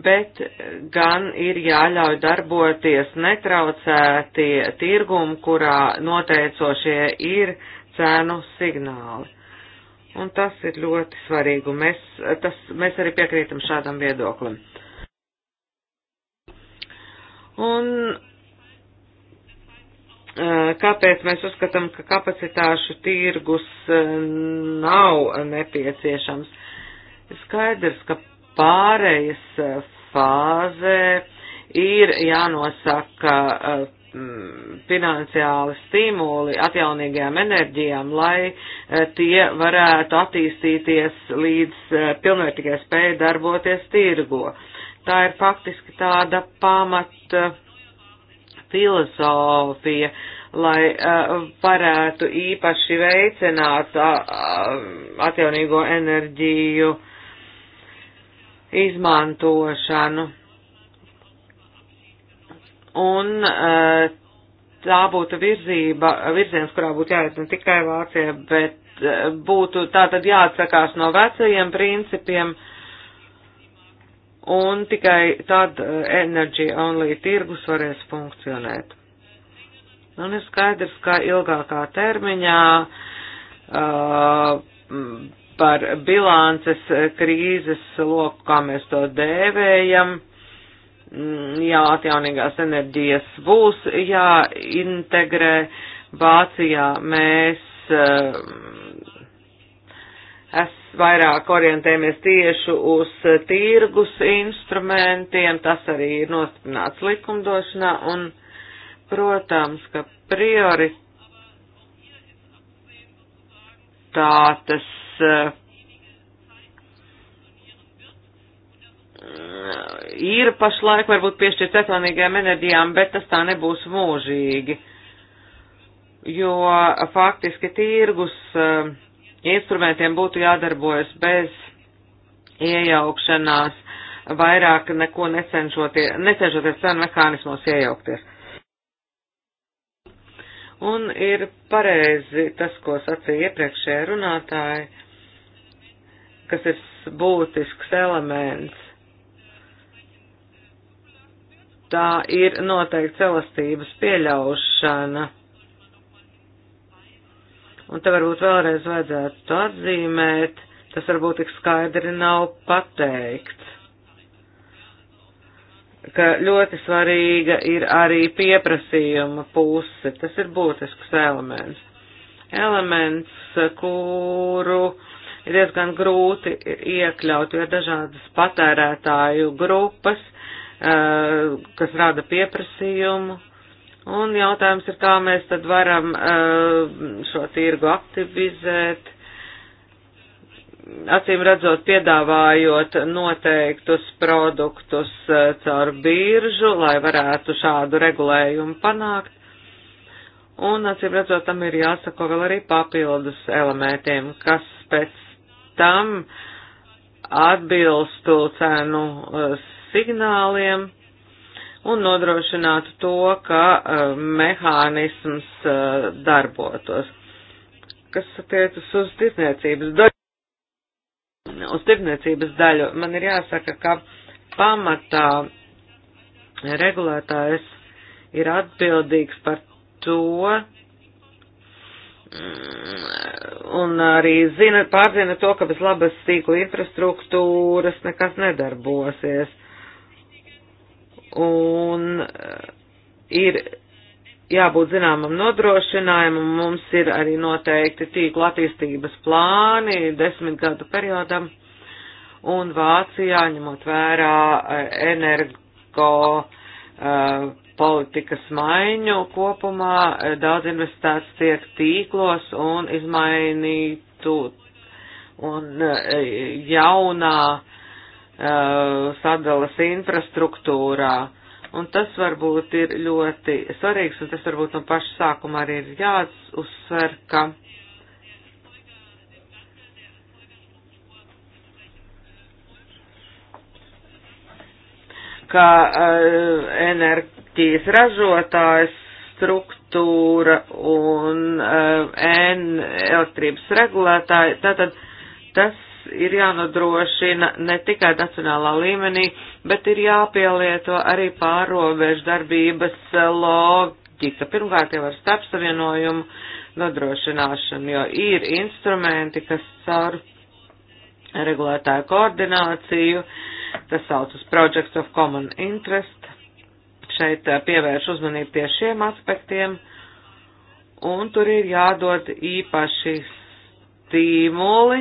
bet gan ir jāļauj darboties netraucēti tirgumu, kurā noteicošie ir cēnu signāli. Un tas ir ļoti svarīgi, un mēs, tas, mēs arī piekrītam šādam viedoklim. Un eh, kāpēc mēs uzskatām, ka kapacitāšu tirgus eh, nav nepieciešams? Skaidrs, ka pārējas e, fāzē ir jānosaka e, finansiāli stimuli atjaunīgajām enerģijām, lai e, tie varētu attīstīties līdz pilnvērtīgai spēja darboties tirgo. Tā ir faktiski tāda pamat filozofija, lai varētu īpaši veicināt atjaunīgo enerģiju uh, izmantošanu. Un eh, tā būtu virzība, virziens, kurā būtu jāiet ne tikai Vācija, bet eh, būtu tātad jāatsakās no vecajiem principiem un tikai tad eh, energy only tirgus varēs funkcionēt. Un ir skaidrs, ka ilgākā termiņā uh, par bilances eh, krīzes loku, kā mēs to dēvējam. Mm, jā, atjaunīgās enerģijas būs jāintegrē. Vācijā mēs eh, es vairāk orientējamies tieši uz tirgus instrumentiem, tas arī ir nostiprināts likumdošanā un, protams, ka prioritātes Eh, ir pašlaik varbūt piešķirt atjaunīgajām enerģijām, bet tas tā nebūs mūžīgi, jo faktiski tirgus eh, instrumentiem būtu jādarbojas bez iejaukšanās, vairāk neko necenšoties, necenšoties cenu mehānismos iejaukties. Un ir pareizi tas, ko sacīja iepriekšējā runātāja kas ir būtisks elements. Tā ir noteikti celastības pieļaušana. Un te varbūt vēlreiz vajadzētu to atzīmēt, tas varbūt tik skaidri nav pateikts ka ļoti svarīga ir arī pieprasījuma puse. Tas ir būtisks elements. Elements, kuru ir diezgan grūti iekļaut, jo ir dažādas patērētāju grupas, eh, kas rada pieprasījumu. Un jautājums ir, kā mēs tad varam eh, šo tirgu aktivizēt, acīm redzot, piedāvājot noteiktus produktus eh, caur biržu, lai varētu šādu regulējumu panākt un, acīm redzot, tam ir jāsako vēl arī papildus elementiem, kas pēc tam atbilstu cenu eh, signāliem un nodrošinātu to, ka eh, mehānisms eh, darbotos. Kas attiecas uz tirdzniecības daļu? Uz tirdzniecības daļu man ir jāsaka, ka pamatā regulētājs ir atbildīgs par to, un arī zina, pārzina to, ka bez labas tīkla infrastruktūras nekas nedarbosies. Un eh, ir jābūt zināmam nodrošinājumam, mums ir arī noteikti tīkla attīstības plāni desmit gadu periodam, un Vācijā, ņemot vērā eh, energo uh, politikas maiņu kopumā daudz investēts tiek tīklos un izmainītu un eh, jaunā uh, sadalas infrastruktūrā. Un tas varbūt ir ļoti svarīgs, un tas varbūt no paša sākuma arī ir jāuzsver, ka ka uh, eh, energi enerģijas ražotājs struktūra un uh, N elektrības regulētāji. Tātad tas ir jānodrošina ne tikai nacionālā līmenī, bet ir jāpielieto arī pārobežu darbības eh, loģika. Pirmkārt jau ar starpsavienojumu nodrošināšanu, jo ir instrumenti, kas caur regulētāju koordināciju, tas sauc uz Projects of Common Interest, šeit pievērš uzmanību tieši šiem aspektiem, un tur ir jādod īpaši stīmuli,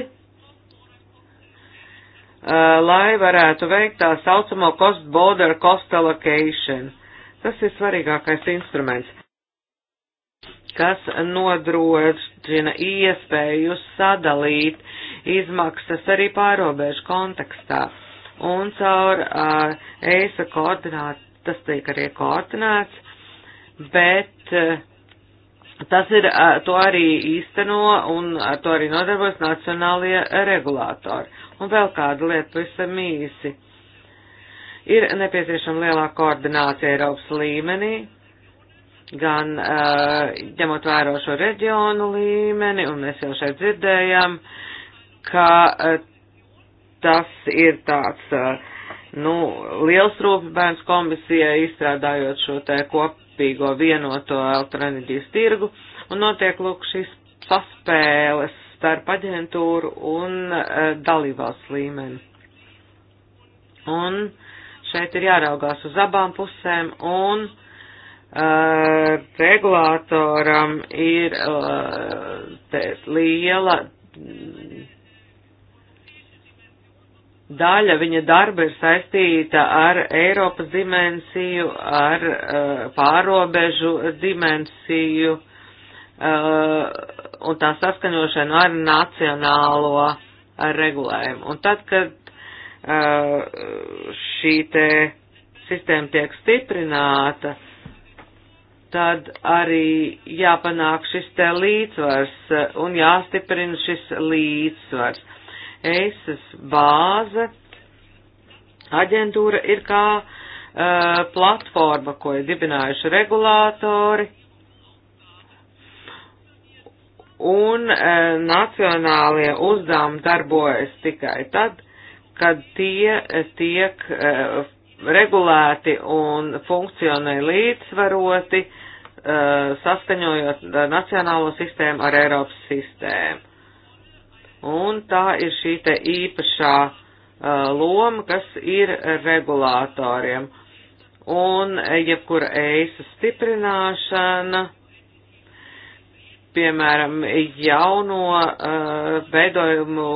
lai varētu veikt tā saucamo cost border cost allocation. Tas ir svarīgākais instruments, kas nodrošina iespēju sadalīt izmaksas arī pārobežu kontekstā. Un caur uh, ESA koordinātu tas tiek arī koordinēts, bet eh, tas ir, eh, to arī īsteno un ar to arī nodarbojas nacionālie regulātori. Un vēl kāda lieta pavisam īsi. Ir nepieciešama lielāka koordinācija Eiropas līmenī, gan uh, ņemot vērā šo reģionu līmeni, un mēs jau šeit dzirdējām, ka uh, tas ir tāds uh, Nu, liels rūpes bērns komisija izstrādājot šo te kopīgo vienoto elektroenerģijas tirgu un notiek lūk šīs saspēles starp aģentūru un uh, dalībvalsts līmeni. Un šeit ir jāraugās uz abām pusēm un uh, regulātoram ir uh, liela daļa viņa darba ir saistīta ar Eiropas dimensiju, ar uh, pārobežu dimensiju uh, un tā saskaņošanu ar nacionālo ar regulējumu. Un tad, kad uh, šī te sistēma tiek stiprināta, tad arī jāpanāk šis te līdzsvars un jāstiprina šis līdzsvars ESAS bāze, aģentūra ir kā uh, platforma, ko ir dibinājuši regulātori un uh, nacionālie uzdevumi darbojas tikai tad, kad tie tiek uh, regulēti un funkcionē līdzsvaroti, uh, saskaņojot nacionālo sistēmu ar Eiropas sistēmu. Un tā ir šī te īpašā uh, loma, kas ir regulātoriem. Un jebkura eisa stiprināšana, piemēram, jauno uh, veidojumu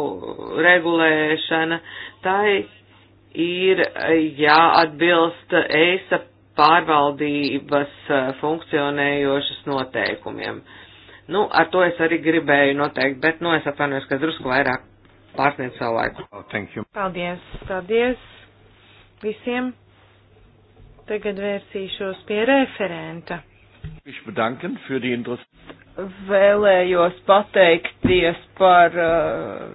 regulēšana, tai ir jāatbilst eisa pārvaldības funkcionējošas noteikumiem. Uh, Nu, ar to es arī gribēju noteikt, bet, nu, es atvainojos, ka drusku vairāk pārsniedz savu laiku. Oh, paldies, paldies visiem. Tagad vērsīšos pie referenta. Vēlējos pateikties par uh,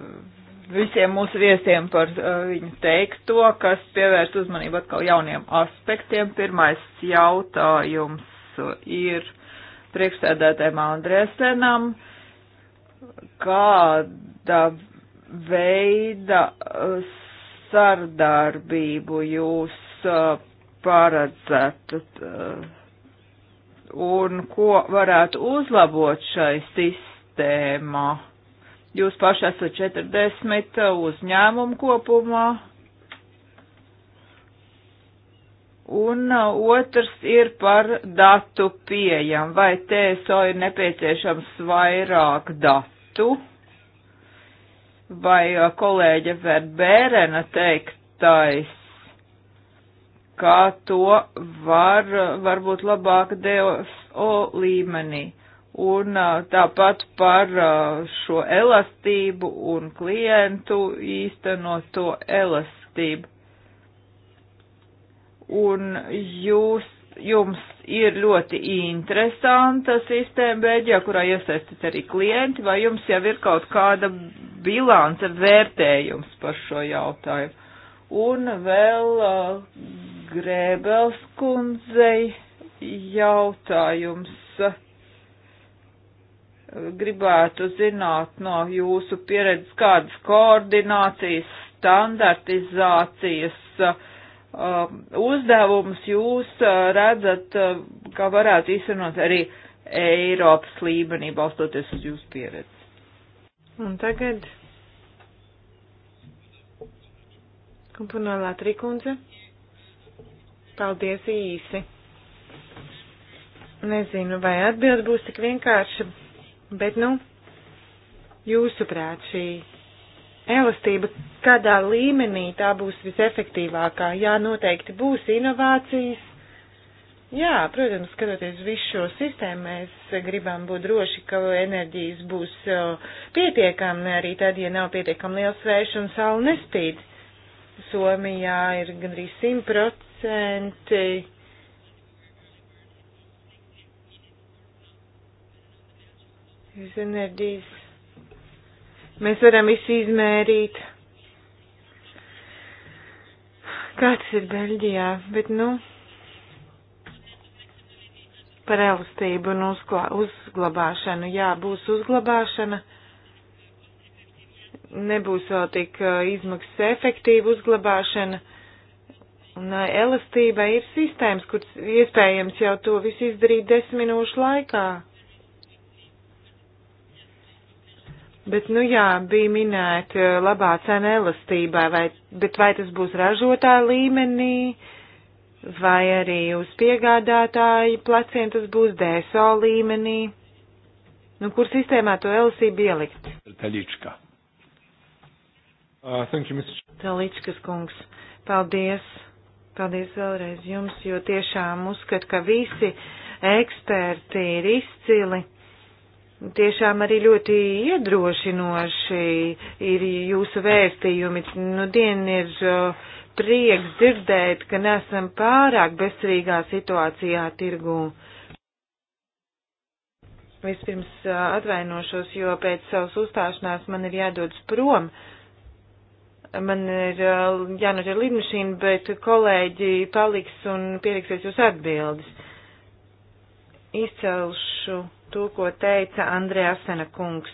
visiem mūsu viesiem par uh, viņu teikto, kas pievērst uzmanību atkal jauniem aspektiem. Pirmais jautājums ir priekšsēdētājiem Andrēsenam, kāda veida uh, sardarbību jūs uh, paredzat uh, un ko varētu uzlabot šai sistēmā. Jūs paši esat 40 uzņēmumu kopumā Un uh, otrs ir par datu pieejam. Vai TSO ir nepieciešams vairāk datu? Vai uh, kolēģa Verbērena teiktais, kā to var, varbūt labāk DSO līmenī? Un uh, tāpat par šo elastību un klientu īstenot to elastību un jūs, jums ir ļoti interesanta sistēma Bēļģijā, kurā iesaistīti arī klienti, vai jums jau ir kaut kāda bilance vērtējums par šo jautājumu? Un vēl uh, Grēbels kundzei jautājums. Gribētu zināt no jūsu pieredzes, kādas koordinācijas, standartizācijas uh, Um, uzdevumus jūs uh, redzat, uh, kā varētu izsanot arī Eiropas līmenī, balstoties uz jūsu pieredzi. Un tagad komponālā trikundze. Paldies īsi. Nezinu, vai atbild būs tik vienkārši, bet, nu, jūsuprāt, šī elastība, kādā līmenī tā būs visefektīvākā. Jā, noteikti būs inovācijas. Jā, protams, skatoties visu šo sistēmu, mēs gribam būt droši, ka enerģijas būs pietiekami, arī tad, ja nav pietiekami liels vējš un saule nespīd. Somijā ir gandrīz 100%. enerģijas Mēs varam visu izmērīt. Kā tas ir Beļģijā, bet nu par elastību un uzklā, uzglabāšanu. Jā, būs uzglabāšana. Nebūs vēl tik uh, izmaksas efektīva uzglabāšana. Un uh, elastība ir sistēmas, kur iespējams jau to visu izdarīt desmit minūšu laikā. Bet, nu jā, bija minēta eh, labā cena elastībai, vai, bet vai tas būs ražotāja līmenī, vai arī uz piegādātāju pleciem tas būs DSO līmenī? Nu, kur sistēmā to elastību ielikt? Telička. Uh, thank you, Mr. Teličkas kungs. Paldies. Paldies vēlreiz jums, jo tiešām uzskat, ka visi eksperti ir izcili. Tiešām arī ļoti iedrošinoši ir jūsu vēstījumi. Nu, dien ir prieks dzirdēt, ka nesam pārāk bezcerīgā situācijā tirgū. Vispirms atvainošos, jo pēc savas uzstāšanās man ir jādodas prom. Man ir jānoķer lidmašīna, bet kolēģi paliks un pieraksties jūs atbildes. Izcelšu to, ko teica Andrēsena kungs.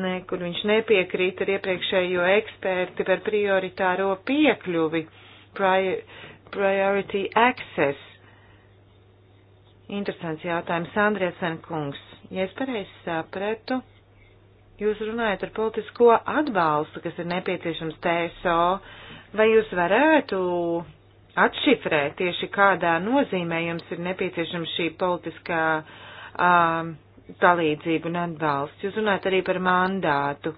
Ne, kur viņš nepiekrīt ar iepriekšējo eksperti par prioritāro piekļuvi, prior, priority access. Interesants jautājums, Andrēsen kungs. Ja es pareizi sapratu, jūs runājat ar politisko atbalstu, kas ir nepieciešams TSO, vai jūs varētu atšifrēt tieši kādā nozīmē jums ir nepieciešama šī politiskā uh, um, palīdzību un atbalstu. Jūs runājat arī par mandātu.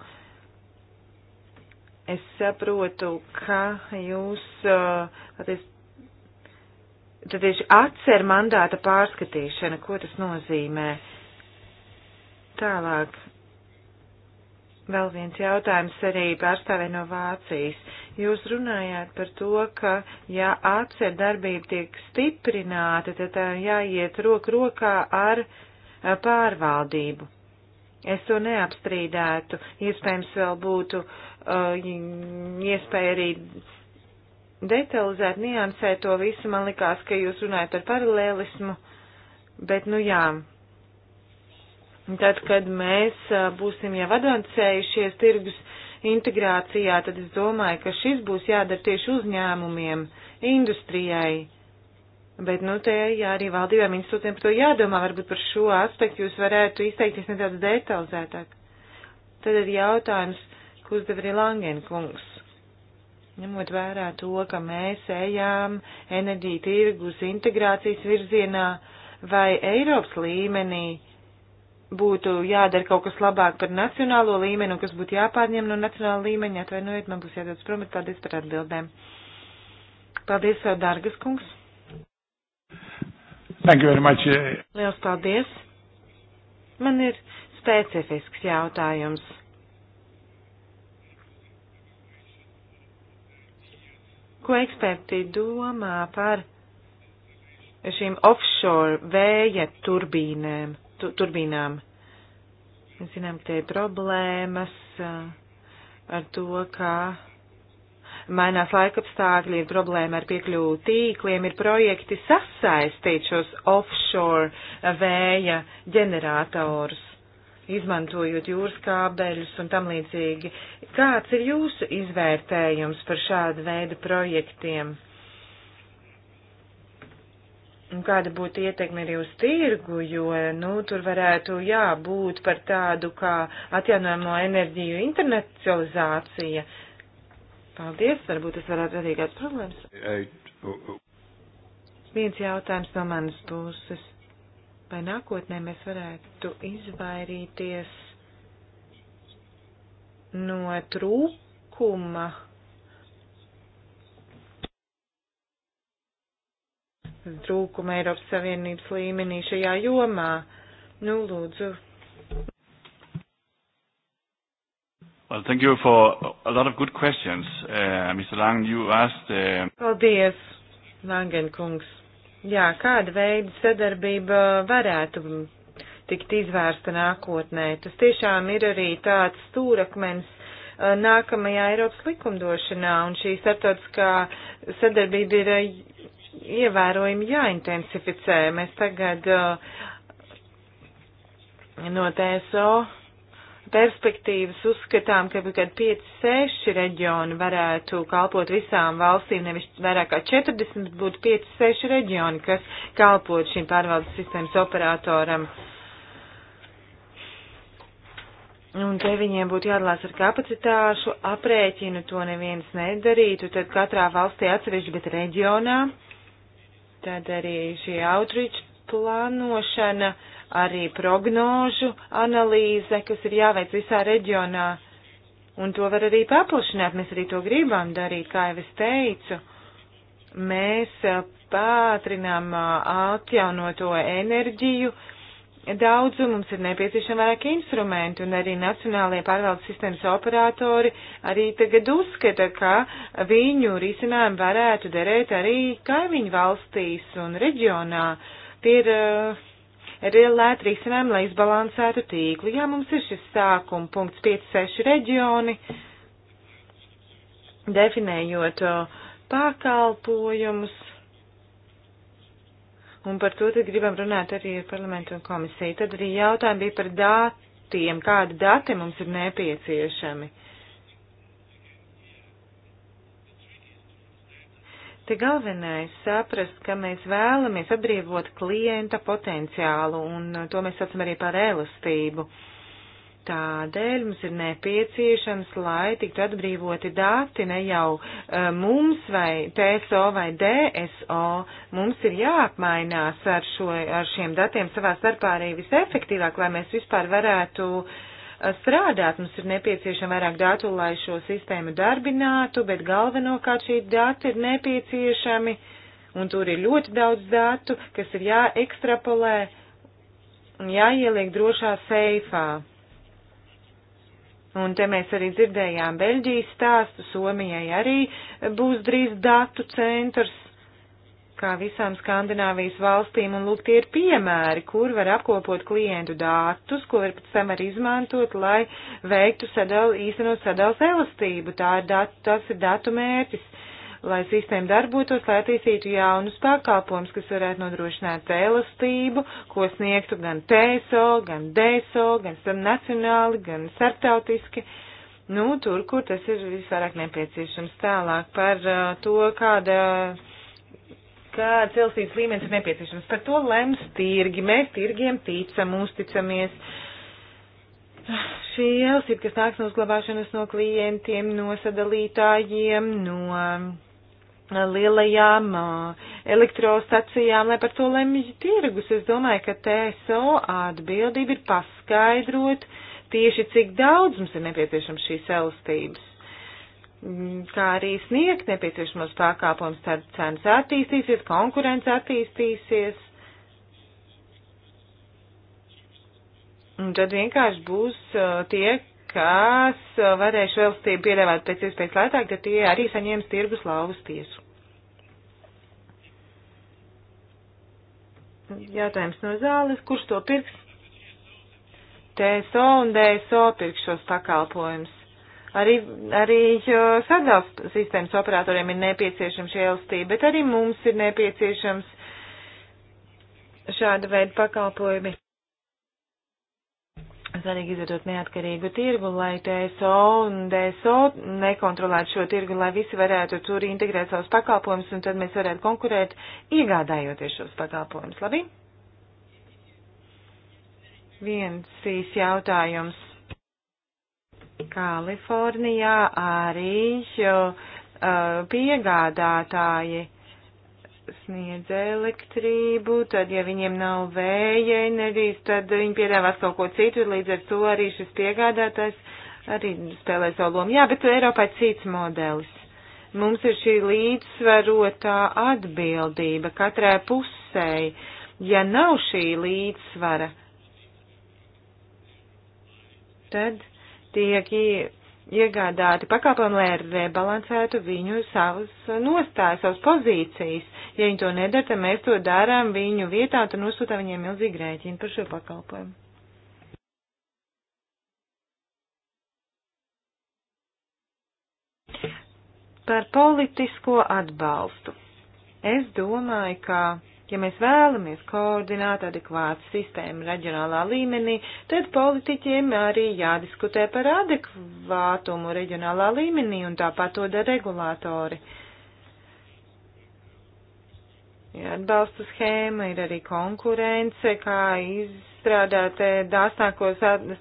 Es saprotu, ka jūs uh, tieši atcer mandāta pārskatīšana, ko tas nozīmē. Tālāk. Vēl viens jautājums arī pārstāvē no Vācijas. Jūs runājāt par to, ka, ja atcer darbība tiek stiprināta, tad tā jāiet roku rokā ar uh, Eh, pārvaldību. Es to neapstrīdētu. Iespējams, vēl būtu uh, iespēja arī detalizēt, niansēt to visu. Man likās, ka jūs runājat par paralēlismu, bet nu jā. Tad, kad mēs uh, būsim jau advancējušies tirgus integrācijā, tad es domāju, ka šis būs jādara tieši uzņēmumiem, industrijai. Bet, nu, te jā, arī valdībām institūtiem par to jādomā, varbūt par šo aspektu jūs varētu izteikties nedaudz detalizētāk. Tad ir jautājums, ko uzdev arī Langenkungs. Ņemot vērā to, ka mēs ejām enerģija tirgus integrācijas virzienā, vai Eiropas līmenī būtu jādara kaut kas labāk par nacionālo līmeni un kas būtu jāpārņem no nacionāla līmeņa, atvainojiet, man būs jādodas prom, bet paldies par atbildēm. Paldies, eh, dārgas kungs! Thank you very much. Eh. Liels paldies. Man ir specifisks jautājums. Ko eksperti domā par šīm offshore vēja turbīnēm? Tu, turbīnām? Mēs zinām, ka te ir problēmas eh, ar to, kā mainās laikapstākļi, ir problēma ar piekļuvu tīkliem, ir projekti sasaistīt šos offshore vēja ģeneratorus, izmantojot jūras kābeļus un tam līdzīgi. Kāds ir jūsu izvērtējums par šādu veidu projektiem? Un kāda būtu ietekme arī uz tirgu, jo, nu, tur varētu, jā, būt par tādu kā atjaunojamo enerģiju internacionalizācija, uh, Paldies, varbūt es varētu radīt kādas problēmas. Oh, oh. Viens jautājums no manas puses. Vai nākotnē mēs varētu izvairīties no trūkuma trūkuma Eiropas Savienības līmenī šajā jomā? Nu, lūdzu, Well, thank you for a lot of good questions. Uh, Mr. Lang, you asked. Uh... Paldies, Langenkungs. Jā, kāda veida sadarbība varētu tikt izvērsta nākotnē? Tas tiešām ir arī tāds stūrakmens uh, nākamajā Eiropas likumdošanā, un šī starptautiskā sadarbība ir uh, ievērojami jāintensificē. Mēs tagad uh, no TSO perspektīvas uzskatām, ka kaut kādi 5-6 reģioni varētu kalpot visām valstīm, nevis vairāk kā 40 būtu 5-6 reģioni, kas kalpot šim pārvaldes sistēmas operatoram. Un te viņiem būtu jādalās ar kapacitāšu, aprēķinu, to neviens nedarītu, tad katrā valstī atsevišķi, bet reģionā. Tad arī šī outreach plānošana. Uh, arī prognožu analīze, kas ir jāveic visā reģionā. Un to var arī paplašināt, mēs arī to gribam darīt, kā jau es teicu. Mēs eh, pātrinām eh, atjaunoto enerģiju daudzu, mums ir nepieciešama vairāk instrumentu, un arī Nacionālajie pārvaldes sistēmas operatori arī tagad uzskata, ka viņu risinājumi varētu derēt arī kaimiņu valstīs un reģionā. Tie ir uh, lēt risinājumu, lai izbalansētu tīklu. Jā, mums ir šis sākuma punkts 5-6 reģioni, definējot pakalpojumus. Un par to tad gribam runāt arī ar parlamentu un komisiju. Tad arī jautājumi bija par datiem, kādi dati mums ir nepieciešami. Uh, Te galvenais saprast, ka mēs vēlamies atbrīvot klienta potenciālu, un to mēs saucam arī par elastību. Tādēļ mums ir nepieciešams, lai tiktu atbrīvoti dati ne jau uh, mums vai TSO vai DSO. Mums ir jāapmainās ar, šo, ar šiem datiem savā starpā arī visefektīvāk, lai mēs vispār varētu uh, strādāt. Mums ir nepieciešama vairāk datu, lai šo sistēmu darbinātu, bet galvenokārt šī data ir nepieciešami, un tur ir ļoti daudz datu, kas ir jāekstrapolē un jāieliek drošā seifā. Un te mēs arī dzirdējām Beļģijas stāstu, Somijai arī būs drīz datu centrs, kā visām Skandināvijas valstīm, un lūk, tie ir piemēri, kur var apkopot klientu datus, ko var pēc tam arī izmantot, lai veiktu sadal, īstenot sadalas elastību. Tā ir dat, tas ir datu mērķis, lai sistēma darbotos, lai attīstītu jaunus pakalpojumus, kas varētu nodrošināt elastību, ko sniegtu gan TSO, gan DSO, gan nacionāli, gan starptautiski nu, tur, kur tas ir visvairāk nepieciešams. Tālāk par uh, to, kāda kāds ilgstības līmenis ir nepieciešams. Par to lems tirgi. Mēs tirgiem ticam, uzticamies. Šī ilgstība, kas nāks no uzglabāšanas no klientiem, no sadalītājiem, no lielajām uh, elektrostacijām, lai par to lemj tirgus. Es domāju, ka TSO atbildība ir paskaidrot tieši, cik daudz mums ir nepieciešams šīs elstības. Mm, kā arī sniegt nepieciešamos pakāpums, tad cenas attīstīsies, konkurence attīstīsies. Un tad vienkārši būs uh, tie, kas uh, varēs vēl stību piedāvāt pēc iespējas lētāk, tad tie arī saņems tirgus lauvas tiesu. Jātājums no zāles, kurš to pirks? TSO un DSO pirks šos pakalpojumus. Arī, arī sadalās sistēmas operatoriem ir nepieciešama šī elastība, bet arī mums ir nepieciešams šāda veida pakalpojumi. Svarīgi izvedot neatkarīgu tirgu, lai TSO un DSO nekontrolētu šo tirgu, lai visi varētu tur integrēt savus pakalpojumus, un tad mēs varētu konkurēt, iegādājoties šos pakalpojumus. Labi? Viens īs jautājums Kalifornijā arī uh, piegādātāji sniedz elektrību, tad, ja viņiem nav vēja enerģijas, tad viņi piedāvās kaut ko citu, līdz ar to arī šis piegādātājs arī spēlē savu lomu. Jā, bet Eiropā ir cits modelis. Mums ir šī līdzsvarotā atbildība katrai pusēji. Ja nav šī līdzsvara, tad tiek iegādāti pakalpojumi, lai rebalansētu viņu savas nostājas, savas pozīcijas. Ja viņi to nedara, tad mēs to darām viņu vietā, tad nosūtām viņiem milzīgi rēķinu par šo pakalpojumu. Par politisko atbalstu. Es domāju, ka Ja mēs vēlamies koordinēt adekvātu sistēmu reģionālā līmenī, tad politiķiem arī jādiskutē par adekvātumu reģionālā līmenī un tāpat to dara regulātori. Ja atbalsta schēma ir arī konkurence, kā iz izstrādāt eh,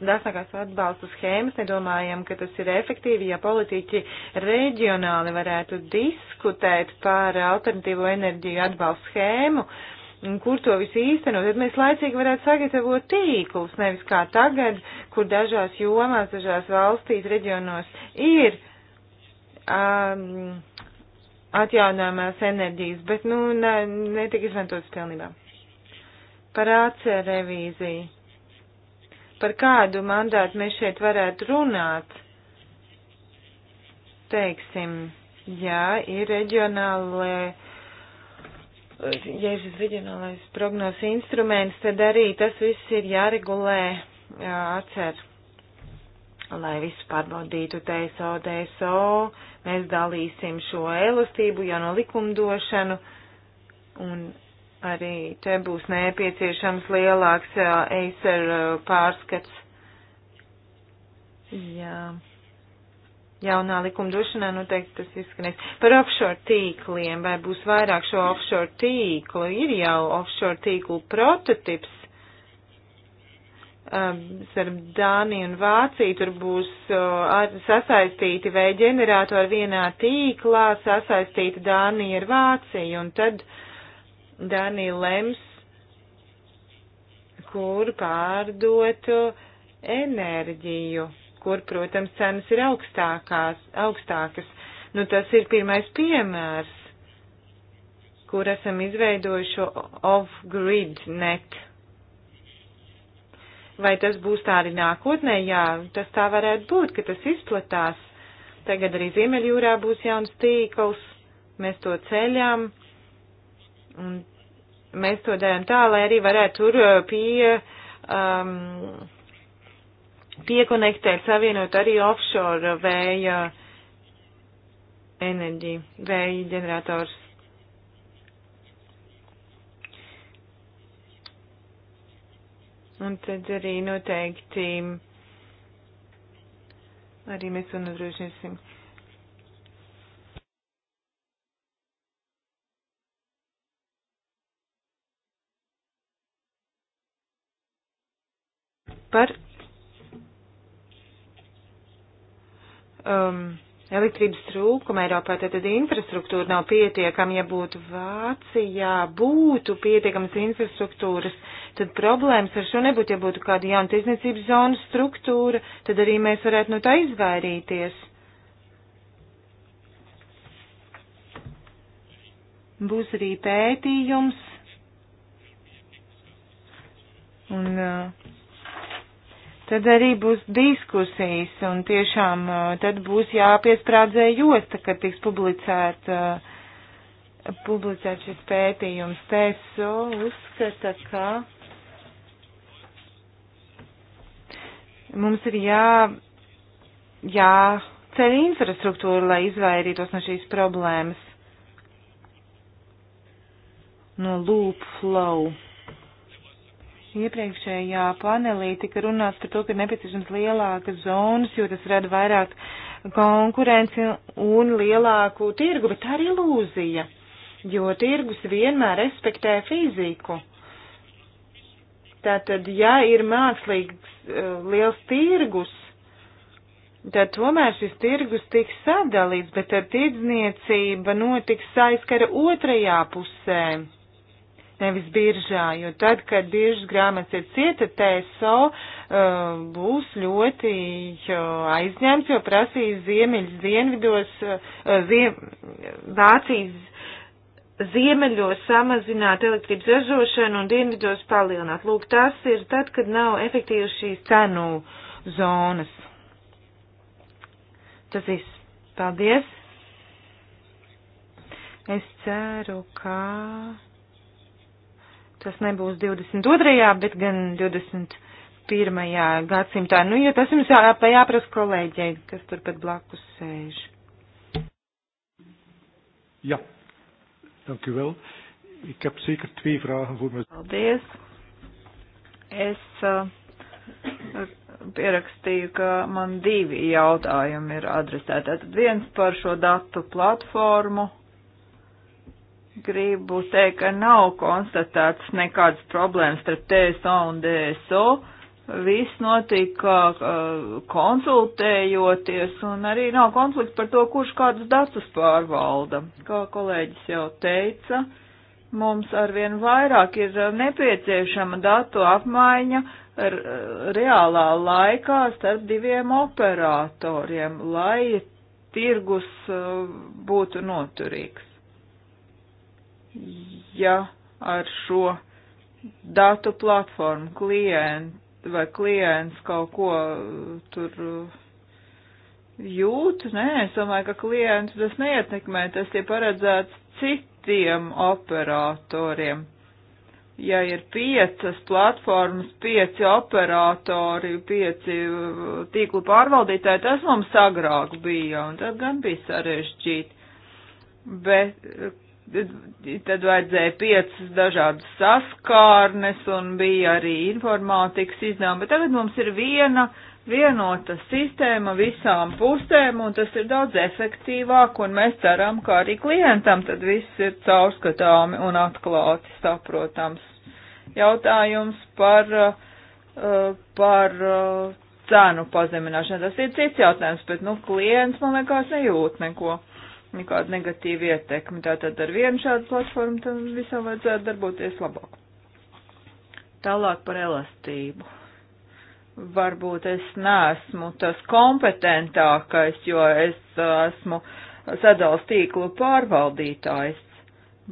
dāsnākās atbalstu schēmas. Nedomājam, ka tas ir efektīvi, ja politiķi reģionāli varētu diskutēt par alternatīvo enerģiju atbalstu schēmu. Kur to visu īstenot, tad mēs laicīgi varētu sagatavot tīklus, nevis kā tagad, kur dažās jomās, dažās valstīs, reģionos ir um, atjaunāmās enerģijas, bet, nu, ne, netiek izmantotas pilnībā par AC revīziju. Par kādu mandātu mēs šeit varētu runāt? Teiksim, jā, ir reģionālai ja šis reģionālais prognozes instruments, tad arī tas viss ir jāregulē, jāatcer, lai visu pārbaudītu TSO, DSO, mēs dalīsim šo elastību jau no likumdošanu, un Arī te būs nepieciešams lielāks Acer pārskats. Jā. Jaunā likumdošanā noteikti tas izskanēs. Par offshore tīkliem, vai būs vairāk šo offshore tīklu? Ir jau offshore tīklu prototips starp Dāniju un Vāciju, tur būs uh, sasaistīti vēja ģeneratori vienā tīklā, sasaistīta Dānija ar Vāciju, un tad uh, Dānija lems, kur pārdotu enerģiju, kur, protams, cenas ir augstākās, augstākas. Nu, tas ir pirmais piemērs, kur esam izveidojuši off-grid net. Vai tas būs tā arī nākotnē? Jā, tas tā varētu būt, ka tas izplatās. Tagad arī Ziemeļjūrā būs jauns tīkls, mēs to ceļām, un mēs to darām tā, lai arī varētu tur uh, pie, um, piekonektēt, savienot arī offshore vēja enerģiju, vēja ģenerators. Un tad arī noteikti arī mēs to nodrošināsim. par um, elektrības trūkumu Eiropā, tad infrastruktūra nav pietiekama. Ja būtu Vācijā, būtu pietiekamas infrastruktūras, tad problēmas ar šo nebūtu. Ja būtu kāda jauna tiesniecības zonas struktūra, tad arī mēs varētu no tā izvairīties. Būs arī pētījums. Un, uh, tad arī būs diskusijas un tiešām tad būs jāpiesprādzē josta, kad tiks publicēt, publicēt šis pētījums. Tēso uzskata, ka mums ir jā, jāceļ infrastruktūra, lai izvairītos no šīs problēmas. No loop flow. Iepriekšējā panelī tika runāts par to, ka nepieciešams lielākas zonas, jo tas rada vairāk konkurenci un lielāku tirgu, bet tā ir ilūzija, jo tirgus vienmēr respektē fiziku. Tātad, ja ir mākslīgs eh, liels tirgus, tad tomēr šis tirgus tiks sadalīts, bet tad tirdzniecība notiks aizkara otrajā pusē nevis biržā, jo tad, kad biržas grāmatas ir cieta, TSO uh, būs ļoti uh, aizņemts, jo prasīs ziemeļs dienvidos, uh, ziem, Vācijas ziemeļos samazināt elektrības ražošanu un dienvidos palielināt. Lūk, tas ir tad, kad nav efektīvi šīs cenu zonas. Tas viss. Paldies! Es ceru, ka tas nebūs 22. bet gan 21. gadsimtā. Nu, ja tas jums jā, jāprasa kolēģei, kas turpat blakus sēž. Ja, dank u wel. Ik heb zeker twee vragen voor mezelf. Paldies. Es uh, pierakstīju, ka man divi jautājumi ir adresēti. Tad viens par šo datu platformu gribu teikt, ka nav konstatēts nekādas problēmas starp TSO un DSO. Viss notika uh, konsultējoties un arī nav konflikts par to, kurš kādus datus pārvalda. Kā kolēģis jau teica, mums arvien vairāk ir uh, nepieciešama datu apmaiņa uh, reālā laikā starp diviem operatoriem, lai tirgus būtu noturīgs ja ar šo datu platformu klienti vai klients kaut ko uh, tur uh, jūt, nē, es domāju, ka klientu tas neietekmē, tas ir paredzēts citiem operatoriem. Ja ir piecas platformas, pieci operatori, pieci uh, tīklu pārvaldītāji, tas mums agrāk bija, un tad gan bija sarežģīti bet Tad vajadzēja piecas dažādas saskārnes un bija arī informātikas izdevumi, bet tagad mums ir viena vienota sistēma visām pusēm un tas ir daudz efektīvāk un mēs ceram, ka arī klientam tad viss ir caurskatāmi un atklāti saprotams. Jautājums par, uh, par uh, cenu pazemināšanu. Tas ir cits jautājums, bet nu klients man liekas nejūt neko nekāda negatīva ietekme. Tātad ar vienu šādu platformu tam visam vajadzētu darboties labāk. Tālāk par elastību. Varbūt es neesmu tas kompetentākais, jo es uh, esmu sadalas tīklu pārvaldītājs,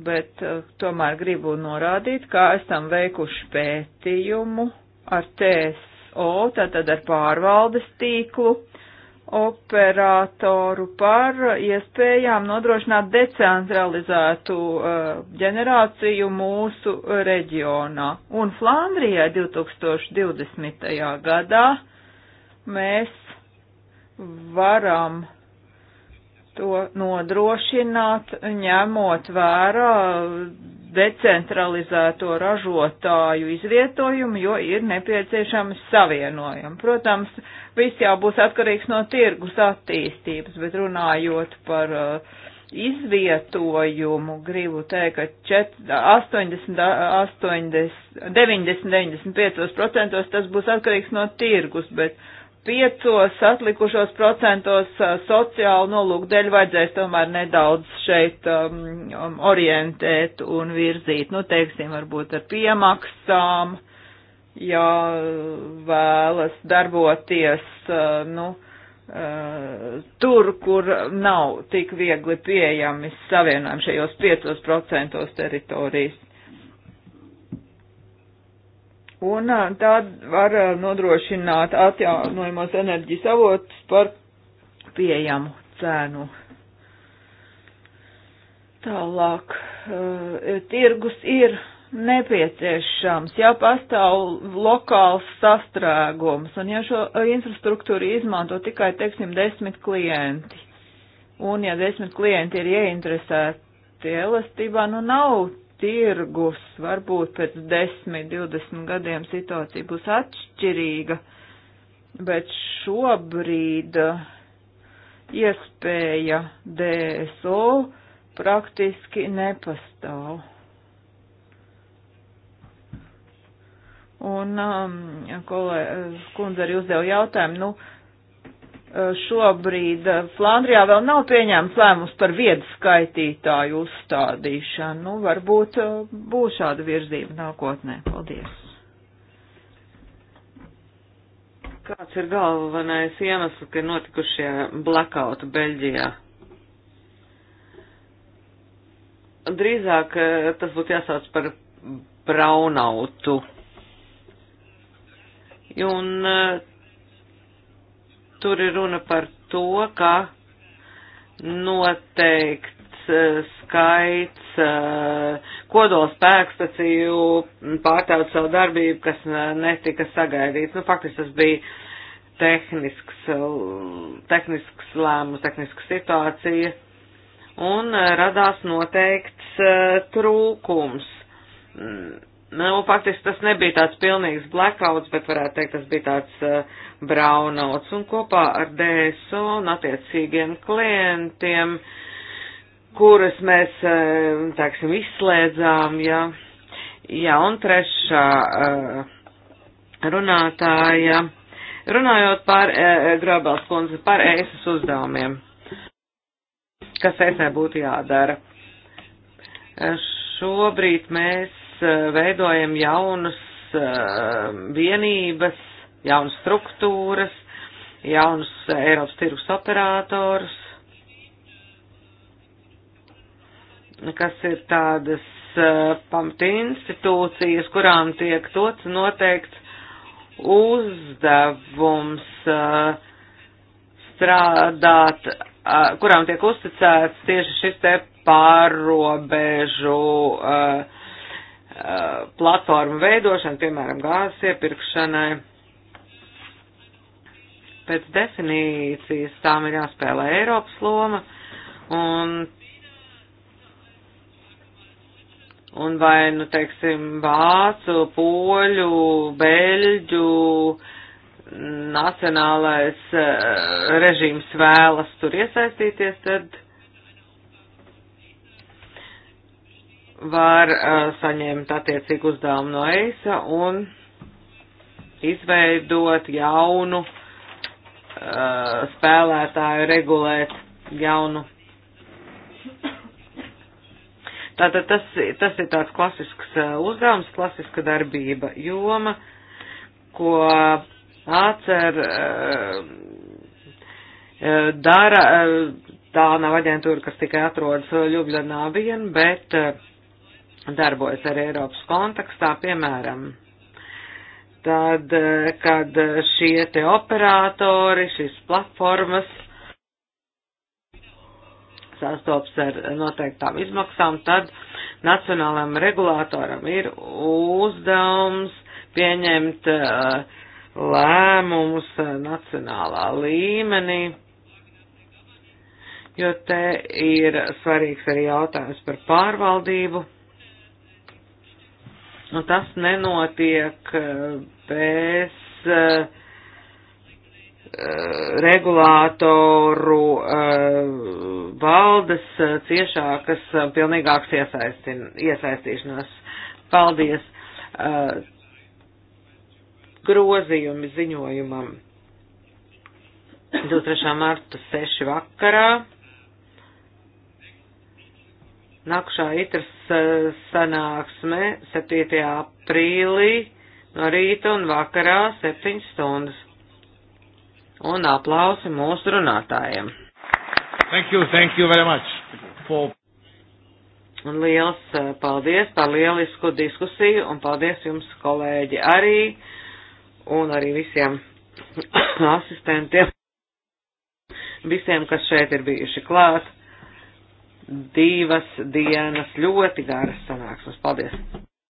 bet uh, tomēr gribu norādīt, kā esam veikuši pētījumu ar TSO, tātad ar pārvaldes tīklu operatoru par iespējām nodrošināt decentralizētu uh, ģenerāciju mūsu reģionā. Un Flandrijai 2020. gadā mēs varam to nodrošināt, ņemot vērā decentralizēto ražotāju izvietojumu, jo ir nepieciešams savienojumi. Protams, uh, viss jau būs atkarīgs no tirgus attīstības, bet runājot par uh, izvietojumu, gribu teikt, ka 80, 80, 90, 95% tas būs atkarīgs no tirgus, bet piecos atlikušos procentos uh, sociālu nolūku dēļ vajadzēs tomēr nedaudz šeit um, um, orientēt un virzīt, nu, teiksim, varbūt ar piemaksām ja vēlas darboties, eh, nu, eh, tur, kur nav tik viegli pieejami savienojumi šajos 5% teritorijas. Un eh, tad var nodrošināt atjaunojumos enerģijas avotus par pieejamu cēnu. Tālāk, tirgus ir nepieciešams, ja pastāv lokāls sastrēgums un ja šo infrastruktūru izmanto tikai, teiksim, desmit klienti. Un ja desmit klienti ir ieinteresēti elastībā, nu nav tirgus, varbūt pēc desmit, divdesmit gadiem situācija būs atšķirīga, bet šobrīd uh, iespēja DSO praktiski nepastāv. Un um, kolē, kundze arī uzdeva jautājumu, nu, uh, šobrīd uh, Flandrijā vēl nav pieņēmts lēmums par viedu skaitītāju uzstādīšanu. Nu, varbūt uh, būs šāda virzība nākotnē. Paldies. Kāds ir galvenais iemesls, ka notikušie blackouti Beļģijā? Drīzāk tas būtu jāsauc par braunautu. Un eh, tur ir runa par to, ka noteikts eh, skaits eh, kodols pēkstaciju pārtauca savu darbību, kas netika sagaidīts. Nu, faktiski tas bija tehnisks, tehnisks lēmums, tehniska situācija un radās noteikts trūkums. Mm. Nu, faktiski tas nebija tāds pilnīgs blackouts, bet varētu teikt, tas bija tāds uh, brownouts. Un kopā ar DSO un attiecīgiem klientiem, kuras mēs, uh, teiksim, izslēdzām, jā. Jā, un trešā uh, runātāja, runājot par uh, Grobels kundzi, par ēsas uzdevumiem, kas ēsē būtu jādara. Uh, šobrīd mēs Eh, veidojam jaunus eh, vienības, jaunas struktūras, jaunus Eiropas tirgus operātors, kas ir tādas eh, pamata institūcijas, kurām tiek dots noteikts uzdevums strādāt, kurām tiek uzticēts tieši šis te pārobežu uh, Uh, platformu veidošanu, piemēram, gāzes iepirkšanai. Pēc definīcijas tām ir jāspēlē Eiropas loma, un, un vai, nu, teiksim, vācu, poļu, beļģu nacionālais uh, režīms vēlas tur iesaistīties, tad var uh, saņemt attiecīgu uzdevumu no EISA un izveidot jaunu uh, spēlētāju, regulēt jaunu. Tātad tas, tas ir tāds klasisks uh, uzdevums, klasiska darbība joma, ko atcer uh, dara, tā nav aģentūra, kas tikai atrodas Ljubljanā vien, bet uh, darbojas ar Eiropas kontekstā, piemēram, tad, eh, kad šie te operatori, šīs platformas sastops ar noteiktām izmaksām, tad nacionālajam regulātoram ir uzdevums pieņemt eh, lēmumus eh, nacionālā līmenī, jo te ir svarīgs arī jautājums par pārvaldību. Nu, tas nenotiek eh, bez uh, regulātoru uh, valdes ciešākas, pilnīgākas iesaistīšanās. Paldies! Uh, grozījumi ziņojumam 23. marta 6 vakarā. Nākušā itras eh, sanāksme 7. aprīlī no rīta un vakarā 7 stundas. Un aplausi mūsu runātājiem. Thank you, thank you very much. For... Un liels eh, paldies par lielisku diskusiju un paldies jums, kolēģi, arī un arī visiem asistentiem, visiem, kas šeit ir bijuši klāt divas dienas ļoti garas sanāksmes. Paldies!